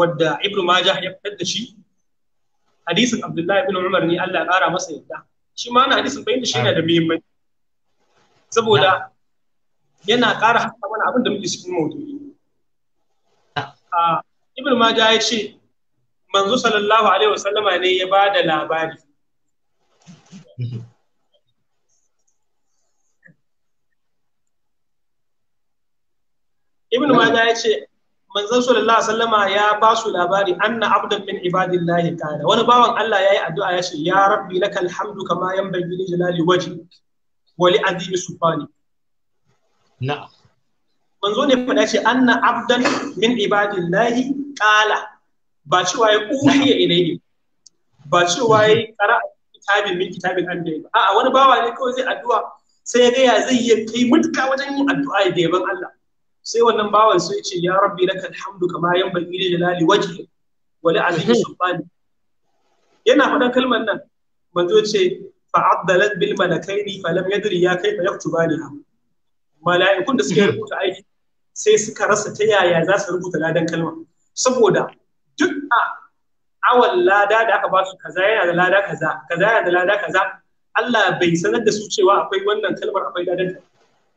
wadda ibn majah ya fitar da shi hadisin abdullahi ibn umar ne Allah ya kara masa yadda shi ma wannan hadisin bayin da shi yana da muhimmanci saboda yana ƙara haska mana abin da muke cikin maudu'i ibn majah ya ce manzo sallallahu alaihi wasallama ne ya ba da labari ibn majah ya ce manzon sallallahu alaihi wasallama ya ba su labari anna abdan min ibadillahi kana wani bawan Allah yayi addu'a ya ce ya rabbi lakal hamdu kama yanbaghi li jalali wajhi wa li azimi subhani na'am manzo ne faɗa ce anna abdan min ibadillahi qala ba cewa ya uhiya ilayhi ba cewa ya qara kitabin min kitabin anbiya ba a'a wani bawa ne kawai zai addu'a sai ya ga ya zai yi kai mutka wajen yin addu'a da yaban Allah sai wannan bawan sai ce ya rabbi laka alhamdu kama yanbaghi li jalali wajhi wa li azimi mhm. sultani yana faɗan kalmar nan manzo ce fa'addalat bil malakaini falam yadri ya kai fa yaktubaniha mala'ikun da suka rubuta aiki sai suka rasa ta yaya za su rubuta ladan kalma saboda duk a awan lada da aka ba su kaza yana da lada kaza kaza yana da lada kaza Allah bai sanar da su cewa akwai wannan kalmar akwai ladan ta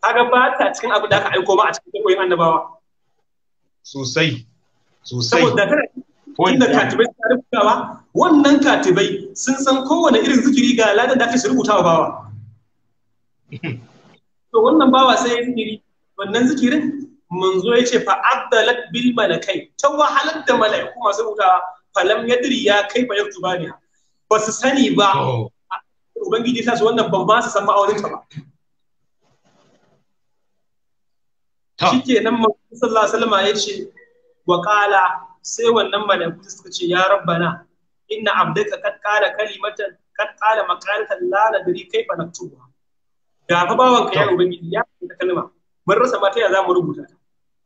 kaga ba ta cikin abin da aka aiko ma a cikin koyon annabawa sosai sosai saboda kana inda katibai sun rubutawa wannan katibai sun san kowane irin zikiri ga ladan da ake su rubutawa bawa to wannan bawa sai ya zikiri wannan zikirin manzo ya ce fa abdalat bil malakai ta wahalar da mala'iku masu rubutawa falam yadri ya kai ba yaktubaniha ba su sani ba oh. ubangiji ta su wannan ban ba su san ma'aurinta ba shikenan manzo sallallahu alaihi wasallam ya ce wa qala sai wannan malaiku suka ce ya rabbana inna abdaka qad qala kalimatan qad qala maqalatan la nadri kaifa naktubuha ga fa bawan ka ya ubangiji ya ta kalma mun rasa mata ya zamu rubuta ta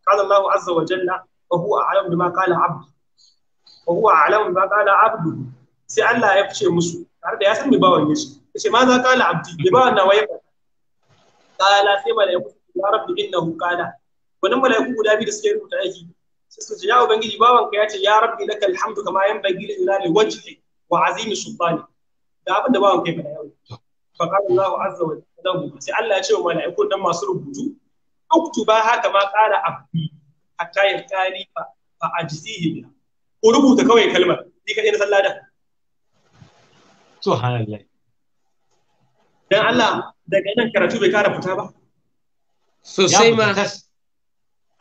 qala allah azza wa jalla wa huwa a'lamu bima qala abdu wa huwa a'lamu bima qala abdu sai Allah ya fice musu tare da ya san me bawan ya ce ce ma za qala abdi me bawan nawa ya qala sai malaiku ya rabbi innahu qala wannan mala'iku guda biyu da suke rubuta aiki sai su ce ya ubangiji ka ya ce ya rabbi lakal hamdu kama da ila ne wajhi wa azimi sultani da abin da bawanka ya faɗa yau fa qala Allahu azza wa jalla sai Allah ya ce wa mala'iku dan masu rubutu uktuba haka ma qala abdi hatta yaqali fa fa ajzihi bi ko rubuta kawai kalmar ni kadai na sallada subhanallah dan Allah daga nan karatu bai kara fita ba sosai ma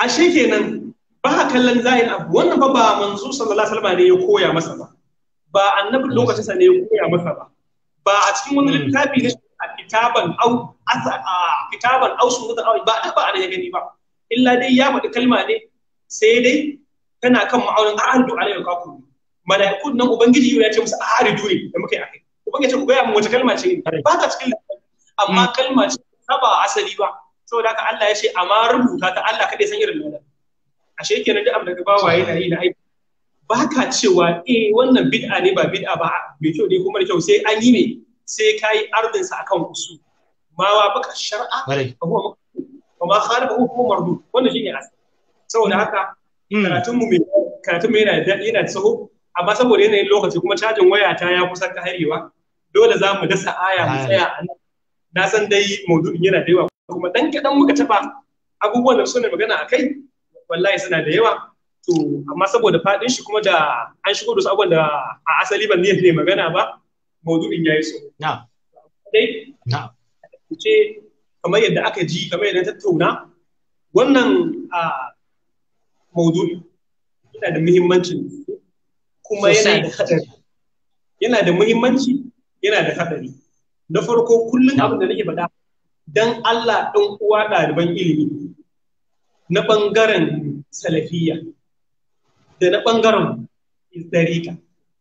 ashe kenan ba kallon zahin abu wannan fa ba manzo sallallahu alaihi wasallam ne ya koya masa ba ba annabi lokacin sa ne ya koya masa ba ba a cikin wani hmm. littafi ne a kitaban au a kitaban au sunnatan au ba da ba a ya gani ba illa dai ya faɗi kalma ne sai dai tana kan ma'aunin ardu alaihi kakum mala'ikun nan ubangiji ya ce musu aridu ne da muka yi akai ubangiji ya ce ku ga mu wace kalma ce ba ta cikin amma hmm. kalma ce ta ba asali ba saboda haka Allah ya ce amma rubuta ta Allah kaɗai san irin a ashe kenan duk abin da waye na yi na aiki ba ka cewa eh wannan bid'a ne ba bid'a ba mai kyau ne kuma da kyau sai an yi ne sai ka yi ardin sa akan usu ma wa baka shar'a ba kuma ma khalifu kuma mardu wannan shine asali saboda haka hmm. karatun mu mai karatun mu yana yana tsaho amma saboda yanayin lokaci kuma cajin waya ta ya kusa harewa dole za mu dasa aya mu tsaya na san dai maudu'in yana da yawa kuma dan kaɗan muka tafa abubuwan da su ne magana a kai wallahi suna da yawa to amma saboda faɗin shi kuma da an shigo da su abubuwan da a asali ban ne magana ba maudu'in ya yi so. Na. Dai? Na. Ce kamar yadda aka ji kamar yadda tattauna wannan a maudu'i yana da muhimmanci kuma yana da haɗari. Yana da muhimmanci yana da haɗari. Na farko kullum abin da nake faɗa dan Allah ɗan uwa ɗaliban ilimi na ɓangaren salafiya da na ɓangaren ɗarika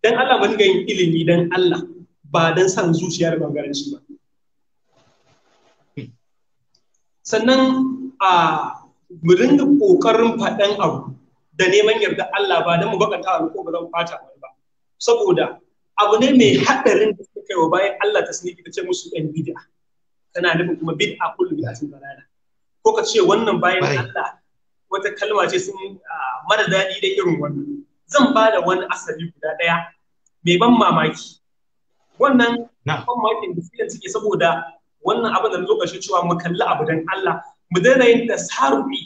dan Allah mu ga yin ilimi dan Allah ba dan san zuciyar ɓangaren shi ba sannan a mu da ƙoƙarin faɗan abu da neman yarda Allah ba dan mu bakanta abu ko ba zan fata ba saboda abu ne mai haɗarin da suka kai wa bayan Allah tasniki ta ce musu ɗan bid'a tana nufin kuma bid'a a bid'atin dalala ko ka ce wannan bayan Allah wata kalma ce sun mara daɗi da irin wannan zan ba da wani asali guda ɗaya mai ban mamaki wannan ban mamakin da suke saboda wannan abin da zo shi cewa mu kalli abu dan Allah mu daina yin tasarrufi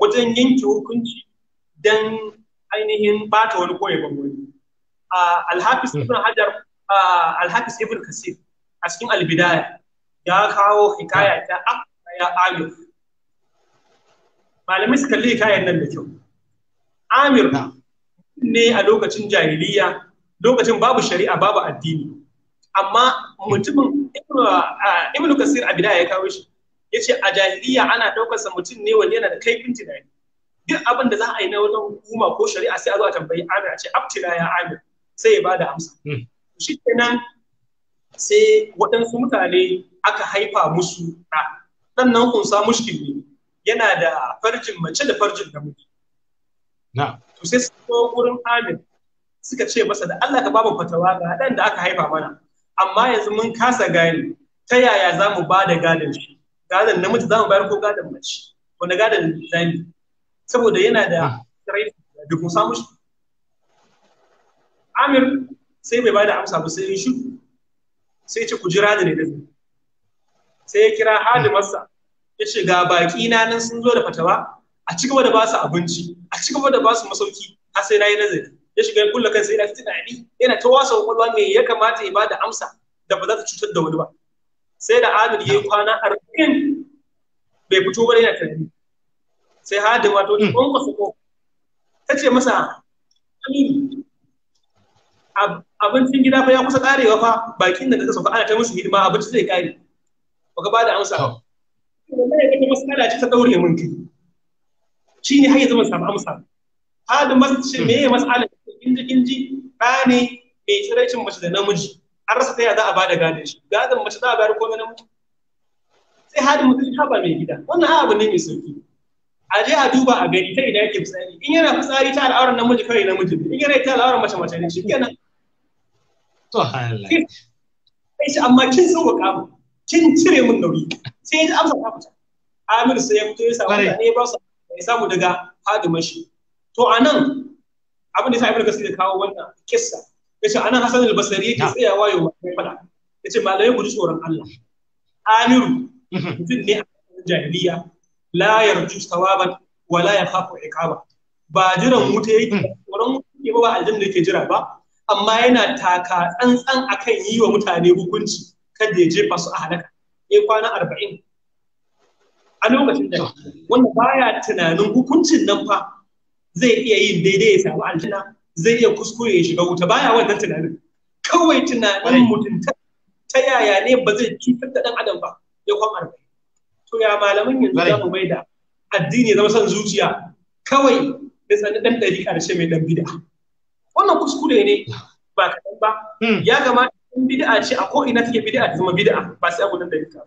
wajen yanke hukunci dan ainihin bata wani koyi ban wani alhafis hmm. ibn hajar alhafis ibn kasir a cikin albidaya ya kawo hikaya ah. ta ya amir malamai su kalli hikayen nan da kyau amir ne a lokacin jahiliya lokacin babu shari'a babu addini amma mutumin ibnu ah, kasir a bidaya ya kawo shi Ya ce a jahiliya ana ɗaukarsa mutum ne wanda yana da kaifin tunani duk abin da za a yi na wata hukuma ko shari'a sai a zo a tambayi amir a ce abtila ya amir sai ya bada amsa hmm. shi kenan sai waɗansu mutane aka haifa musu ɗa ɗan nan sa mushkil ne yana da farjin mace da farjin namiji to sai su zo gurin amin suka ce masa da Allah ka babu fatawa ga ɗan da aka haifa mana amma yanzu mun kasa gane ta yaya za mu ba da gadon shi gadon namiji za mu bayar ko gadon mace wanda gadon zani saboda yana da tsirai da sa mushi Amir sai bai ba da amsa ba sai shi sai ce ku jira da ne da sai ya kira halimarsa ya ce ga baki na nan sun zo da fatawa a ci gaba da ba su abinci a ci gaba da ba su masauki har sai na yi nazari ya shiga ya kan sai yana ta tunani yana ta wasa kwakwalwa me ya kamata ya bada amsa da ba za ta cutar da wani ba sai da adil ya yi kwana arba'in bai fito ba yana tunani sai hadima to ta ta ce masa Aminu abincin gida fa ya kusa karewa fa bakin da ka sauka ana ta musu hidima abinci zai kare ba ka bada amsa wallahi kake masala ce ta daure mun kai shine har yanzu ban samu amsa hadin masala hmm. me ya masala inji inji da ne mai tsiraicin mace da namiji an rasa ta ya za a bada gadon shi gadon mace za a bayar ko namiji sai hadin mutum ta ba mai gida wannan abu ne mai sauki a je a duba a gani ta ina yake fitsari in yana fitsari ta al'auran namiji kawai namiji in yana ta al'auran mace mace ne shi kenan to halai sai shi amma kin sauƙaƙa mu kin cire mun nauyi sai ya amsa ta fita Amir sai ya fito ya samu ne ba su ya samu daga hadimar mashi. to anan abin da sai Ibn Kasir ya kawo wannan kissa yace anan Hassan al-Basri yake tsayawa yau ma mai fada yace malamai guji tsoron Allah Amiru mhm. mutum ne a jahiliya la yarju thawaban wala la yakhafu iqaba ba jiran wuta yake mhm. tsoron wuta ba aljanna yake jira ba amma yana taka tsantsan a kan yi wa mutane hukunci kada ya jefa su a halaka ya kwana arba'in a lokacin da wanda baya tunanin hukuncin nan fa zai iya yin daidai ya samu aljanna zai iya kuskure ya shiga wuta baya wannan tunanin kawai tunanin mutum ta yaya ne ba zai cutar da dan adam ba ya kwan arba'in to ya malaman yanzu za mu mai da addini zama son zuciya kawai da tsanin dan ɗari ƙarshe mai ɗan bida wannan kuskure ne ba kaɗan ba hmm. ya kamata in bid'a ce a ko'ina take bid'a ta zama bid'a ba sai abu gudan dariƙa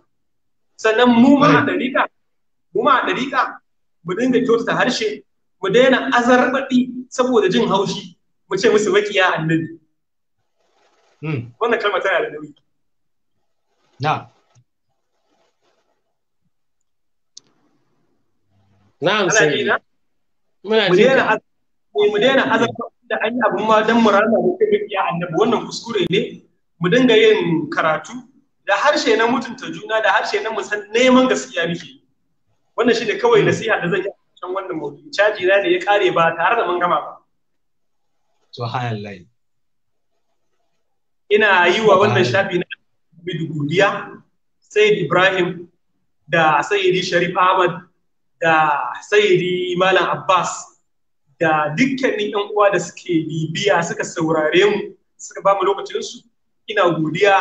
sannan mu ma a dariƙa hmm. mu ma a dariƙa mu dinga kyautata harshe mu daina azarbaɗi saboda jin haushi mu ce musu waƙiya annabi hmm. wannan kalmar tana da nauyi na na'am sai muna ji mu daina azarbaɗi da an yi abin ma don murana da kai mabiya annabi wannan kuskure ne mu dinga yin karatu da harshe na mutunta juna da harshe na musan neman gaskiya muke wannan shi ne kawai hmm. nasiha da zan yi a cikin wannan mutum. caji na ne ya kare ba tare da mun gama ba ina yi wa wannan shafi na biduguriya sayyid ibrahim da sayyidi sharif ahmad da sayyidi malam abbas da dukkanin yan uwa da suke bibiya suka saurare mu suka ba mu lokacinsu ina godiya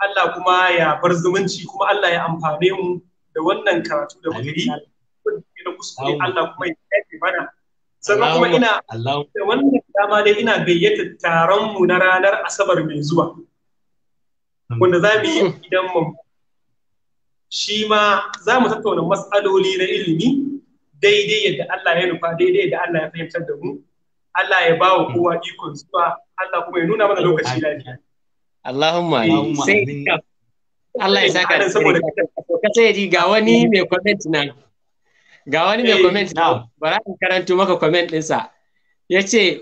Allah kuma ya bar zumunci kuma Allah ya amfane mu da wannan karatu da muke yi da kuskure Allah kuma ya kai mana sannan kuma ina da wannan dama dai ina gayyata taron mu na ranar asabar mai zuwa hmm. wanda za mu yi idan mu shi ma za mu tattauna matsaloli na ilimi daidai yadda Allah ya nufa daidai yadda Allah ya fahimtar da mu Allah ya ba wa kowa ikon zuwa Allah kuma ya nuna mana lokaci lafiya Allahumma Allah ya saka da ka sai ji ga wani mai comment nan ga wani mai eh, comment nan bara in karanto maka comment sa yace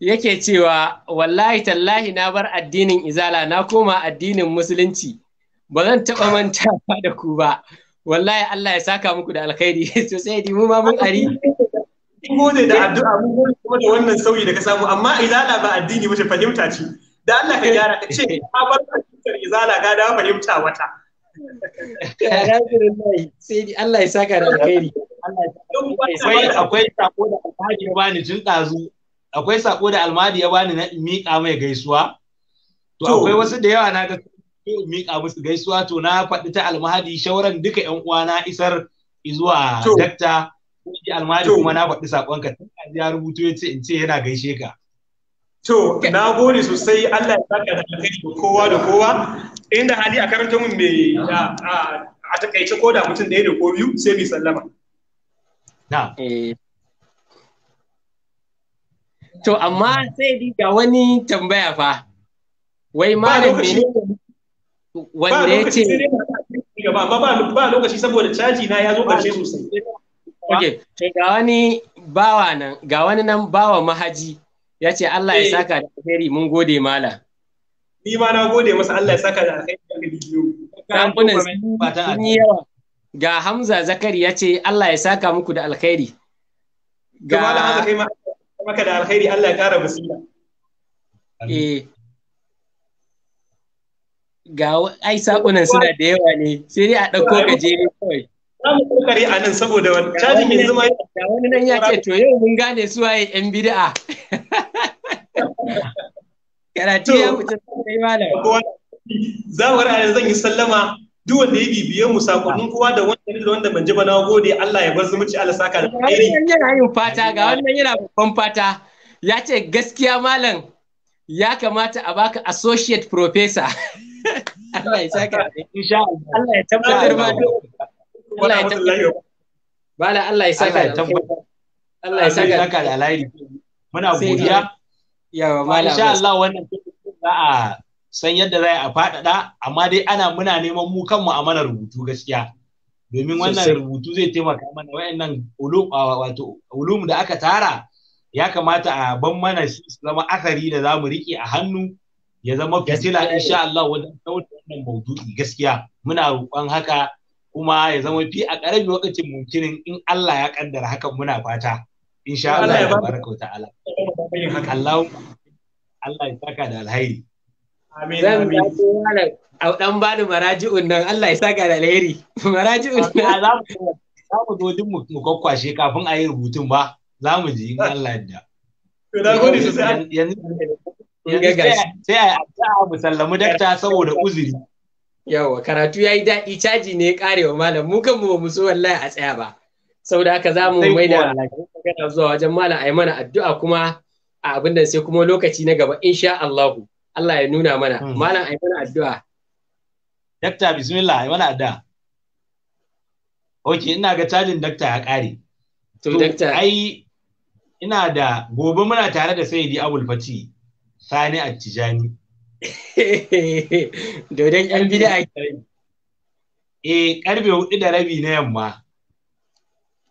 yake cewa wallahi tallahi na bar addinin izala na koma addinin musulunci ba zan taɓa ah. manta da ku ba wallahi Allah ya saka muku da alkhairi sai di mu ma mun ari gode da addu'a mun gode kuma da wannan sauyi da ka samu amma izala ba addini ba fahimta ce da Allah ka gyara ka ce ka bar fahimtar izala ga da fahimta wata sai di Allah ya saka da alkhairi akwai akwai sako da almadi ya bani jin dazu akwai sako da almadi ya bani na miƙa mai gaisuwa to akwai wasu da yawa na ga in miƙa musu gaisuwa to na faɗi ta almahadi shauran duka ƴan uwana isar zuwa dakta ji almahadi kuma na faɗi saƙonka tun ya rubuto ya ce in ce yana gaishe ka. To, na gode sosai Allah ya saka da alheri ga kowa da kowa inda hali a karanta mun me a takaice ko da mutum ɗaya da ko biyu sai bi sallama. Na. Eh. To, amma sai ga wani tambaya fa. Wai malam ne wanda ya ce ba ba lokaci saboda caji na ya zo ƙarshe sosai Okay. ga wani bawa nan ga wani nan bawa mahaji ya ce Allah ya eh. saka da alheri mun gode mala ni ma na gode masa Allah ya saka da alheri kamfunan sun yi yawa ga Hamza Zakari ya ce Allah ya saka muku da alheri ga mala Hamza kai ma maka da alheri Allah ya kara basira eh ga ai sakunan suna da yawa ne sai dai a ɗauko ne kawai za mu kokari a nan saboda wani cajin yanzu ma ga wani nan ya ce to yau mun gane su waye yan bid'a karatu ya wuce sai malam za mu ra'ayi zan yi sallama duk wanda ya bibiye mu sakonin kowa da wanda da wanda ban ji ba na gode Allah ya bar muci Allah saka da alheri wannan yana yin fata ga wannan yana babban fata ya ce gaskiya malam ya kamata a baka associate professor Allah ya saka insha Allah ya tabbatar ma Allah ya tabbatar Allah ya saka da tabbatar Allah ya saka da alheri muna godiya yawa mala insha Allah wannan za a san yadda za a faɗaɗa amma dai ana muna neman mu kanmu a mana rubutu gaskiya domin wannan rubutu zai taimaka mana wayannan wato ulum da aka tara ya kamata a ban mana su zama akari da za mu riƙe a hannu ya zama fitila insha Allah wajen kauce wannan maudu'i gaskiya muna roƙon haka kuma ya zama fi a ƙarami lokacin mumkinin in Allah ya kaddara hakan muna fata insha Allah ya baraka wa ta'ala Allah Allah ya saka da alheri amin amin a dan ba bani maraji'un nan Allah ya saka da alheri maraji'un nan za mu zo duk mu kwakwashe kafin a yi rubutun ba za mu ji in Allah ya da yanzu sai a addu'a mu dakta saboda uzuri yawa karatu yayi daɗi caji ne ya ƙare wa malam mu kanmu mu so wallahi a tsaya ba da aka za mu mai da magana zuwa wajen malam a yi mana addu'a kuma a abin da sai kuma lokaci na gaba insha Allah Allah ya nuna mana hmm. malam a yi mana addu'a dakta bismillah a yi mana addu'a ok ina ga cajin dakta ya ƙare to dakta ai ina da gobe muna tare da sayidi abul fati sani tijani dodon yan bid'a eh karfe hudu da rabi na yamma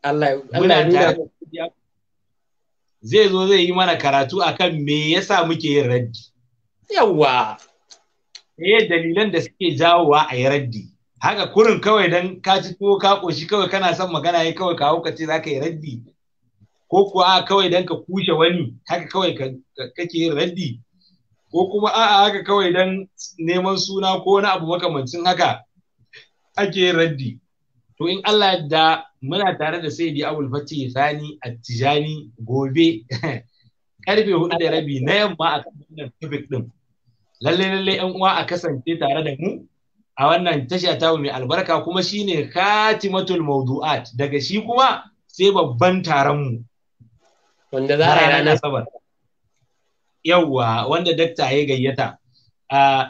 Allah Allah zai zo zai yi mana karatu akan me yasa muke yin raddi yawa eh dalilan da suke jawowa a yi raddi haka kurin kawai don ka ci tuwo ka koshi kawai kana son magana ya kawai kawo ka ce za ka yi raddi ko kuwa a kawai dan ka kushe wani haka kawai kake yin raddi ko kuma a'a haka kawai dan neman suna ko wani abu makamancin haka ake yin raddi to in Allah yadda muna tare da sayyidi Abul Fati Sani tijani gobe karfe hudu da rabi na yamma a kan wannan topic din lalle lalle yan uwa a kasance tare da mu a wannan tasha ta mai albarka kuma shine khatimatul mawdu'at daga shi kuma sai babban taron mu wanda za a yi sabar. yawwa wanda dakta ya gayyata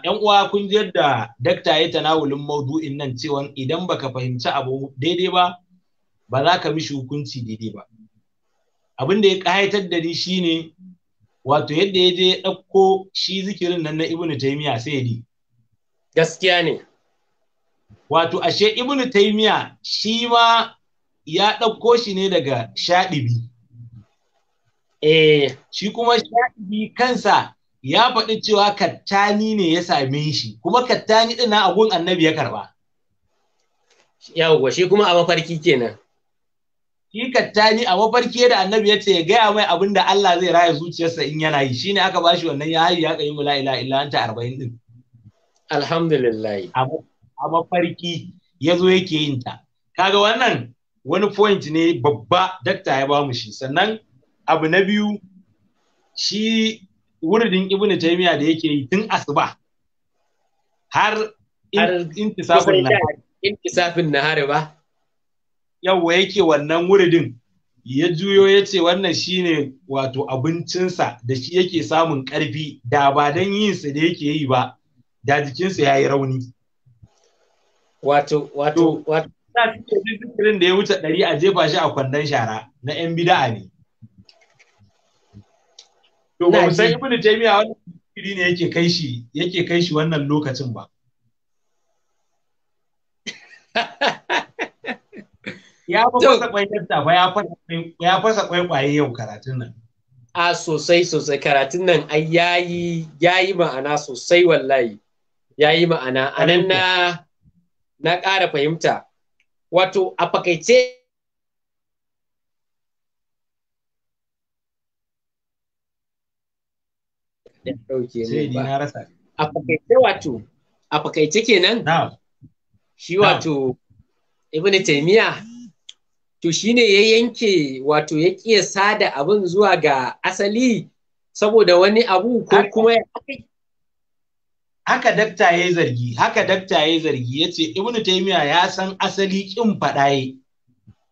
yan uwa kun ji yadda dakta ya tanawulin maudu'in nan cewa idan baka fahimci abu daidai ba ba za ka mishi hukunci daidai ba abin da ya ƙayatar da ni ne, wato yadda ya je ya ɗauko shi zikirin nan na Ibn taymiya sai ya di gaskiya ne wato ashe Ibn taymiya shi ma ya ɗauko shi ne daga shaɗibi eh shi kuma shafi kansa ya faɗi cewa kattani ne ya same shi kuma kattani ɗin na agun annabi ya karba yawwa shi kuma a mafarki kenan shi kattani a mafarki da annabi ya ce ya gaya mai abin da Allah zai raya zuciyarsa in yana yi shine aka bashi wannan ya haihu ya kayi mula ila ila anta 40 din alhamdulillah a mafarki ya zo yake yin ta kaga wannan wani point ne babba dakta ya bamu shi sannan abu na biyu shi wuridin Ibn taymiya da yake yi tun asuba har intisafin na intisafin ba yawa yake wannan wuridin ya juyo ya ce wannan shine wato abincinsa da shi yake samun ƙarfi da ba don yinsa da yake yi ba da jikinsa ya yi rauni. Wato, wato, wato. da ya wuce ɗari a jefa shi a kwandon shara na ‘yan bida'a ne. to ba mu san ibnu taymiya wannan shiri ne yake kai shi yake kai shi wannan lokacin ba ya fasa kwaikwayarsa ba ya fasa kwaikwaye yau karatun nan a sosai sosai karatun nan ai yayi yayi ma'ana sosai wallahi yayi ma'ana anan na na ƙara fahimta wato a fakaice din dauke ne ba a fakaice wato a fakaice kenan shi wato Ibn taymiya to shine ya yanke wato ya kiyasa sada abin zuwa ga asali saboda wani abu ko kuma haka dakta ya zargi haka dakta ya zargi ya ce ibnu taymiya ya san asali ƙin faɗaye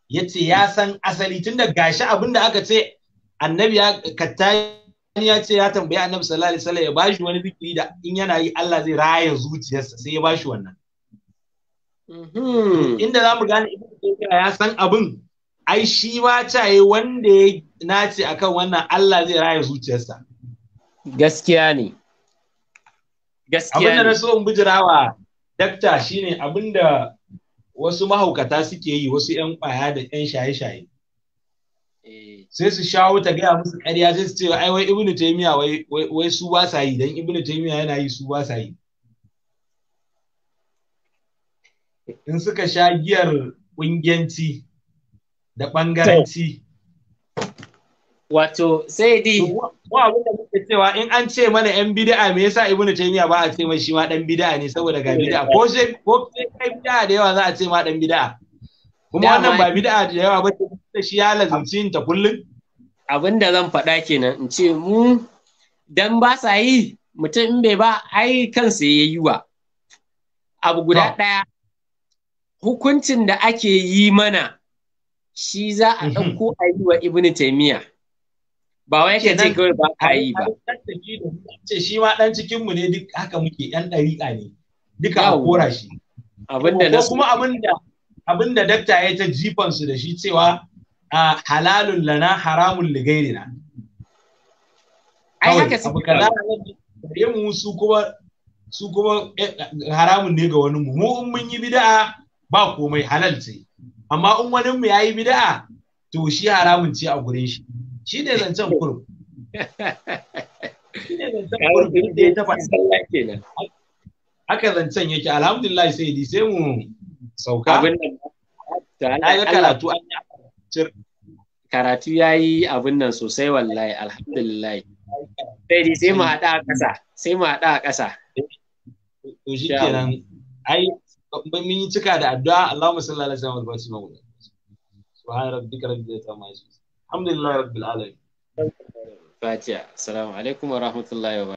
ya ce ya san asali tun da gashi abin da aka ce annabi ya katta ya ce ya tambayi annabi sallallahu alaihi wasallam ya bashi wani zikiri da in yana yi Allah zai raya zuciyarsa sai ya bashi wannan mm-hmm. inda za mu gane ibnu taymiya ya san abin ai shi ma ta yi wanda ya nace akan wannan Allah zai raya zuciyarsa gaskiya ne gaskiya abinda na so in bijirawa dakta shine abinda wasu mahaukata suke yi wasu yan kwaya da yan shaye-shaye sai su shawo ta gaya musu ƙarya sai su ce ai wai ibnu taymiya wai wai su ba sa yi dan ibnu taymiya yana yi su ba sa yi in suka sha giyar ƙungiyanci da ɓangaranci wato sai di wa wanda muke cewa in an ce mana yan bid'a me yasa ibnu taymiya ba a ce mai shi ma dan bid'a ne saboda ga bid'a ko sai ko sai bid'a da yawa za a ce ma dan bid'a kuma wannan ba bid'a da yawa ba ce da shi ya lazimci yin ta kullum abin da zan faɗa kenan in ce mu dan ba sa yi mutum in bai ba ai kansa ya yi wa abu guda ɗaya hukuncin da ake yi mana shi za a mhm. ɗauko a yi wa ibn taimiya ba wai ka ce kawai ba a yi ba shi ma ɗan cikinmu ne duk haka muke ɗan ɗariƙa ne duka a kora shi abinda na kuma abinda abinda dakta ya ta jifansu da shi cewa Ah, halalun lana haramun na. ai haka su kaza ne. mu su kuma su kuma eh, haramun ne ga wani mu mu in mun yi bid'a ba komai halal ce amma in wani mu yayi bid'a to shi haramun ce a gurin shi shi ne zancen kurum shi ne zancen da ya haka zancen yake alhamdulillah sai di sai mu sauka abin nan ta karatu an yi karatu ya yi abin nan sosai wallahi alhamdulillah sai dai sai mu haɗa a ƙasa sai mu haɗa a ƙasa to shi kenan ai mun yi cika da addu'a Allahumma salli ala sayyidina Muhammad sallallahu alaihi wasallam subhana rabbika rabbil izzati amma yasifun alhamdulillah rabbil alamin fatiha assalamu alaikum wa rahmatullahi wa